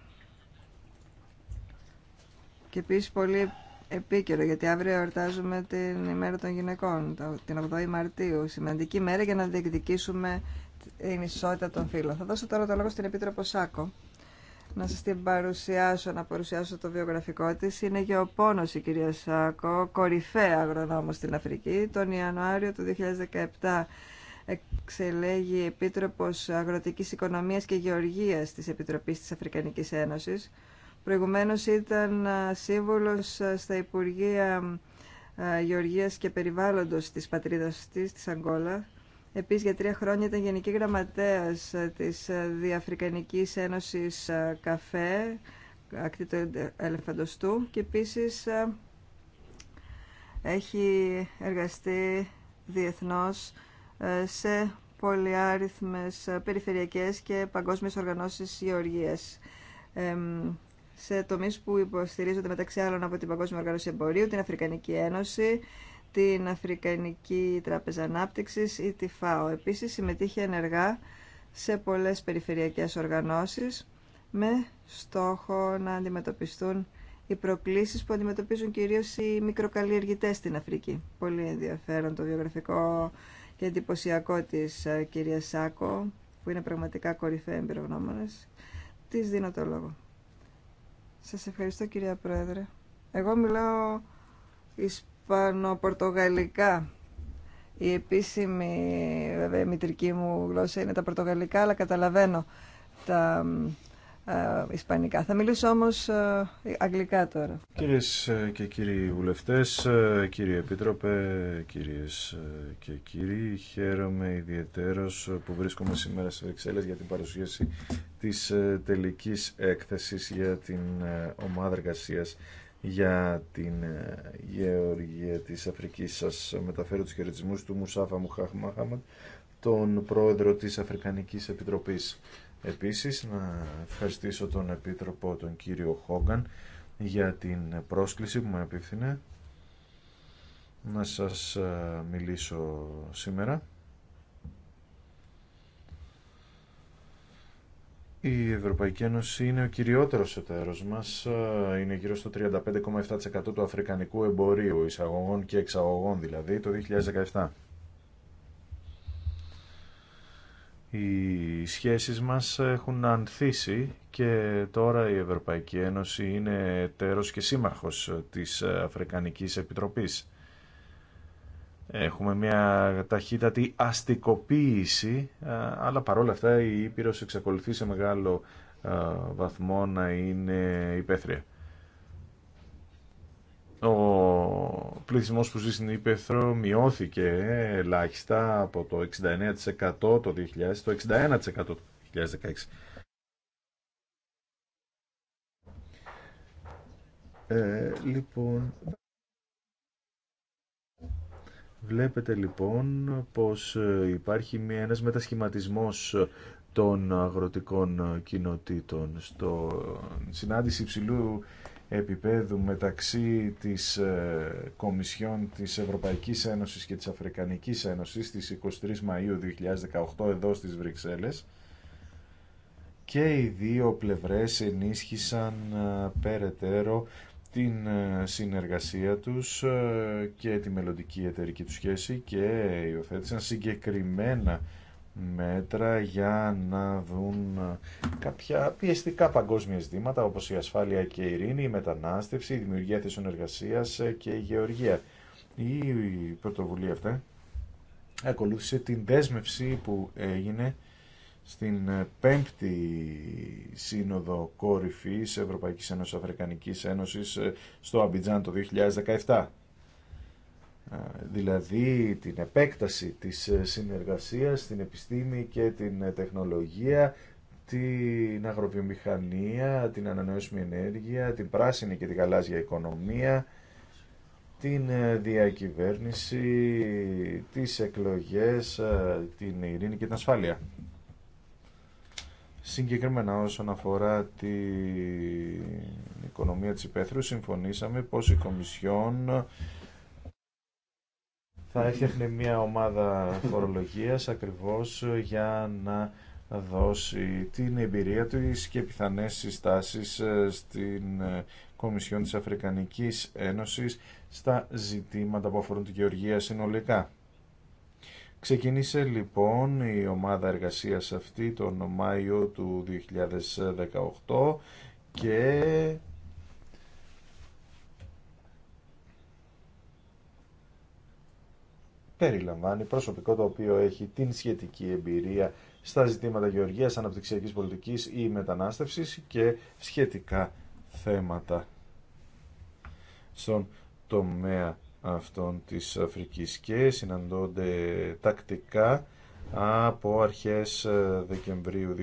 Και επίσης πολύ επίκαιρο γιατί αύριο εορτάζουμε την ημέρα των γυναικών, την 8η Μαρτίου. Σημαντική μέρα για να διεκδικήσουμε την ισότητα των φύλων. Θα δώσω τώρα το λόγο στην Επίτροπο Σάκο να σας την παρουσιάσω, να παρουσιάσω το βιογραφικό της. Είναι γεωπόνος η κυρία Σάκο, κορυφαία αγρονόμος στην Αφρική. Τον Ιανουάριο του 2017 εξελέγει Επίτροπος Αγροτικής Οικονομίας και Γεωργίας της Επιτροπής της Αφρικανικής Ένωσης. Προηγουμένως ήταν σύμβολος στα Υπουργεία Γεωργίας και Περιβάλλοντος της πατρίδας της, της Αγκόλα. Επίσης για τρία χρόνια ήταν Γενική Γραμματέας της Διαφρικανικής Ένωσης Καφέ, ακτή του Ελεφαντοστού και επίσης έχει εργαστεί διεθνώς σε πολυάριθμες περιφερειακές και παγκόσμιες οργανώσεις γεωργίας σε τομείς που υποστηρίζονται μεταξύ άλλων από την Παγκόσμια Οργάνωση Εμπορίου, την Αφρικανική Ένωση, την Αφρικανική Τράπεζα Ανάπτυξη ή τη ΦΑΟ. Επίση συμμετείχε ενεργά σε πολλέ περιφερειακές οργανώσεις με στόχο να αντιμετωπιστούν οι προκλήσει που αντιμετωπίζουν κυρίω οι μικροκαλλιεργητέ στην Αφρική. Πολύ ενδιαφέρον το βιογραφικό και εντυπωσιακό τη ε, κυρία Σάκο, που είναι πραγματικά κορυφαία εμπειρογνώμονα. Τη δίνω το λόγο. Σας ευχαριστώ κυρία Πρόεδρε. Εγώ μιλάω ισπανοπορτογαλικά. Η επίσημη βέβαια, η μητρική μου γλώσσα είναι τα πορτογαλικά, αλλά καταλαβαίνω τα ισπανικά. Θα μιλήσω όμως αγγλικά τώρα. Κυρίες ε, και κύριοι βουλευτές, ε, κύριε Επίτροπε, κυρίες ε, και κύριοι, χαίρομαι ιδιαιτέρως που βρίσκομαι σήμερα σε Βρυξέλλες για την παρουσίαση της τελικής έκθεσης για την ομάδα εργασία για την γεωργία της Αφρικής. Σας μεταφέρω τους χαιρετισμούς του Μουσάφα Μουχάχ τον πρόεδρο της Αφρικανικής Επιτροπής. Επίσης, να ευχαριστήσω τον Επίτροπο, τον κύριο Χόγκαν, για την πρόσκληση που με επίφθηνε να σας ε, μιλήσω σήμερα. Η Ευρωπαϊκή Ένωση είναι ο κυριότερος εταίρος μας, ε, είναι γύρω στο 35,7% του αφρικανικού εμπορίου, εισαγωγών και εξαγωγών δηλαδή, το 2017. οι σχέσεις μας έχουν ανθίσει και τώρα η Ευρωπαϊκή Ένωση είναι τέρος και σύμμαχος της Αφρικανικής Επιτροπής. Έχουμε μια ταχύτατη αστικοποίηση, αλλά παρόλα αυτά η Ήπειρος εξακολουθεί σε μεγάλο βαθμό να είναι υπαίθρια ο πληθυσμό που ζει στην Ήπεθρο μειώθηκε ελάχιστα από το 69% το 2000 στο 61% το 2016. Ε, λοιπόν, βλέπετε λοιπόν πως ε, υπάρχει μια, ένας μετασχηματισμός των αγροτικών κοινοτήτων. Στο συνάντηση υψηλού επίπεδου μεταξύ της ε, Κομισιόν της Ευρωπαϊκής Ένωσης και της Αφρικανικής Ένωσης στις 23 Μαΐου 2018 εδώ στις Βρυξέλλες και οι δύο πλευρές ενίσχυσαν ε, περαιτέρω την ε, συνεργασία τους και τη μελλοντική εταιρική του σχέση και υιοθέτησαν συγκεκριμένα μέτρα για να δουν κάποια πιεστικά παγκόσμια ζητήματα όπως η ασφάλεια και η ειρήνη, η μετανάστευση, η δημιουργία θέσεων εργασία και η γεωργία. Η πρωτοβουλία αυτή ακολούθησε την δέσμευση που έγινε στην πέμπτη σύνοδο κορυφής Ευρωπαϊκής Ένωσης Αφρικανικής Ένωσης στο Αμπιτζάν το 2017 δηλαδή την επέκταση της ε, συνεργασίας στην επιστήμη και την ε, τεχνολογία, την αγροβιομηχανία, την ανανεώσιμη ενέργεια, την πράσινη και την γαλάζια οικονομία, την ε, διακυβέρνηση, τις εκλογές, την ειρήνη και την ασφάλεια. Συγκεκριμένα όσον αφορά την οικονομία της υπαίθρου, συμφωνήσαμε πως η Κομισιόν θα έφτιαχνε μια ομάδα φορολογίας ακριβώς για να δώσει την εμπειρία του και πιθανές συστάσεις ε, στην ε, Κομισιόν της Αφρικανικής Ένωσης στα ζητήματα που αφορούν τη Γεωργία συνολικά. Ξεκίνησε λοιπόν η ομάδα εργασίας αυτή τον Μάιο του 2018 και περιλαμβάνει προσωπικό το οποίο έχει την σχετική εμπειρία στα ζητήματα γεωργίας, αναπτυξιακής πολιτικής ή μετανάστευσης και σχετικά θέματα στον τομέα αυτών της Αφρικής και συναντώνται τακτικά από αρχές ε, Δεκεμβρίου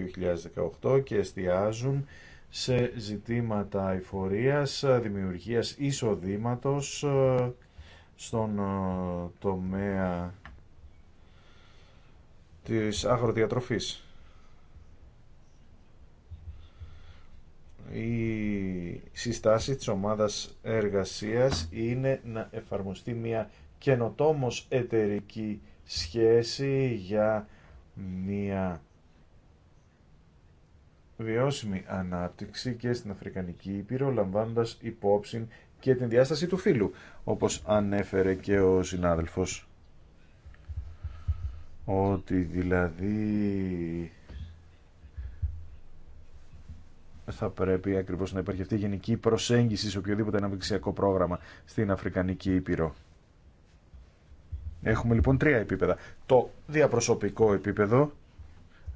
2018 και εστιάζουν σε ζητήματα εφορίας, δημιουργίας εισοδήματος ε, στον ε, τομέα της αγροδιατροφής. Η συστάση της ομάδας εργασίας είναι να εφαρμοστεί μια καινοτόμως εταιρική σχέση για μια βιώσιμη ανάπτυξη και στην Αφρικανική Ήπειρο λαμβάνοντας υπόψη και την διάσταση του φύλου, όπως ανέφερε και ο συνάδελφος. Ότι δηλαδή θα πρέπει ακριβώς να υπάρχει αυτή η γενική προσέγγιση σε οποιοδήποτε αναπτυξιακό πρόγραμμα στην Αφρικανική Ήπειρο. Έχουμε λοιπόν τρία επίπεδα. Το διαπροσωπικό επίπεδο,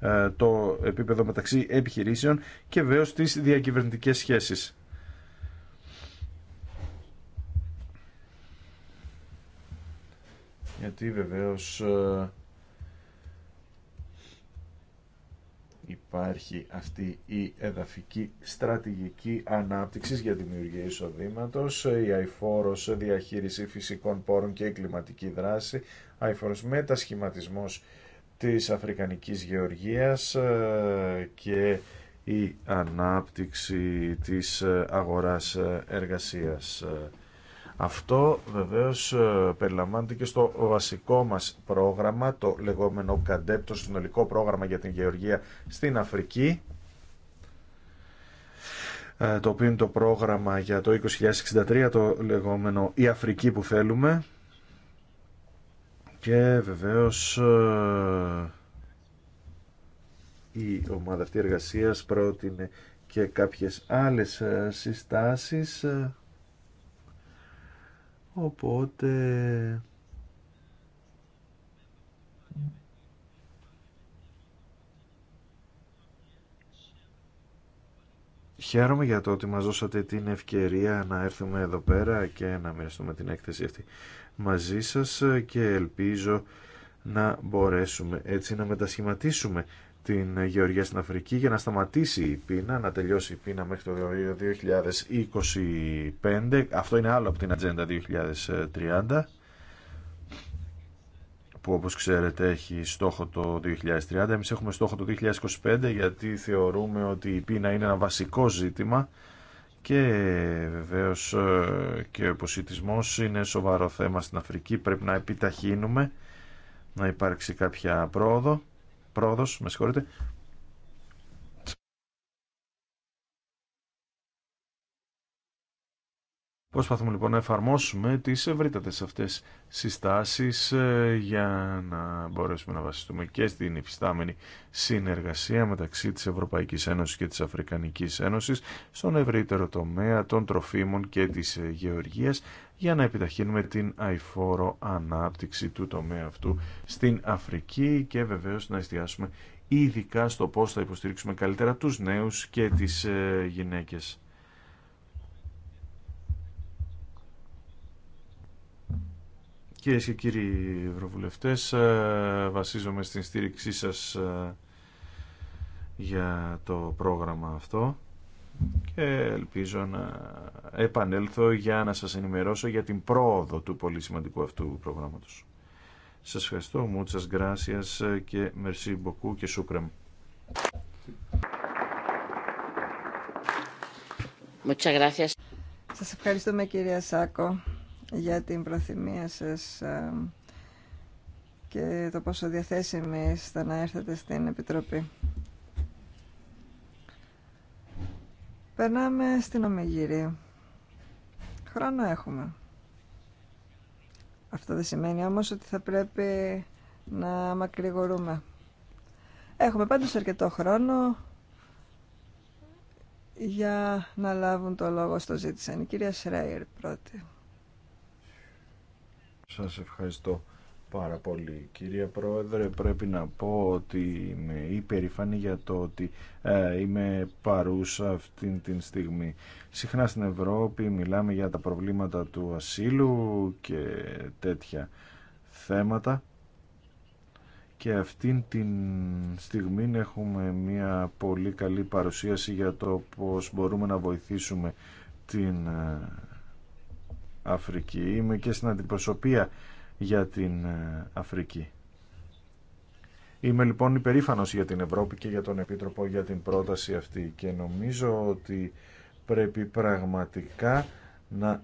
ε, το επίπεδο μεταξύ επιχειρήσεων και βέβαια τις διακυβερνητικές σχέσεις. γιατί βεβαίως ε, υπάρχει αυτή η εδαφική στρατηγική ανάπτυξης για δημιουργία εισοδήματο, ε, η αηφόρος διαχείριση φυσικών πόρων και η κλιματική δράση, αηφόρος μετασχηματισμός της Αφρικανικής Γεωργίας ε, και η ανάπτυξη της αγοράς εργασίας. Αυτό βεβαίως ε, περιλαμβάνεται και στο βασικό μας πρόγραμμα, το λεγόμενο ΚΑΝΤΕΠ, το συνολικό πρόγραμμα για την γεωργία στην Αφρική, ε, το οποίο είναι το πρόγραμμα για το 2063, το λεγόμενο «Η Αφρική που θέλουμε». Και βεβαίως ε, η ομάδα αυτή εργασίας πρότεινε και κάποιες άλλες συστάσεις Οπότε... Χαίρομαι για το ότι μας δώσατε την ευκαιρία να έρθουμε εδώ πέρα και να μοιραστούμε την έκθεση αυτή μαζί σας και ελπίζω να μπορέσουμε έτσι να μετασχηματίσουμε την γεωργία στην Αφρική για να σταματήσει η πείνα, να τελειώσει η πείνα μέχρι το 2025. Αυτό είναι άλλο από την Ατζέντα 2030 που όπως ξέρετε έχει στόχο το 2030. Εμείς έχουμε στόχο το 2025 γιατί θεωρούμε ότι η πείνα είναι ένα βασικό ζήτημα και βεβαίως ε, και ο υποσυτισμός είναι σοβαρό θέμα στην Αφρική. Πρέπει να επιταχύνουμε να υπάρξει κάποια πρόοδο πρόοδο, με συγχωρείτε, Προσπαθούμε λοιπόν να εφαρμόσουμε τις ευρύτατες αυτές συστάσεις ε, για να μπορέσουμε να βασιστούμε και στην υφιστάμενη συνεργασία μεταξύ της Ευρωπαϊκής Ένωσης και της Αφρικανικής Ένωσης στον ευρύτερο τομέα των τροφίμων και της ε, γεωργίας για να επιταχύνουμε την αηφόρο ανάπτυξη του τομέα αυτού στην Αφρική και βεβαίως να εστιάσουμε ειδικά στο πώς θα υποστηρίξουμε καλύτερα τους νέους και τις ε, γυναίκες. Κυρίε και κύριοι Ευρωβουλευτές, ε, βασίζομαι στην στήριξή σας ε, για το πρόγραμμα αυτό και ελπίζω να επανέλθω για να σας ενημερώσω για την πρόοδο του πολύ σημαντικού αυτού προγράμματος. Σας ευχαριστώ, μούτσας γκράσιας και μερσί μποκού και σούκρεμ. Σας ευχαριστούμε κυρία Σάκο για την προθυμία σας και το πόσο διαθέσιμοι είστε να έρθετε στην Επιτροπή. Περνάμε στην Ομιγύρη. Χρόνο έχουμε. Αυτό δεν σημαίνει όμως ότι θα πρέπει να μακρηγορούμε. Έχουμε πάντως αρκετό χρόνο για να λάβουν το λόγο στο ζήτησαν. Η κυρία Σρέιρ πρώτη. Σας ευχαριστώ πάρα πολύ. Κυρία Πρόεδρε, πρέπει να πω ότι είμαι υπερήφανη για το ότι ε, είμαι παρούσα αυτήν την στιγμή. Συχνά στην Ευρώπη μιλάμε για τα προβλήματα του ασύλου και τέτοια θέματα και αυτήν την στιγμή έχουμε μια πολύ καλή παρουσίαση για το πώς μπορούμε να βοηθήσουμε την ε, Αφρική. Είμαι και στην αντιπροσωπεία για την ε, Αφρική. Είμαι λοιπόν υπερήφανος για την Ευρώπη και για τον Επίτροπο για την πρόταση αυτή και νομίζω ότι πρέπει πραγματικά να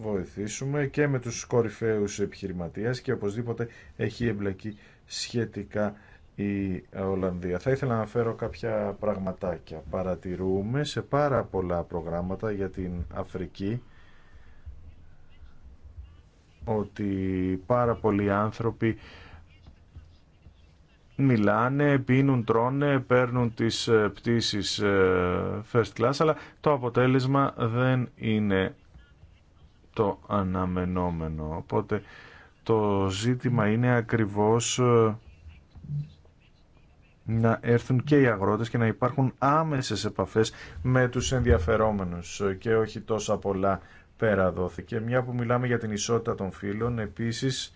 βοηθήσουμε και με τους κορυφαίους επιχειρηματίες και οπωσδήποτε έχει εμπλακεί σχετικά η Ολλανδία. Θα ήθελα να φέρω κάποια πραγματάκια. Παρατηρούμε σε πάρα πολλά προγράμματα για την Αφρική ότι πάρα πολλοί άνθρωποι μιλάνε, πίνουν, τρώνε, παίρνουν τις ε, πτήσεις ε, first class, αλλά το αποτέλεσμα δεν είναι το αναμενόμενο. Οπότε το ζήτημα είναι ακριβώς ε, να έρθουν και οι αγρότες και να υπάρχουν άμεσες επαφές με τους ενδιαφερόμενους και όχι τόσα πολλά πέρα δόθηκε. Μια που μιλάμε για την ισότητα των φύλων, επίσης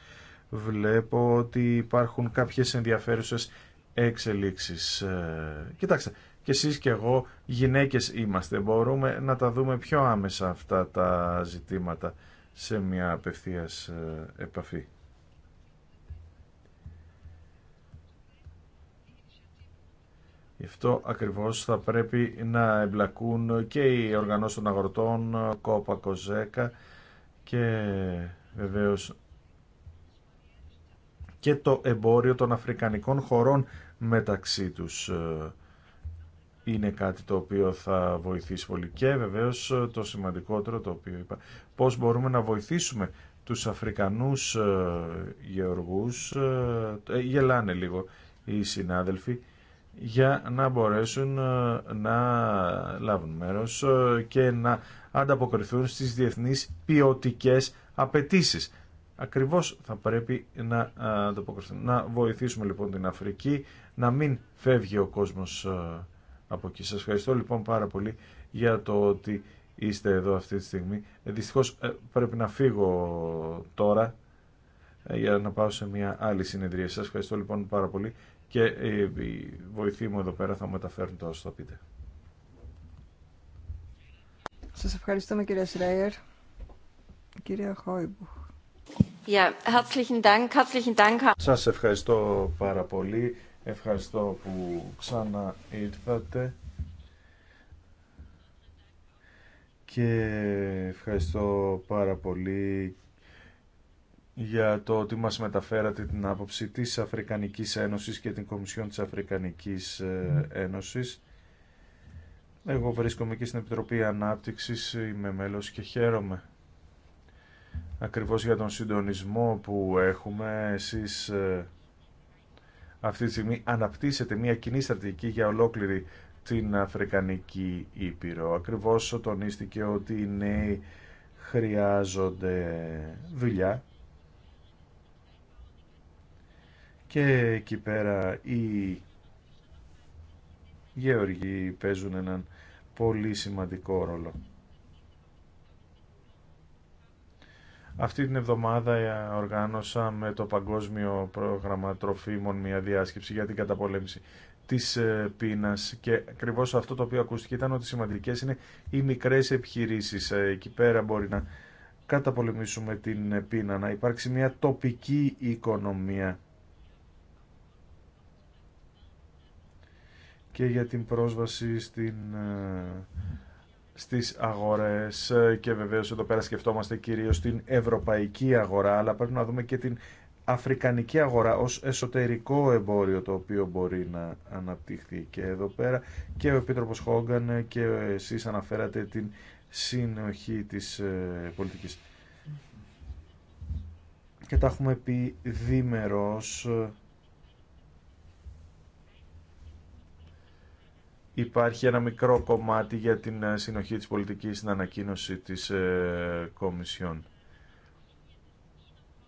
βλέπω ότι υπάρχουν κάποιες ενδιαφέρουσες εξελίξεις. Ε, κοιτάξτε, και εσείς και εγώ γυναίκες είμαστε, μπορούμε να τα δούμε πιο άμεσα αυτά τα ζητήματα σε μια απευθείας ε, επαφή. Γι' αυτό ακριβώς θα πρέπει να εμπλακούν και οι οργανώσεις των αγροτών, κόπα, κοζέκα και βεβαίως και το εμπόριο των αφρικανικών χωρών μεταξύ τους είναι κάτι το οποίο θα βοηθήσει πολύ και βεβαίως το σημαντικότερο το οποίο είπα πώς μπορούμε να βοηθήσουμε τους Αφρικανούς ε, γεωργούς ε, ε, γελάνε λίγο οι συνάδελφοι για να μπορέσουν ε, να λάβουν μέρος ε, και να ανταποκριθούν στις διεθνείς ποιοτικέ απαιτήσει. Ακριβώς θα πρέπει να ε, ανταποκριθούν. Να βοηθήσουμε λοιπόν την Αφρική, να μην φεύγει ο κόσμος από εκεί. Σας ευχαριστώ λοιπόν πάρα πολύ για το ότι είστε εδώ αυτή τη στιγμή. Δυστυχώς πρέπει να φύγω τώρα για να πάω σε μια άλλη συνεδρία. Σας ευχαριστώ λοιπόν πάρα πολύ και ε, οι βοηθοί μου εδώ πέρα θα μεταφέρουν το όσο θα πείτε. Σας ευχαριστούμε κυρία Σρέιερ. Κυρία Χόιμπουχ. Ja, herzlichen Dank, herzlichen Dank. Σας ευχαριστώ πάρα πολύ. Ευχαριστώ που ξανά ήρθατε. Και ευχαριστώ πάρα πολύ για το ότι μας μεταφέρατε την άποψη της Αφρικανικής Ένωσης και την Κομισιόν της Αφρικανικής ε, mm-hmm. Ένωσης. Εγώ βρίσκομαι και στην Επιτροπή Ανάπτυξης, είμαι μέλος και χαίρομαι. Ακριβώς για τον συντονισμό που έχουμε, εσείς ε, αυτή τη στιγμή αναπτύσσετε μια κοινή στρατηγική για ολόκληρη την Αφρικανική Ήπειρο. Ακριβώς τονίστηκε ότι οι νέοι χρειάζονται δουλειά και εκεί πέρα οι γεωργοί παίζουν έναν πολύ σημαντικό ρόλο. Αυτή την εβδομάδα ε, οργάνωσα με το Παγκόσμιο Πρόγραμμα Τροφίμων μια διάσκεψη για την καταπολέμηση της ε, πείνας και ακριβώ αυτό το οποίο ακούστηκε ήταν ότι σημαντικές είναι οι μικρές επιχειρήσεις. Ε, εκεί πέρα μπορεί να καταπολεμήσουμε την πείνα, να υπάρξει μια τοπική οικονομία και για την πρόσβαση στην, ε, στις αγορές ε, και βεβαίως εδώ πέρα σκεφτόμαστε κυρίως την ευρωπαϊκή αγορά αλλά πρέπει να δούμε και την αφρικανική αγορά ως εσωτερικό εμπόριο το οποίο μπορεί να αναπτυχθεί και εδώ πέρα και ο Επίτροπος Χόγκαν και εσείς αναφέρατε την συνοχή της ε, πολιτικής και τα έχουμε πει δίμερος υπάρχει ένα μικρό κομμάτι για την ε, συνοχή της πολιτικής στην ανακοίνωση της ε, Κομισιόν.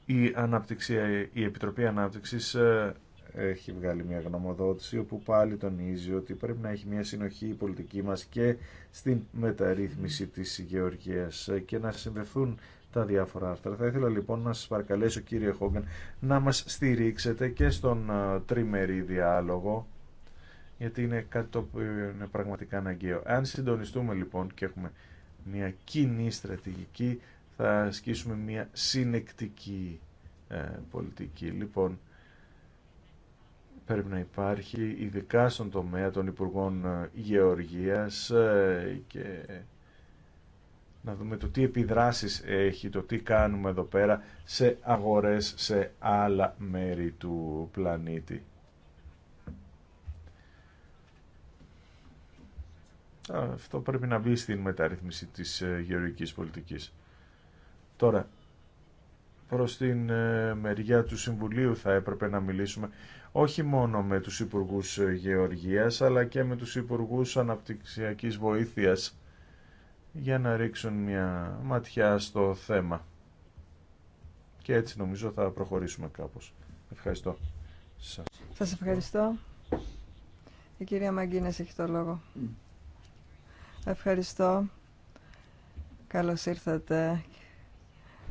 Η, ανάπτυξη, η Επιτροπή Ανάπτυξης ε, έχει βγάλει μια γνωμοδότηση όπου πάλι τονίζει ότι πρέπει να έχει μια συνοχή η πολιτική μας και στην μεταρρύθμιση της γεωργίας και να συνδεθούν τα διάφορα αυτά. Θα ήθελα λοιπόν να σας παρακαλέσω κύριε Χόγκεν να μας στηρίξετε και στον τριμερή διάλογο γιατί είναι κάτι το οποίο είναι πραγματικά αναγκαίο. Αν συντονιστούμε λοιπόν και έχουμε μια κοινή στρατηγική, θα ασκήσουμε μια συνεκτική ε, πολιτική. Λοιπόν, πρέπει να υπάρχει ειδικά στον τομέα των Υπουργών ε, Γεωργίας ε, και να δούμε το τι επιδράσεις έχει, το τι κάνουμε εδώ πέρα σε αγορές σε άλλα μέρη του πλανήτη. Αυτό πρέπει να μπει στην μεταρρύθμιση της ε, γεωργικής πολιτικής. Τώρα, προς την ε, μεριά του Συμβουλίου θα έπρεπε να μιλήσουμε όχι μόνο με τους Υπουργούς ε, Γεωργίας αλλά και με τους Υπουργούς Αναπτυξιακής Βοήθειας για να ρίξουν μια ματιά στο θέμα. Και έτσι νομίζω θα προχωρήσουμε κάπως. Ευχαριστώ. Σας ευχαριστώ. Η κυρία Μαγκίνες έχει το λόγο. Ευχαριστώ. Καλώς ήρθατε.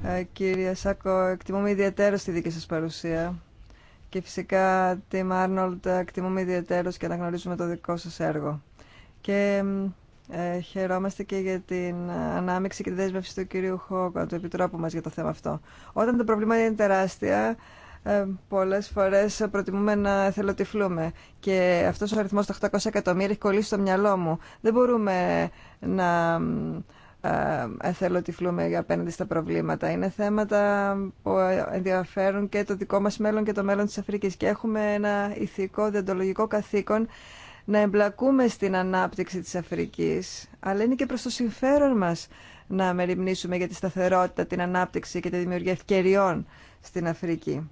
Ε, κύριε Σάκο, εκτιμούμε ιδιαίτερο τη δική σας παρουσία και φυσικά Τιμ Άρνολτ, εκτιμούμε ιδιαίτερο και αναγνωρίζουμε το δικό σας έργο. Και ε, χαιρόμαστε και για την ε, ανάμειξη και τη δέσμευση του κυρίου Χόκου, του επιτρόπου μας για το θέμα αυτό. Όταν το πρόβλημα είναι τεράστια, ε, πολλές φορές προτιμούμε να εθελοτυφλούμε και αυτός ο αριθμός των 800 εκατομμύρια έχει κολλήσει στο μυαλό μου. Δεν μπορούμε να ε, εθελοτυφλούμε απέναντι στα προβλήματα. Είναι θέματα που ενδιαφέρουν και το δικό μας μέλλον και το μέλλον της Αφρικής και έχουμε ένα ηθικό, διοντολογικό καθήκον να εμπλακούμε στην ανάπτυξη της Αφρικής, αλλά είναι και προς το συμφέρον μας να μεριμνήσουμε για τη σταθερότητα, την ανάπτυξη και τη δημιουργία ευκαιριών στην Αφρική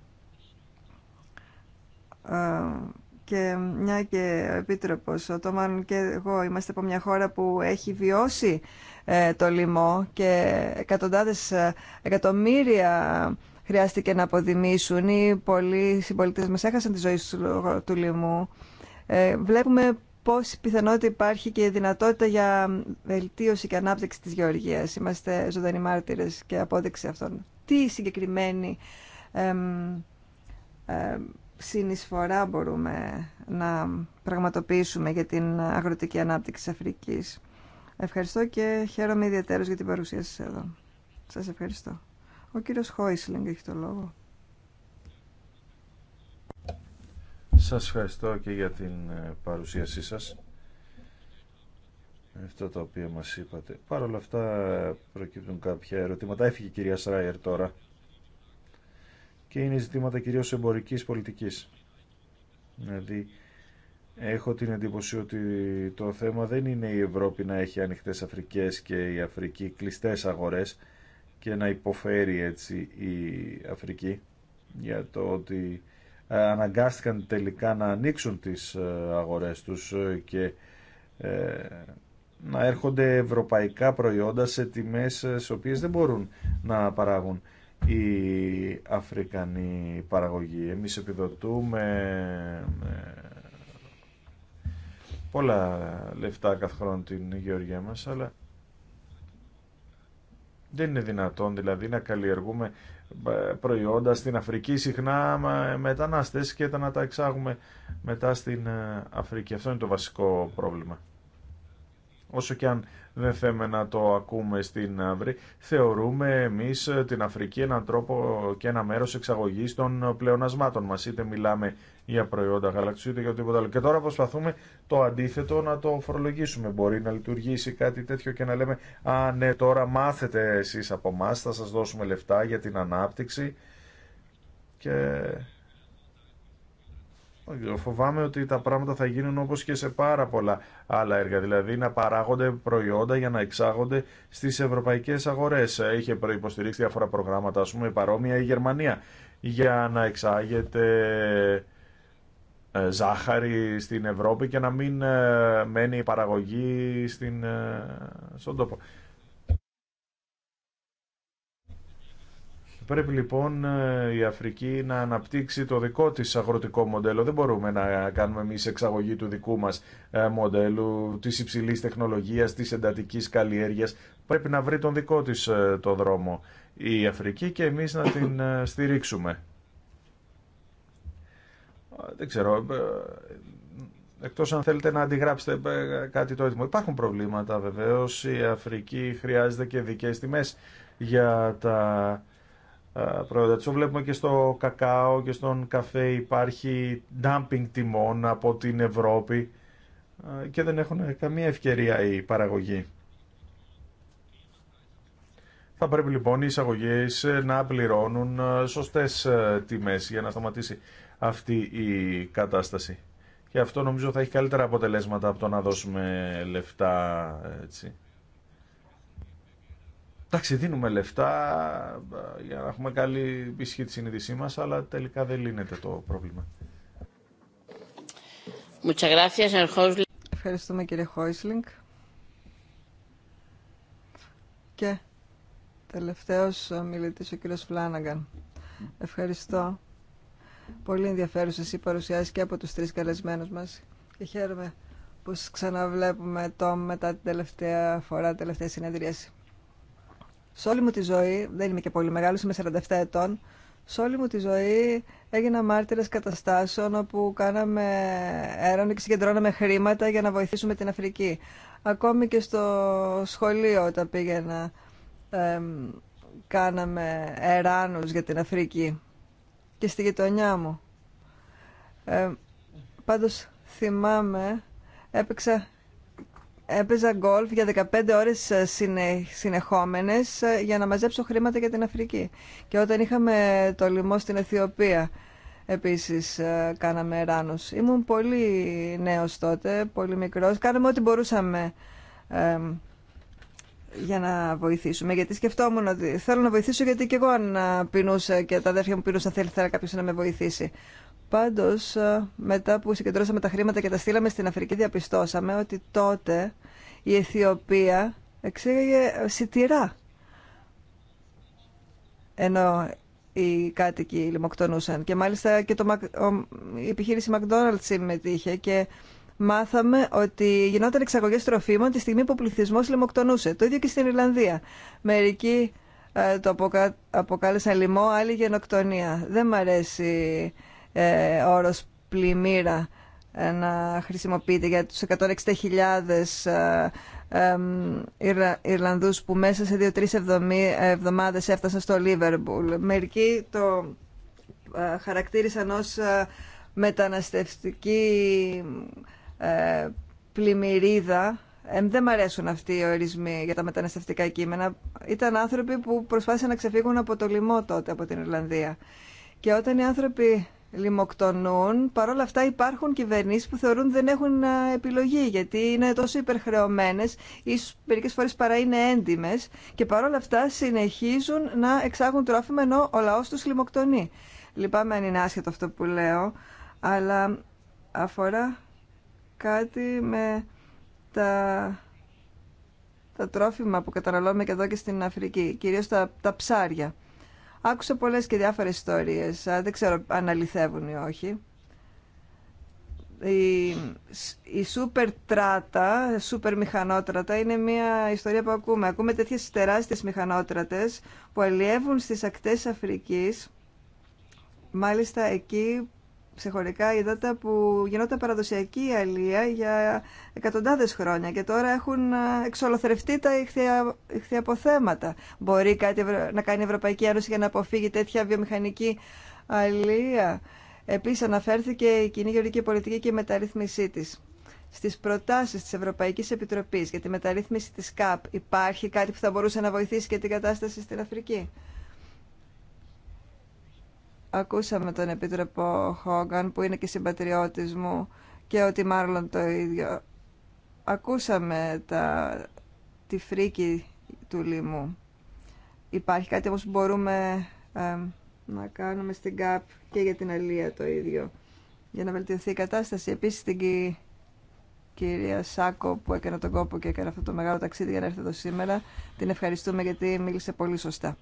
και μια και ο Επίτροπος, ο Τόμαν και εγώ είμαστε από μια χώρα που έχει βιώσει ε, το λοιμό και εκατοντάδες ε, εκατομμύρια χρειάστηκε να αποδημήσουν ή πολλοί συμπολίτε μας έχασαν τη ζωή ε, του λοιμού. βλέπουμε πόση πιθανότητα υπάρχει και δυνατότητα για βελτίωση και ανάπτυξη της γεωργίας. Είμαστε ζωντανοί μάρτυρες και απόδειξη αυτών. Τι συγκεκριμένη συνεισφορά μπορούμε να πραγματοποιήσουμε για την αγροτική ανάπτυξη της Αφρικής. Ευχαριστώ και χαίρομαι ιδιαίτερως για την παρουσία σας εδώ. Σας ευχαριστώ. Ο κύριος Χόισλινγκ έχει το λόγο. Σας ευχαριστώ και για την ε, παρουσίασή σας. Αυτό το οποίο μας είπατε. Παρ' όλα αυτά ε, προκύπτουν κάποια ερωτήματα. Έφυγε η κυρία Σράιερ τώρα και είναι ζητήματα κυρίως εμπορικής πολιτικής. Δηλαδή, έχω την εντύπωση ότι το θέμα δεν είναι η Ευρώπη να έχει ανοιχτές Αφρικές και η Αφρική κλειστές αγορές και να υποφέρει έτσι η Αφρική για το ότι ε, αναγκάστηκαν τελικά να ανοίξουν τις ε, αγορές τους ε, και να έρχονται ευρωπαϊκά προϊόντα σε τιμές σε οποίες δεν μπορούν να παράγουν η αφρικανή παραγωγή. Εμείς επιδοτούμε πολλά λεφτά κάθε χρόνο την γεωργία μας, αλλά δεν είναι δυνατόν δηλαδή να καλλιεργούμε προϊόντα στην Αφρική συχνά μετανάστες και να τα εξάγουμε μετά στην ε, Αφρική. Αυτό είναι το βασικό πρόβλημα όσο και αν δεν θέμε να το ακούμε στην Αύρη, θεωρούμε εμείς την Αφρική έναν τρόπο και ένα μέρος εξαγωγής των πλεονασμάτων μας. Είτε μιλάμε για προϊόντα γαλαξιού, είτε για οτιδήποτε άλλο. Και τώρα προσπαθούμε το αντίθετο να το φορολογήσουμε. Μπορεί να λειτουργήσει κάτι τέτοιο και να λέμε «Α, ναι, τώρα μάθετε εσείς από εμά, θα σας δώσουμε λεφτά για την ανάπτυξη». Και Φοβάμαι ότι τα πράγματα θα γίνουν όπως και σε πάρα πολλά άλλα έργα, δηλαδή να παράγονται προϊόντα για να εξάγονται στις ευρωπαϊκές αγορές. Είχε προϋποστηρίξει διάφορα προγράμματα, ας πούμε, παρόμοια η Γερμανία, για να εξάγεται ε, ζάχαρη στην Ευρώπη και να μην ε, μένει η παραγωγή στην, ε, στον τόπο. Πρέπει λοιπόν ε, η Αφρική να αναπτύξει το δικό της αγροτικό μοντέλο. Δεν μπορούμε να κάνουμε εμεί εξαγωγή του δικού μας ε, μοντέλου, της υψηλής τεχνολογίας, της εντατικής καλλιέργειας. Πρέπει να βρει τον δικό της ε, το δρόμο η Αφρική και εμείς να την στηρίξουμε. Δεν ξέρω, εκτός αν θέλετε να αντιγράψετε κάτι το έτοιμο. Υπάρχουν προβλήματα βεβαίως, η Αφρική χρειάζεται και δικές τιμές για τα ε, προϊόντα Βλέπουμε και στο κακάο και στον καφέ υπάρχει dumping τιμών από την Ευρώπη ε, και δεν έχουν καμία ευκαιρία η παραγωγή. Θα πρέπει λοιπόν οι εισαγωγές ε, να πληρώνουν σωστές τιμές για να σταματήσει αυτή η κατάσταση. Και αυτό νομίζω θα έχει καλύτερα αποτελέσματα από το να δώσουμε λεφτά έτσι, Εντάξει, δίνουμε λεφτά για να έχουμε καλή ισχύ τη συνείδησή μα, αλλά τελικά δεν λύνεται το πρόβλημα. Ευχαριστούμε κύριε Χόισλινγκ. Και τελευταίο μιλητή ο κύριο Φλάναγκαν. Ευχαριστώ. Πολύ ενδιαφέρουσε η παρουσιάσει και από του τρει καλεσμένου μα. Και χαίρομαι που ξαναβλέπουμε το μετά την τελευταία φορά, τελευταία συνεδρίαση. Σε όλη μου τη ζωή, δεν είμαι και πολύ μεγάλο, είμαι 47 ετών, σε όλη μου τη ζωή έγινα μάρτυρα καταστάσεων όπου κάναμε έρανο και συγκεντρώναμε χρήματα για να βοηθήσουμε την Αφρική. Ακόμη και στο σχολείο όταν πήγαινα ε, κάναμε εράνους για την Αφρική και στη γειτονιά μου. Ε, πάντως θυμάμαι έπαιξα έπαιζα γκολφ για 15 ώρες ε, συνεχόμενες ε, για να μαζέψω χρήματα για την Αφρική. Και όταν είχαμε το λοιμό στην Αιθιοπία, επίσης ε, κάναμε ράνους. Ήμουν πολύ νέος τότε, πολύ μικρός. Κάναμε ό,τι μπορούσαμε για να βοηθήσουμε. Γιατί σκεφτόμουν ότι θέλω να βοηθήσω γιατί και εγώ αν πεινούσα και τα αδέρφια μου πεινούσαν θέλει κάποιος να με βοηθήσει. Πάντω ε, μετά που συγκεντρώσαμε τα χρήματα και τα στείλαμε στην Αφρική, διαπιστώσαμε ότι τότε η Αιθιοπία εξήγαγε ε, σιτηρά. Ενώ οι κάτοικοι λιμοκτονούσαν. Και μάλιστα και το, η επιχείρηση McDonald's συμμετείχε και μάθαμε ότι γινόταν εξαγωγές τροφίμων τη στιγμή που ο πληθυσμός λιμοκτονούσε. Το ίδιο και στην Ιρλανδία. Μερικοί ε, το αποκάλεσαν λιμό, άλλοι γενοκτονία. Δεν μ' αρέσει ε, όρος πλημμύρα ε, να χρησιμοποιείται για τους 160.000 ε, Ιρλανδούς που μέσα σε δύο-τρεις εβδομάδες έφτασαν στο Λίβερμπουλ. Μερικοί το ε, χαρακτήρισαν ως μεταναστευτική πλημμυρίδα. Δεν μ' αρέσουν αυτοί οι ορισμοί για τα μεταναστευτικά κείμενα. Ήταν άνθρωποι που προσπάθησαν να ξεφύγουν από το λοιμό τότε από την Ιρλανδία. Και όταν οι άνθρωποι λιμοκτονούν, παρόλα αυτά υπάρχουν κυβερνήσεις που θεωρούν δεν έχουν ε, επιλογή γιατί είναι τόσο υπερχρεωμένες, ίσως μερικές φορές παρά είναι έντιμες και παρόλα αυτά συνεχίζουν να εξάγουν τρόφιμα ενώ ο λαός τους λιμοκτονεί. Λυπάμαι αν είναι άσχετο αυτό που λέω, αλλά αφορά κάτι με τα, τα τρόφιμα που καταναλώνουμε και εδώ και στην Αφρική, κυρίως τα, τα ψάρια. Άκουσα πολλές και διάφορες ιστορίες, δεν ξέρω αν αληθεύουν ή όχι. Η, η σούπερ τράτα, σούπερ μηχανότρατα είναι μια ιστορία που ακούμε. Ακούμε τέτοιες τεράστιες μηχανότρατες που αλλιεύουν στις ακτές Αφρικής, μάλιστα εκεί ξεχωρικά υδάτα που γινόταν παραδοσιακή αλία για εκατοντάδες χρόνια και τώρα έχουν ε, εξολοθρευτεί τα ηχθιαποθέματα. Μπορεί κάτι να κάνει η Ευρωπαϊκή Ένωση για να αποφύγει τέτοια βιομηχανική αλία. Επίσης αναφέρθηκε η κοινή γεωργική πολιτική και η μεταρρύθμισή της. Στις προτάσεις της Ευρωπαϊκής Επιτροπής για τη μεταρρύθμιση της ΚΑΠ υπάρχει κάτι που θα μπορούσε να βοηθήσει και την κατάσταση στην Αφρική. Ακούσαμε τον Επίτροπο Χόγκαν που είναι και συμπατριώτης μου και ότι μάλλον το ίδιο. Ακούσαμε τα, τη φρίκη του λίμου Υπάρχει κάτι όμως που μπορούμε να κάνουμε στην ΚΑΠ και για την Αλία το ίδιο για να βελτιωθεί η κατάσταση. Επίσης την κυρία Σάκο που έκανε τον κόπο και έκανε αυτό το μεγάλο ταξίδι για να έρθει εδώ σήμερα την ευχαριστούμε γιατί μίλησε πολύ σωστά.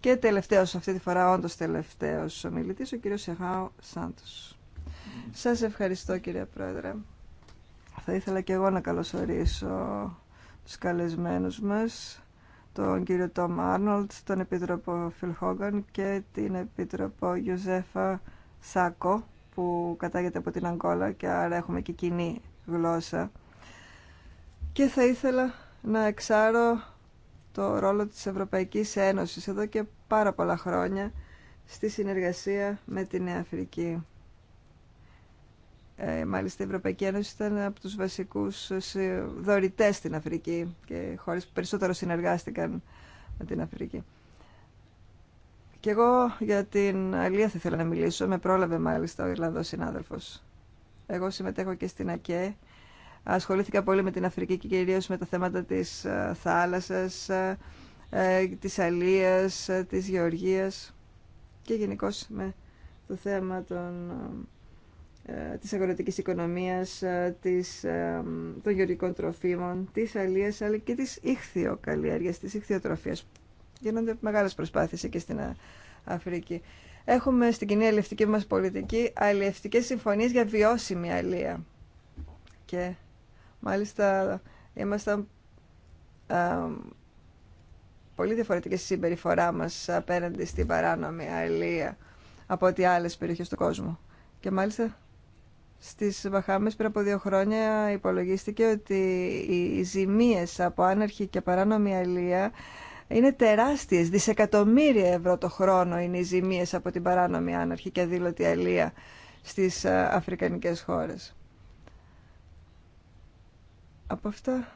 Και τελευταίο αυτή τη φορά όντω τελευταίο ο ο κύριο Σεχάου Σάντο. Σας ευχαριστώ κύριε Πρόεδρε. Θα ήθελα και εγώ να καλωσορίσω τους καλεσμένου μα τον κύριο Τόμ Άρνολτ, τον Επίτροπο Φιλ Χόγκαν και την Επίτροπο Γιουζέφα Σάκο, που κατάγεται από την Αγκόλα και άρα έχουμε και κοινή γλώσσα. Και θα ήθελα να εξάρω το ρόλο της Ευρωπαϊκής Ένωσης εδώ και πάρα πολλά χρόνια στη συνεργασία με την Νέα Αφρική. Ε, μάλιστα η Ευρωπαϊκή Ένωση ήταν από τους βασικούς δωρητές στην Αφρική και χώρες που περισσότερο συνεργάστηκαν με την Αφρική. Και εγώ για την Αλία θα ήθελα να μιλήσω, με πρόλαβε μάλιστα ο Ιρλανδός συνάδελφος. Εγώ συμμετέχω και στην ΑΚΕ Ασχολήθηκα πολύ με την Αφρική και κυρίω με τα θέματα της ε, θάλασσας, ε, ε, της αλίας, της γεωργίας και γενικώ με το θέμα των, της αγροτικής οικονομίας, της, των γεωργικών τροφίμων, της αλίας αλλά και της ηχθειοκαλλιέργειας, της ηχθειοτροφίας. Γίνονται μεγάλες προσπάθειες εκεί στην Αφρική. Έχουμε στην κοινή αλληλευτική μας πολιτική αλληλευτικές συμφωνίες για βιώσιμη αλεία. Και Μάλιστα, ήμασταν πολύ διαφορετική συμπεριφορά μας απέναντι στην παράνομη αελία από ό,τι άλλες περιοχές του κόσμου. Και μάλιστα στις Βαχάμες πριν από δύο χρόνια υπολογίστηκε ότι οι ζημίες από άναρχη και παράνομη αλία είναι τεράστιες, δισεκατομμύρια ευρώ το χρόνο είναι οι ζημίες από την παράνομη άναρχη και αδήλωτη αλία στις ε, αφρικανικές χώρες. Από αυτά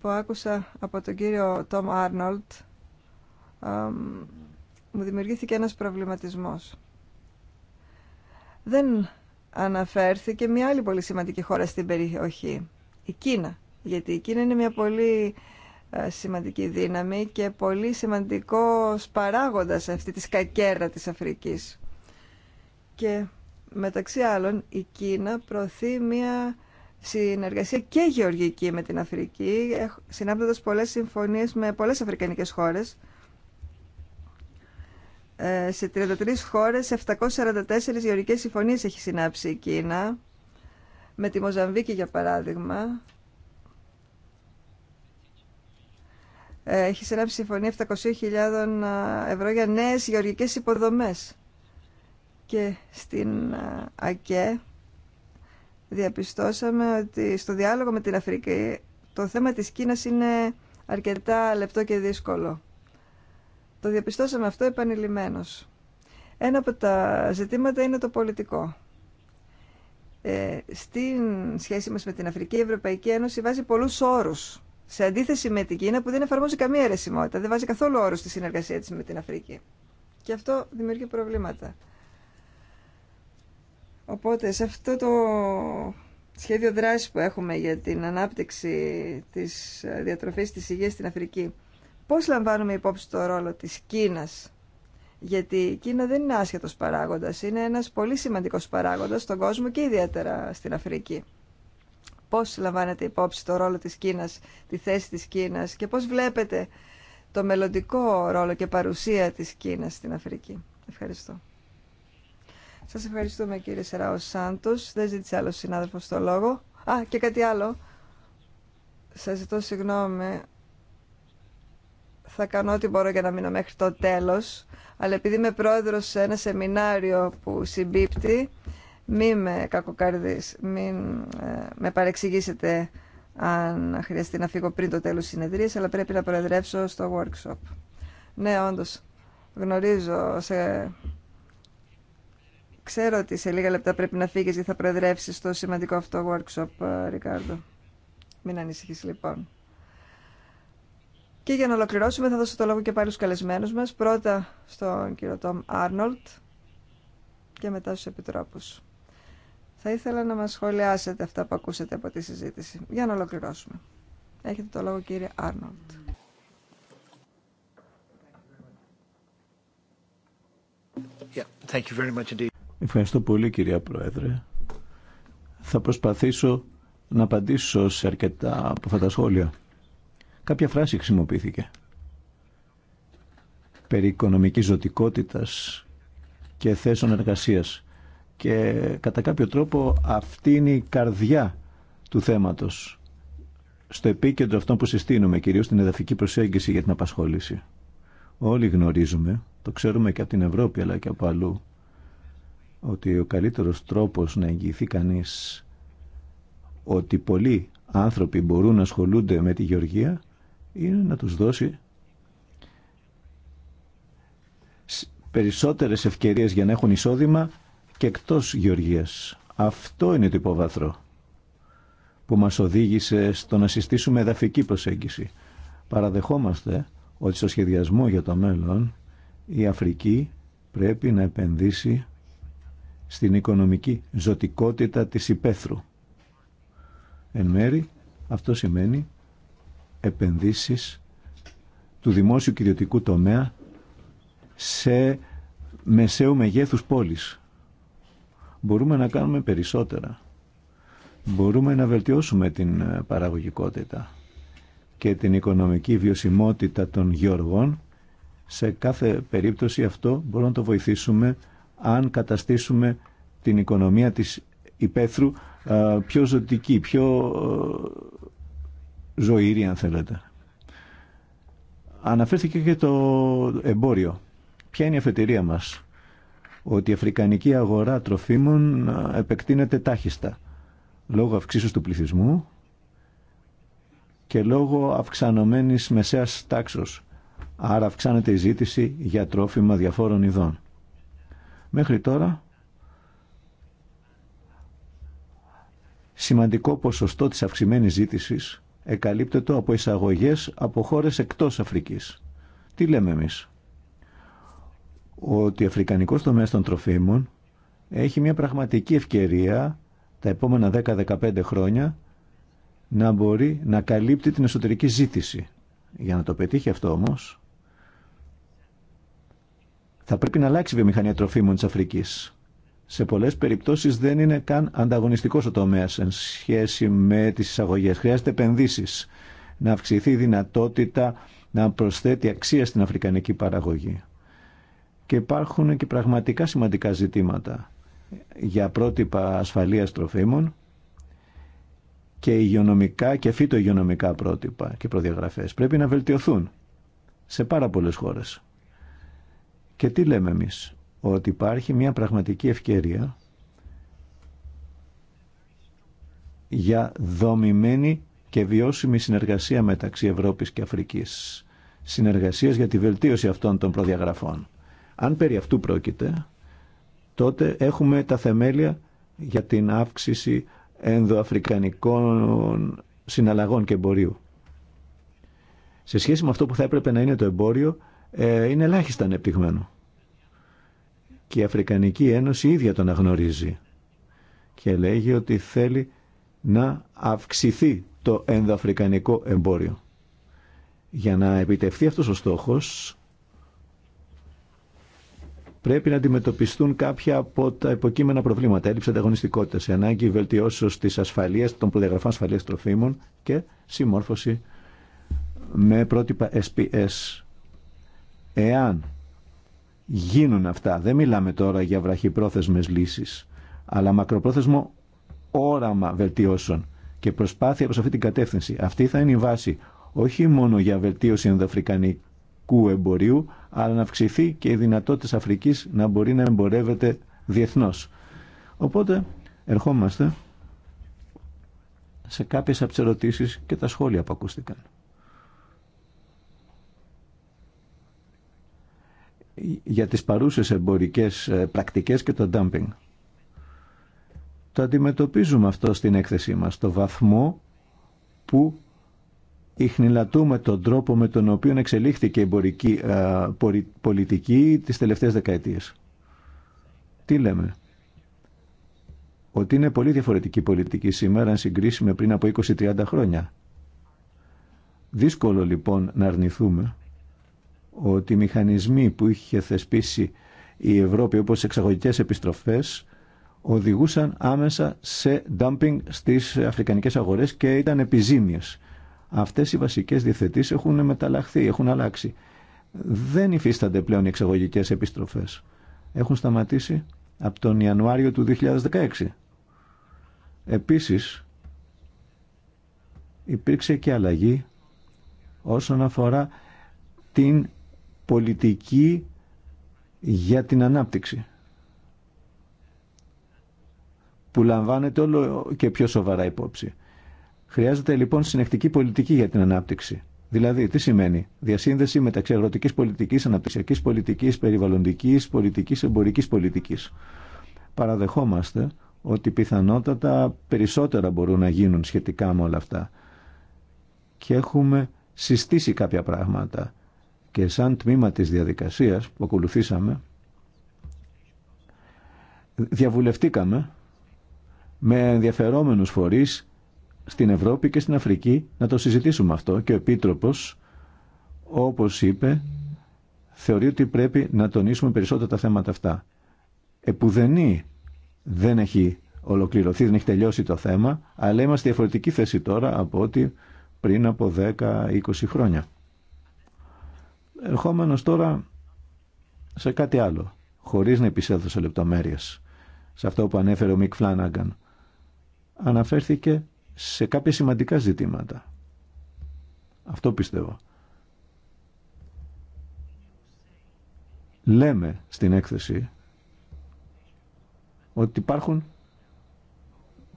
που άκουσα από τον κύριο Τόμ Άρνολτ μου δημιουργήθηκε ένας προβληματισμός. Δεν αναφέρθηκε μια άλλη πολύ σημαντική χώρα στην περιοχή, η Κίνα. Γιατί η Κίνα είναι μια πολύ ε, σημαντική δύναμη και πολύ σημαντικός παράγοντας αυτή της κακέρα της Αφρικής. Και μεταξύ άλλων η Κίνα προωθεί μια συνεργασία και γεωργική με την Αφρική, συνάπτοντας πολλές συμφωνίες με πολλές αφρικανικές χώρες. Ε, σε 33 χώρες, 744 γεωργικές συμφωνίες έχει συνάψει η Κίνα, με τη Μοζαμβίκη για παράδειγμα. Ε, έχει συνάψει συμφωνία 700.000 ε, ευρώ για νέες γεωργικές υποδομές. Και στην ΑΚΕ διαπιστώσαμε ότι στο διάλογο με την Αφρική το θέμα της Κίνας είναι αρκετά λεπτό και δύσκολο. Το διαπιστώσαμε αυτό επανειλημμένος. Ένα από τα ζητήματα είναι το πολιτικό. Ε, στην σχέση μας με την Αφρική, η Ευρωπαϊκή Ένωση βάζει πολλούς όρους. Σε αντίθεση με την Κίνα που δεν εφαρμόζει καμία αιρεσιμότητα, δεν βάζει καθόλου όρους στη συνεργασία της με την Αφρική. Και αυτό δημιουργεί προβλήματα. Οπότε σε αυτό το σχέδιο δράσης που έχουμε για την ανάπτυξη της διατροφής της υγείας στην Αφρική, πώς λαμβάνουμε υπόψη το ρόλο της Κίνας. Γιατί η Κίνα δεν είναι άσχετος παράγοντας, είναι ένας πολύ σημαντικός παράγοντας στον κόσμο και ιδιαίτερα στην Αφρική. Πώς λαμβάνετε υπόψη το ρόλο της Κίνας, τη θέση της Κίνας και πώς βλέπετε το μελλοντικό ρόλο και παρουσία της Κίνας στην Αφρική. Ευχαριστώ. Σας ευχαριστούμε κύριε Σεράο Σάντος. Δεν ζήτησε άλλο συνάδελφος το λόγο. Α, και κάτι άλλο. Σας ζητώ συγγνώμη. Θα κάνω ό,τι μπορώ για να μείνω μέχρι το τέλος. Αλλά επειδή είμαι πρόεδρος σε ένα σεμινάριο που συμπίπτει, μη με κακοκάρδεις, μην ε, με παρεξηγήσετε αν χρειαστεί να φύγω πριν το τέλος συνεδρίας, αλλά πρέπει να προεδρεύσω στο workshop. Ναι, όντως, γνωρίζω σε Ξέρω ότι σε λίγα λεπτά πρέπει να φύγεις γιατί θα προεδρεύσεις στο σημαντικό αυτό workshop, ε, Ρικάρδο. Μην ανησυχείς λοιπόν. Και για να ολοκληρώσουμε θα δώσω το λόγο και πάλι στους καλεσμένους μας. Πρώτα στον κύριο Τόμ Άρνολτ και μετά στους επιτρόπους. Θα ήθελα να μας σχολιάσετε αυτά που ακούσατε από τη συζήτηση. Για να ολοκληρώσουμε. Έχετε το λόγο κύριε Άρνολτ. Yeah, thank you very much Ευχαριστώ πολύ κυρία Πρόεδρε. Θα προσπαθήσω να απαντήσω σε αρκετά από αυτά τα σχόλια. Κάποια φράση χρησιμοποιήθηκε. Περί οικονομικής ζωτικότητας και θέσεων εργασίας. Και κατά κάποιο τρόπο αυτή είναι η καρδιά του θέματος. Στο επίκεντρο αυτό που συστήνουμε, κυρίως την εδαφική προσέγγιση για την απασχόληση. Όλοι γνωρίζουμε, το ξέρουμε και από την Ευρώπη αλλά και από αλλού, ότι ο καλύτερος τρόπος να εγγυηθεί κανείς ότι πολλοί άνθρωποι μπορούν να ασχολούνται με τη γεωργία είναι να τους δώσει περισσότερες ευκαιρίες για να έχουν εισόδημα και εκτός γεωργίας. Αυτό είναι το υπόβαθρο που μας οδήγησε στο να συστήσουμε εδαφική προσέγγιση. Παραδεχόμαστε ότι στο σχεδιασμό για το μέλλον η Αφρική πρέπει να επενδύσει στην οικονομική ζωτικότητα της υπαίθρου. Εν μέρη αυτό σημαίνει επενδύσεις του δημόσιου και ιδιωτικού τομέα σε μεσαίου μεγέθους πόλεις. Μπορούμε να κάνουμε περισσότερα. Μπορούμε να βελτιώσουμε την ε, παραγωγικότητα και την οικονομική βιωσιμότητα των γεωργών. Σε κάθε περίπτωση αυτό μπορούμε να το βοηθήσουμε αν καταστήσουμε την οικονομία της υπαίθρου πιο ζωτική, πιο ε, ζωήρη αν θέλετε. Αναφέρθηκε και το εμπόριο. Ποια είναι η αφετηρία μας. Ότι η αφρικανική αγορά τροφίμων ε, επεκτείνεται τάχιστα. Λόγω αυξήσεως του πληθυσμού και λόγω αυξανωμένης μεσαίας τάξης. Άρα αυξάνεται η ζήτηση για τρόφιμα διαφόρων ειδών. Μέχρι τώρα σημαντικό ποσοστό της αυξημένης ζήτησης εκαλύπτεται από εισαγωγές από χώρες εκτός Αφρικής. Τι λέμε εμείς. Ότι ο αφρικανικός τομέας των τροφίμων έχει μια πραγματική ευκαιρία τα επόμενα 10-15 χρόνια να μπορεί να καλύπτει την εσωτερική ζήτηση. Για να το πετύχει αυτό όμως θα πρέπει να αλλάξει η βιομηχανία τροφίμων τη Αφρικής. Σε πολλές περιπτώσεις δεν είναι καν ανταγωνιστικός ο τομέας εν σχέση με τις εισαγωγέ. Χρειάζεται επενδύσει, να αυξηθεί η δυνατότητα να προσθέτει αξία στην αφρικανική παραγωγή. Και υπάρχουν και πραγματικά σημαντικά ζητήματα για πρότυπα ασφαλείας τροφίμων και υγειονομικά και φυτο πρότυπα και προδιαγραφές. Πρέπει να βελτιωθούν σε πάρα χώρες. Και τι λέμε εμείς, ότι υπάρχει μια πραγματική ευκαιρία για δομημένη και βιώσιμη συνεργασία μεταξύ Ευρώπης και Αφρικής. Συνεργασίας για τη βελτίωση αυτών των προδιαγραφών. Αν περί αυτού πρόκειται, τότε έχουμε τα θεμέλια για την αύξηση ενδοαφρικανικών συναλλαγών και εμπορίου. Σε σχέση με αυτό που θα έπρεπε να είναι το εμπόριο, ε, είναι ελάχιστα ανεπτυγμένο. Και η Αφρικανική Ένωση ίδια τον αναγνωρίζει και λέγει ότι θέλει να αυξηθεί το ενδοαφρικανικό εμπόριο. Για να επιτευχθεί αυτός ο στόχος πρέπει να αντιμετωπιστούν κάποια από τα υποκείμενα προβλήματα. Έλλειψη ανταγωνιστικότητα, η ανάγκη βελτιώσεω της ασφαλεία των προδιαγραφών ασφαλεία τροφίμων και συμμόρφωση με πρότυπα SPS. Εάν γίνουν αυτά, δεν μιλάμε τώρα για βραχυπρόθεσμες λύσεις, αλλά μακροπρόθεσμο όραμα βελτιώσεων και προσπάθεια προς αυτή την κατεύθυνση. Αυτή θα είναι η βάση όχι μόνο για βελτίωση ενδοαφρικανικού εμπορίου, αλλά να αυξηθεί και η δυνατότητα Αφρικής να μπορεί να εμπορεύεται διεθνώς. Οπότε ερχόμαστε σε κάποιες από και τα σχόλια που ακούστηκαν. για τις παρούσες εμπορικές ε, πρακτικές και το dumping. Το αντιμετωπίζουμε αυτό στην έκθεσή μας, το βαθμό που ιχνηλατούμε τον τρόπο με τον οποίο εξελίχθηκε η εμπορική ε, πολιτική τις τελευταίες δεκαετίες. Τι λέμε. Ότι είναι πολύ διαφορετική πολιτική σήμερα αν συγκρίσουμε πριν από 20-30 χρόνια. Δύσκολο λοιπόν να αρνηθούμε ότι οι μηχανισμοί που είχε θεσπίσει η Ευρώπη όπως εξαγωγικές επιστροφές οδηγούσαν άμεσα σε dumping στις αφρικανικές αγορές και ήταν επιζήμιες. Αυτές οι βασικές διεθετήσεις έχουν μεταλλαχθεί, έχουν αλλάξει. Δεν υφίστανται πλέον οι εξαγωγικές επιστροφές. Έχουν σταματήσει από τον Ιανουάριο του 2016. Επίσης, υπήρξε και αλλαγή όσον αφορά την πολιτική για την ανάπτυξη που λαμβάνεται όλο και πιο σοβαρά υπόψη. Χρειάζεται λοιπόν συνεχτική πολιτική για την ανάπτυξη. Δηλαδή, τι σημαίνει διασύνδεση μεταξύ αγροτικής πολιτικής, αναπτυξιακής πολιτικής, περιβαλλοντικής πολιτικής, εμπορικής πολιτικής. Παραδεχόμαστε ότι πιθανότατα περισσότερα μπορούν να γίνουν σχετικά με όλα αυτά. Και έχουμε συστήσει κάποια πράγματα και σαν τμήμα της διαδικασίας που ακολουθήσαμε διαβουλευτήκαμε με ενδιαφερόμενους φορείς στην Ευρώπη και στην Αφρική να το συζητήσουμε αυτό και ο Επίτροπος όπως είπε θεωρεί ότι πρέπει να τονίσουμε περισσότερα τα θέματα αυτά. Επουδενή δεν έχει ολοκληρωθεί, δεν έχει τελειώσει το θέμα αλλά είμαστε διαφορετική θέση τώρα από ό,τι πριν από 10-20 χρόνια. Ερχόμενος τώρα σε κάτι άλλο, χωρίς να επισέλθω σε λεπτομέρειες, σε αυτό που ανέφερε ο Μικ Φλάναγκαν, αναφέρθηκε σε κάποια σημαντικά ζητήματα. Αυτό πιστεύω. Λέμε στην έκθεση ότι υπάρχουν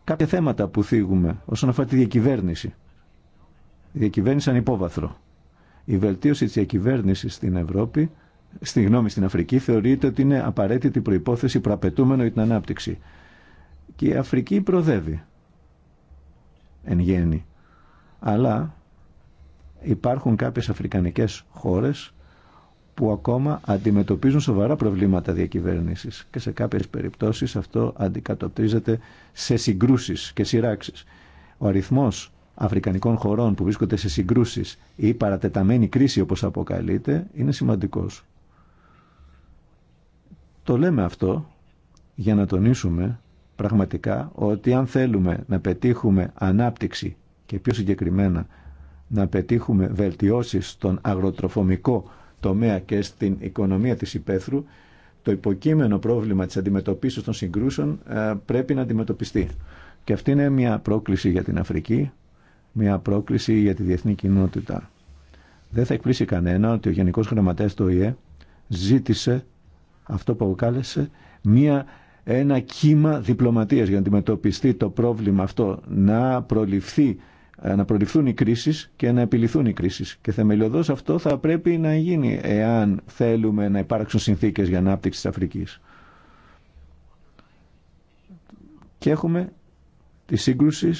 κάποια θέματα που θίγουμε όσον αφορά τη διακυβέρνηση. Η διακυβέρνηση σαν υπόβαθρο. Η βελτίωση της διακυβέρνησης στην Ευρώπη, στη γνώμη στην Αφρική, θεωρείται ότι είναι απαραίτητη προϋπόθεση προαπαιτούμενο για την ανάπτυξη. Και η Αφρική προδεύει εν γέννη. Αλλά υπάρχουν κάποιες αφρικανικές χώρες που ακόμα αντιμετωπίζουν σοβαρά προβλήματα διακυβέρνησης και σε κάποιες περιπτώσεις αυτό αντικατοπτρίζεται σε συγκρούσεις και σειράξεις. Ο αριθμός αφρικανικών χωρών που βρίσκονται σε συγκρούσεις ή παρατεταμένη κρίση όπως αποκαλείται είναι σημαντικός. Το λέμε αυτό για να τονίσουμε πραγματικά ότι αν θέλουμε να πετύχουμε ανάπτυξη και πιο συγκεκριμένα να πετύχουμε βελτιώσεις στον αγροτροφομικό τομέα και στην οικονομία της υπαίθρου, το υποκείμενο πρόβλημα της αντιμετωπίσεως των συγκρούσεων ε, πρέπει να αντιμετωπιστεί. Και αυτή είναι μια πρόκληση για την Αφρική μια πρόκληση για τη διεθνή κοινότητα. Δεν θα εκπλήσει κανένα ότι ο Γενικός Γραμματέας του ΟΗΕ ζήτησε αυτό που αποκάλεσε μια, ένα κύμα διπλωματίας για να αντιμετωπιστεί το πρόβλημα αυτό, να, προληφθεί, να προληφθούν οι κρίσεις και να επιληθούν οι κρίσεις. Και θεμελιωδώς αυτό θα πρέπει να γίνει εάν θέλουμε να υπάρξουν συνθήκες για ανάπτυξη της Αφρικής. Και έχουμε τη σύγκρουση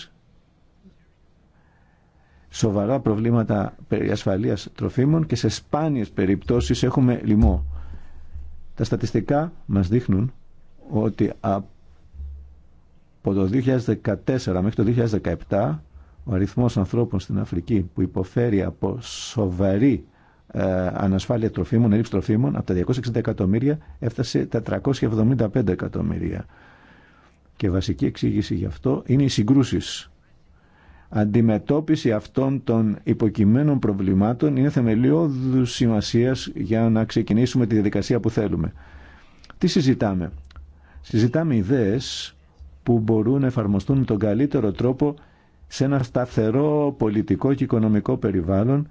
σοβαρά προβλήματα περί ασφαλείας τροφίμων και σε σπάνιες περιπτώσεις έχουμε λοιμό. Τα στατιστικά μας δείχνουν ότι από το 2014 μέχρι το 2017 ο αριθμός ανθρώπων στην Αφρική που υποφέρει από σοβαρή ε, ανασφάλεια τροφίμων, έλλειψη τροφίμων από τα 260 εκατομμύρια έφτασε τα 375 εκατομμύρια. Και βασική εξήγηση γι' αυτό είναι οι συγκρούσεις αντιμετώπιση αυτών των υποκειμένων προβλημάτων είναι θεμελιώδου σημασίας για να ξεκινήσουμε τη διαδικασία που θέλουμε. Τι συζητάμε. Συζητάμε ιδέες που μπορούν να εφαρμοστούν με τον καλύτερο τρόπο σε ένα σταθερό πολιτικό και οικονομικό περιβάλλον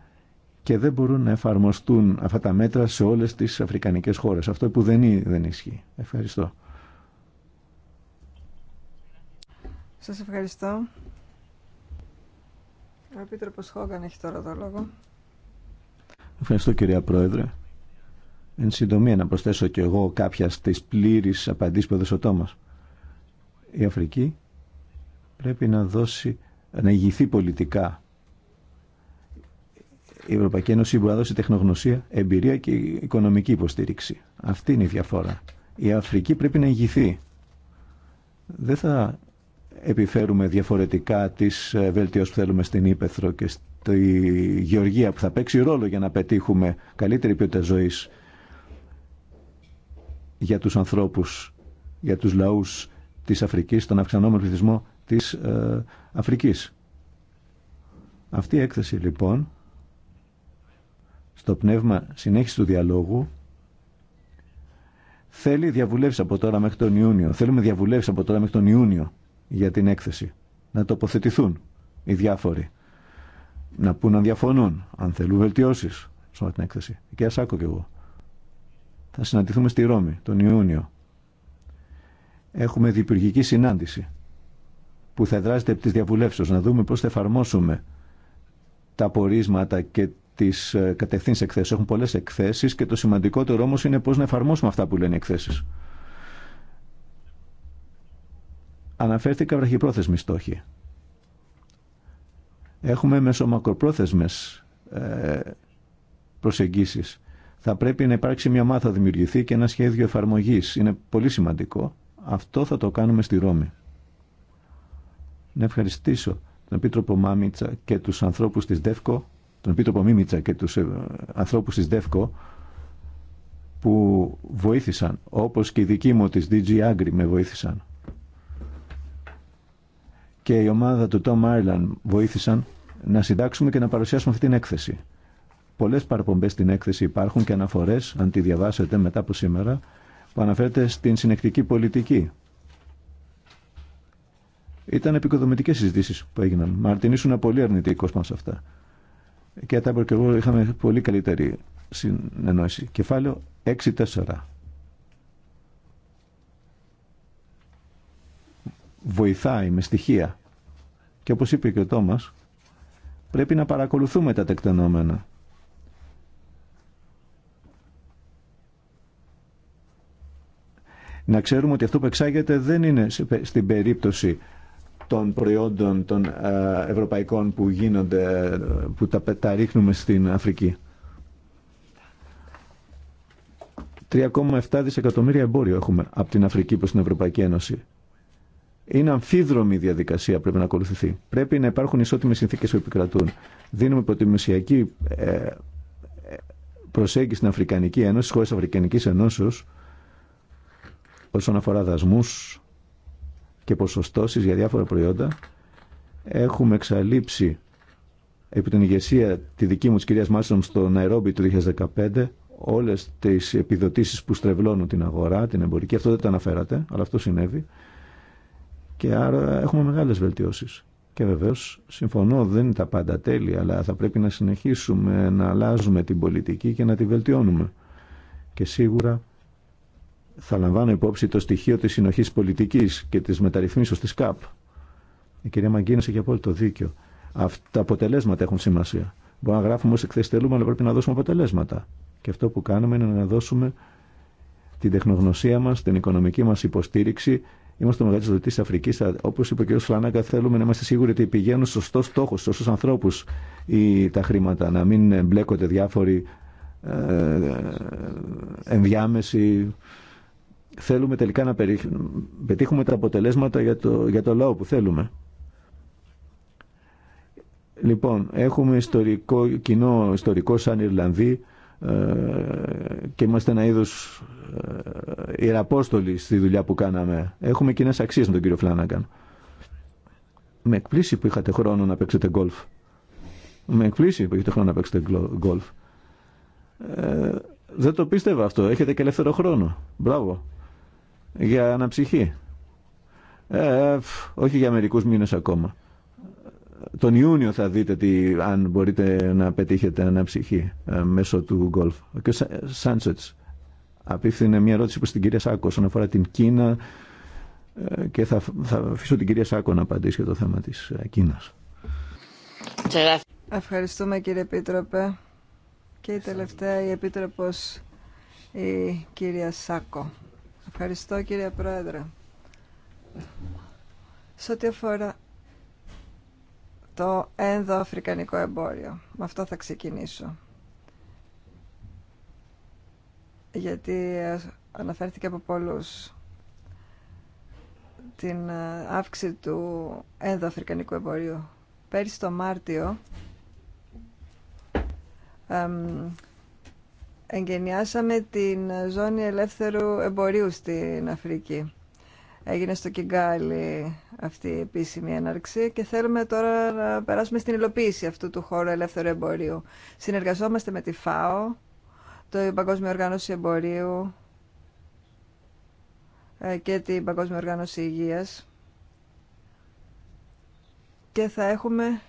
και δεν μπορούν να εφαρμοστούν αυτά τα μέτρα σε όλες τις αφρικανικές χώρες. Αυτό που δεν, δεν ισχύει. Ευχαριστώ. Σας ευχαριστώ. Ο Επίτροπος Χόγκαν έχει τώρα το λόγο. Ευχαριστώ κυρία Πρόεδρε. Εν συντομία να προσθέσω και εγώ κάποια στις πλήρεις απαντήσεις που έδωσε ο Τόμας. Η Αφρική πρέπει να δώσει, να ηγηθεί πολιτικά. Η Ευρωπαϊκή Ένωση μπορεί να δώσει τεχνογνωσία, εμπειρία και οικονομική υποστήριξη. Αυτή είναι η διαφορά. Η Αφρική πρέπει να ηγηθεί. Δεν θα επιφέρουμε διαφορετικά τις ε, βελτιώσεις που θέλουμε στην Ήπεθρο και στη Γεωργία που θα παίξει ρόλο για να πετύχουμε καλύτερη ποιότητα ζωής για τους ανθρώπους, για τους λαούς της Αφρικής, τον αυξανόμενο πληθυσμό της ε, Αφρικής. Αυτή η έκθεση λοιπόν στο πνεύμα συνέχιση του διαλόγου θέλει διαβουλεύσει από τώρα μέχρι τον Ιούνιο. Θέλουμε διαβουλεύσει από τώρα μέχρι τον Ιούνιο για την έκθεση. Να τοποθετηθούν οι διάφοροι. Να πούν αν διαφωνούν, αν θέλουν βελτιώσει σε την έκθεση. και α και εγώ. Θα συναντηθούμε στη Ρώμη τον Ιούνιο. Έχουμε διπουργική συνάντηση που θα δράζεται από τις διαβουλεύσεις να δούμε πώς θα εφαρμόσουμε τα πορίσματα και τις ε, κατευθύνσεις εκθέσει. Έχουν πολλέ εκθέσει και το σημαντικότερο όμω είναι πώ να εφαρμόσουμε αυτά που λένε οι εκθέσεις. Αναφέρθηκα βραχυπρόθεσμη στόχοι. Έχουμε μεσομακροπρόθεσμες ε, προσεγγίσεις. Θα πρέπει να υπάρξει μια μάθα δημιουργηθεί και ένα σχέδιο εφαρμογής. Είναι πολύ σημαντικό. Αυτό θα το κάνουμε στη Ρώμη. Να ευχαριστήσω τον Επίτροπο Μάμιτσα και τους ανθρώπους της ΔΕΦΚΟ, τον Επίτροπο Μίμιτσα και τους ε, ανθρώπους της ΔΕΦΚΟ που βοήθησαν, όπως και οι δικοί μου της DG Agri με βοήθησαν και η ομάδα του Tom Ireland βοήθησαν να συντάξουμε και να παρουσιάσουμε αυτή την έκθεση. Πολλέ παραπομπέ στην έκθεση υπάρχουν και αναφορέ, αν τη διαβάσετε μετά από σήμερα, που αναφέρεται στην συνεκτική πολιτική. Ήταν επικοδομητικέ συζητήσει που έγιναν. Μαρτιν, ήσουν πολύ αρνητικό μα αυτά. Και τα και εγώ είχαμε πολύ καλύτερη συνεννόηση. Κεφάλαιο 6-4. Βοηθάει με στοιχεία και όπως είπε και ο Τόμας, πρέπει να παρακολουθούμε τα τεκτενόμενα. Να ξέρουμε ότι αυτό που εξάγεται δεν είναι στην περίπτωση των προϊόντων των ε, ευρωπαϊκών που γίνονται, που τα, τα ρίχνουμε στην Αφρική. 3,7 δισεκατομμύρια εμπόριο έχουμε από την Αφρική προς την Ευρωπαϊκή Ένωση. Είναι αμφίδρομη η διαδικασία πρέπει να ακολουθηθεί. Πρέπει να υπάρχουν ισότιμε συνθήκε που επικρατούν. Δίνουμε προτιμησιακή ε, ε, προσέγγιση στην Αφρικανική Ένωση, στι χώρε Αφρικανική Ενώσεω, όσον αφορά δασμού και ποσοστώσει για διάφορα προϊόντα. Έχουμε εξαλείψει επί την ηγεσία τη δική μου τη κυρία Μάλστρομ στο Ναϊρόμπι του 2015 όλε τι επιδοτήσει που στρεβλώνουν την αγορά, την εμπορική. Αυτό δεν το αναφέρατε, αλλά αυτό συνέβη και άρα έχουμε μεγάλες βελτιώσεις. Και βεβαίως συμφωνώ δεν είναι τα πάντα τέλεια αλλά θα πρέπει να συνεχίσουμε να αλλάζουμε την πολιτική και να τη βελτιώνουμε. Και σίγουρα θα λαμβάνω υπόψη το στοιχείο της συνοχής πολιτικής και της μεταρρυθμίσεως της ΚΑΠ. Η κυρία Μαγκίνης έχει απόλυτο δίκιο. Αυτά τα αποτελέσματα έχουν σημασία. Μπορεί να γράφουμε όσοι εκθέσεις θέλουμε, αλλά πρέπει να δώσουμε αποτελέσματα. Και αυτό που κάνουμε είναι να δώσουμε την τεχνογνωσία μας, την οικονομική μας υποστήριξη Είμαστε ο μεγαλύτερο δοτή τη Αφρική. Όπω είπε ο κ. Φλάνακα, θέλουμε να είμαστε σίγουροι ότι πηγαίνουν στο σωστό στόχο, στου σωστού ανθρώπου τα χρήματα. Να μην μπλέκονται διάφοροι ε, ενδιάμεση. Θέλουμε τελικά να πετύχουμε τα αποτελέσματα για το, για το λαό που θέλουμε. Λοιπόν, έχουμε ιστορικό κοινό, ιστορικό σαν Ιρλανδοί, ε, και είμαστε ένα είδος ε, ιεραπόστολοι στη δουλειά που κάναμε. Έχουμε κοινέ αξίες με τον κύριο Φλάνναγκαν. Με εκπλήσει που είχατε χρόνο να παίξετε γκολφ. Με εκπλήσει που είχατε χρόνο να παίξετε γκολφ. Ε, δεν το πίστευα αυτό. Έχετε και ελεύθερο χρόνο. Μπράβο. Για αναψυχή. Ε, όχι για μερικούς μήνες ακόμα τον Ιούνιο θα δείτε τι, αν μπορείτε να πετύχετε αναψυχή ε, μέσω του γκολφ. Ο κ. Σάντσετς μια ερώτηση προς την κυρία Σάκο όσον αφορά την Κίνα ε, και θα, θα αφήσω την κυρία Σάκο να απαντήσει για το θέμα της ε, Κίνας. Ευχαριστούμε κύριε Επίτροπε. Και η τελευταία η Επίτροπος η κυρία Σάκο. Ευχαριστώ κύριε Πρόεδρε. Σε ό,τι αφορά το ενδοαφρικανικό εμπόριο. Με αυτό θα ξεκινήσω. Γιατί ε, αναφέρθηκε από πολλούς την ε, αύξηση του ενδοαφρικανικού εμπορίου. Πέρυσι το Μάρτιο εμ, εγκαινιάσαμε την ζώνη ελεύθερου εμπορίου στην Αφρική. Έγινε στο Κιγκάλι αυτή η επίσημη έναρξη και θέλουμε τώρα να περάσουμε στην υλοποίηση αυτού του χώρου ελεύθερου εμπορίου. Συνεργαζόμαστε με τη ΦΑΟ, το Παγκόσμιο Οργάνωση Εμπορίου ε, και την Παγκόσμια Οργάνωση Υγείας και θα έχουμε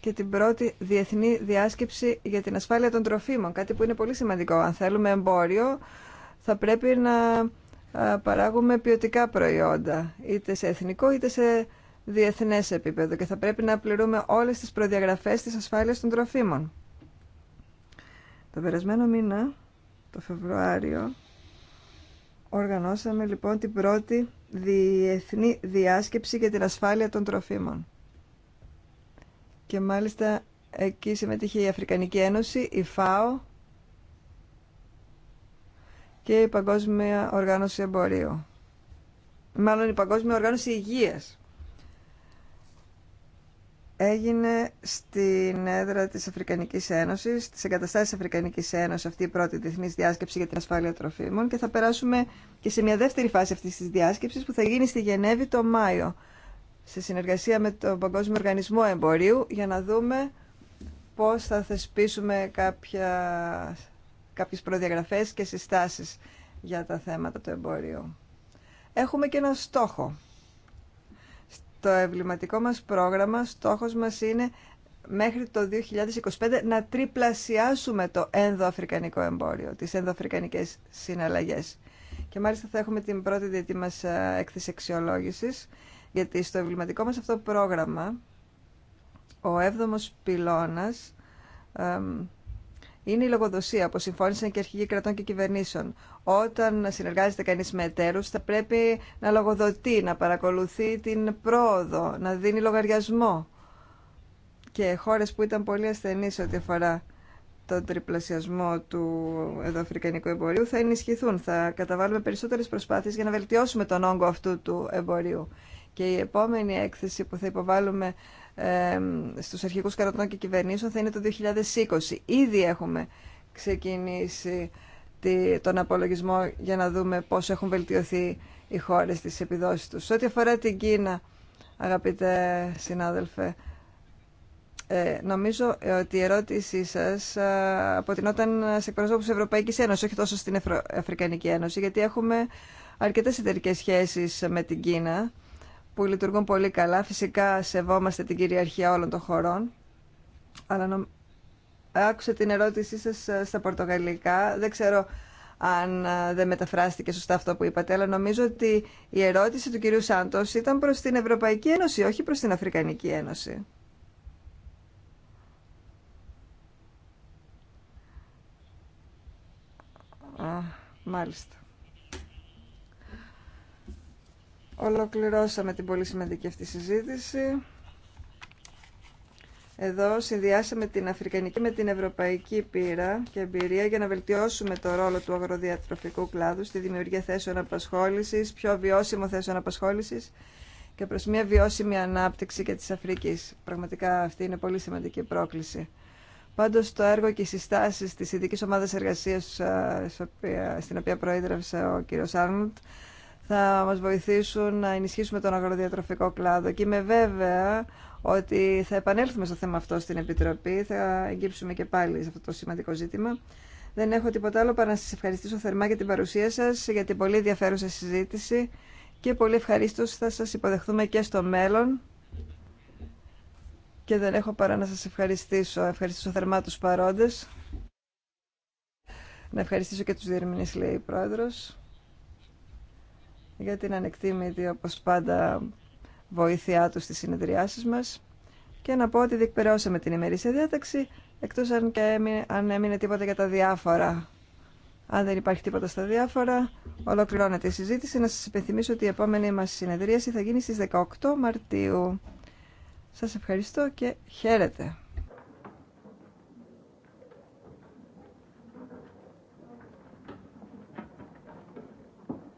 και την πρώτη διεθνή διάσκεψη για την ασφάλεια των τροφίμων, κάτι που είναι πολύ σημαντικό. Αν θέλουμε εμπόριο, θα πρέπει να παράγουμε ποιοτικά προϊόντα, είτε σε εθνικό είτε σε διεθνές επίπεδο και θα πρέπει να πληρούμε όλες τις προδιαγραφές της ασφάλειας των τροφίμων. Το περασμένο μήνα, το Φεβρουάριο, οργανώσαμε λοιπόν την πρώτη διεθνή διάσκεψη για την ασφάλεια των τροφίμων. Και μάλιστα εκεί συμμετείχε η Αφρικανική Ένωση, η ΦΑΟ και η Παγκόσμια Οργάνωση Εμπορίου. Μάλλον η Παγκόσμια Οργάνωση Υγείας. Έγινε στην έδρα της Αφρικανικής Ένωσης, της εγκαταστάσεις της Αφρικανικής Ένωσης αυτή η πρώτη διεθνής διάσκεψη για την ασφάλεια τροφίμων και θα περάσουμε και σε μια δεύτερη φάση αυτής της διάσκεψης που θα γίνει στη Γενέβη το Μάιο σε συνεργασία με τον Παγκόσμιο Οργανισμό Εμπορίου για να δούμε πώς θα θεσπίσουμε κάποια κάποιες προδιαγραφές και συστάσεις για τα θέματα του εμπόριου. Έχουμε και ένα στόχο. Στο εμβληματικό μας πρόγραμμα στόχος μας είναι μέχρι το 2025 να τριπλασιάσουμε το ενδοαφρικανικό εμπόριο, τις ενδοαφρικανικές συναλλαγές. Και μάλιστα θα έχουμε την πρώτη διετή μας ε, έκθεση γιατί στο εμβληματικό μας αυτό πρόγραμμα ο έβδομος πυλώνας είναι η λογοδοσία, που συμφώνησαν και αρχηγοί κρατών και κυβερνήσεων. Όταν συνεργάζεται κανεί με εταίρου, θα πρέπει να λογοδοτεί, να παρακολουθεί την πρόοδο, να δίνει λογαριασμό. Και χώρε που ήταν πολύ ασθενεί ό,τι αφορά τον τριπλασιασμό του εδωαφρικανικού εμπορίου θα ενισχυθούν. Θα καταβάλουμε περισσότερε προσπάθειε για να βελτιώσουμε τον όγκο αυτού του εμπορίου. Και η επόμενη έκθεση που θα υποβάλουμε στους αρχικούς κρατών και κυβερνήσεων θα είναι το 2020. Ήδη έχουμε ξεκινήσει τον απολογισμό για να δούμε πώς έχουν βελτιωθεί οι χώρες στις επιδόσεις τους. Σε ό,τι αφορά την Κίνα, αγαπητέ συνάδελφε, ε, νομίζω ότι η ερώτησή σας ε, αποτινόταν σε εκπροσώπου τη Ευρωπαϊκή Ένωση, όχι τόσο στην Αφρικανική Ένωση, γιατί έχουμε αρκετέ εταιρικέ σχέσει με την Κίνα που λειτουργούν πολύ καλά. Φυσικά σεβόμαστε την κυριαρχία όλων των χωρών. Αλλά νο... άκουσα την ερώτησή σας ε, στα πορτογαλικά. Δεν ξέρω αν ε, δεν μεταφράστηκε σωστά αυτό που είπατε, αλλά νομίζω ότι η ερώτηση του κυρίου Σάντος ήταν προς την Ευρωπαϊκή Ένωση, όχι προς την Αφρικανική Ένωση. μάλιστα. Ολοκληρώσαμε την πολύ σημαντική αυτή συζήτηση. Εδώ συνδυάσαμε την αφρικανική με την ευρωπαϊκή πείρα και εμπειρία για να βελτιώσουμε το ρόλο του αγροδιατροφικού κλάδου στη δημιουργία θέσεων απασχόληση, πιο βιώσιμο θέσεων απασχόληση και προ μια βιώσιμη ανάπτυξη και τη Αφρική. Πραγματικά αυτή είναι πολύ σημαντική πρόκληση. Πάντω το έργο και οι συστάσει τη ειδική ομάδα εργασία ε, στην οποία προέδρευσε ο κ. Άρνοντ θα μας βοηθήσουν να ενισχύσουμε τον αγροδιατροφικό κλάδο και είμαι βέβαια ότι θα επανέλθουμε στο θέμα αυτό στην Επιτροπή, θα εγκύψουμε και πάλι σε αυτό το σημαντικό ζήτημα. Δεν έχω τίποτα άλλο παρά να σας ευχαριστήσω θερμά για την παρουσία σας, για την πολύ ενδιαφέρουσα συζήτηση και πολύ ευχαρίστω θα σας υποδεχθούμε και στο μέλλον. Και δεν έχω παρά να σας ευχαριστήσω. Ευχαριστήσω θερμά τους παρόντες. Να ευχαριστήσω και τους διερμηνείς, λέει η Πρόεδρος για την ανεκτήμητη, όπως πάντα, βοήθειά του στις συνεδριάσεις μας και να πω ότι διεκπαιρεώσαμε την ημερήσια διάταξη, εκτός αν, και έμεινε, αν έμεινε τίποτα για τα διάφορα. Αν δεν υπάρχει τίποτα στα διάφορα, ολοκληρώνεται η συζήτηση. Να σας υπενθυμίσω ότι η επόμενη μας συνεδρίαση θα γίνει στις 18 Μαρτίου. Σας ευχαριστώ και χαίρετε.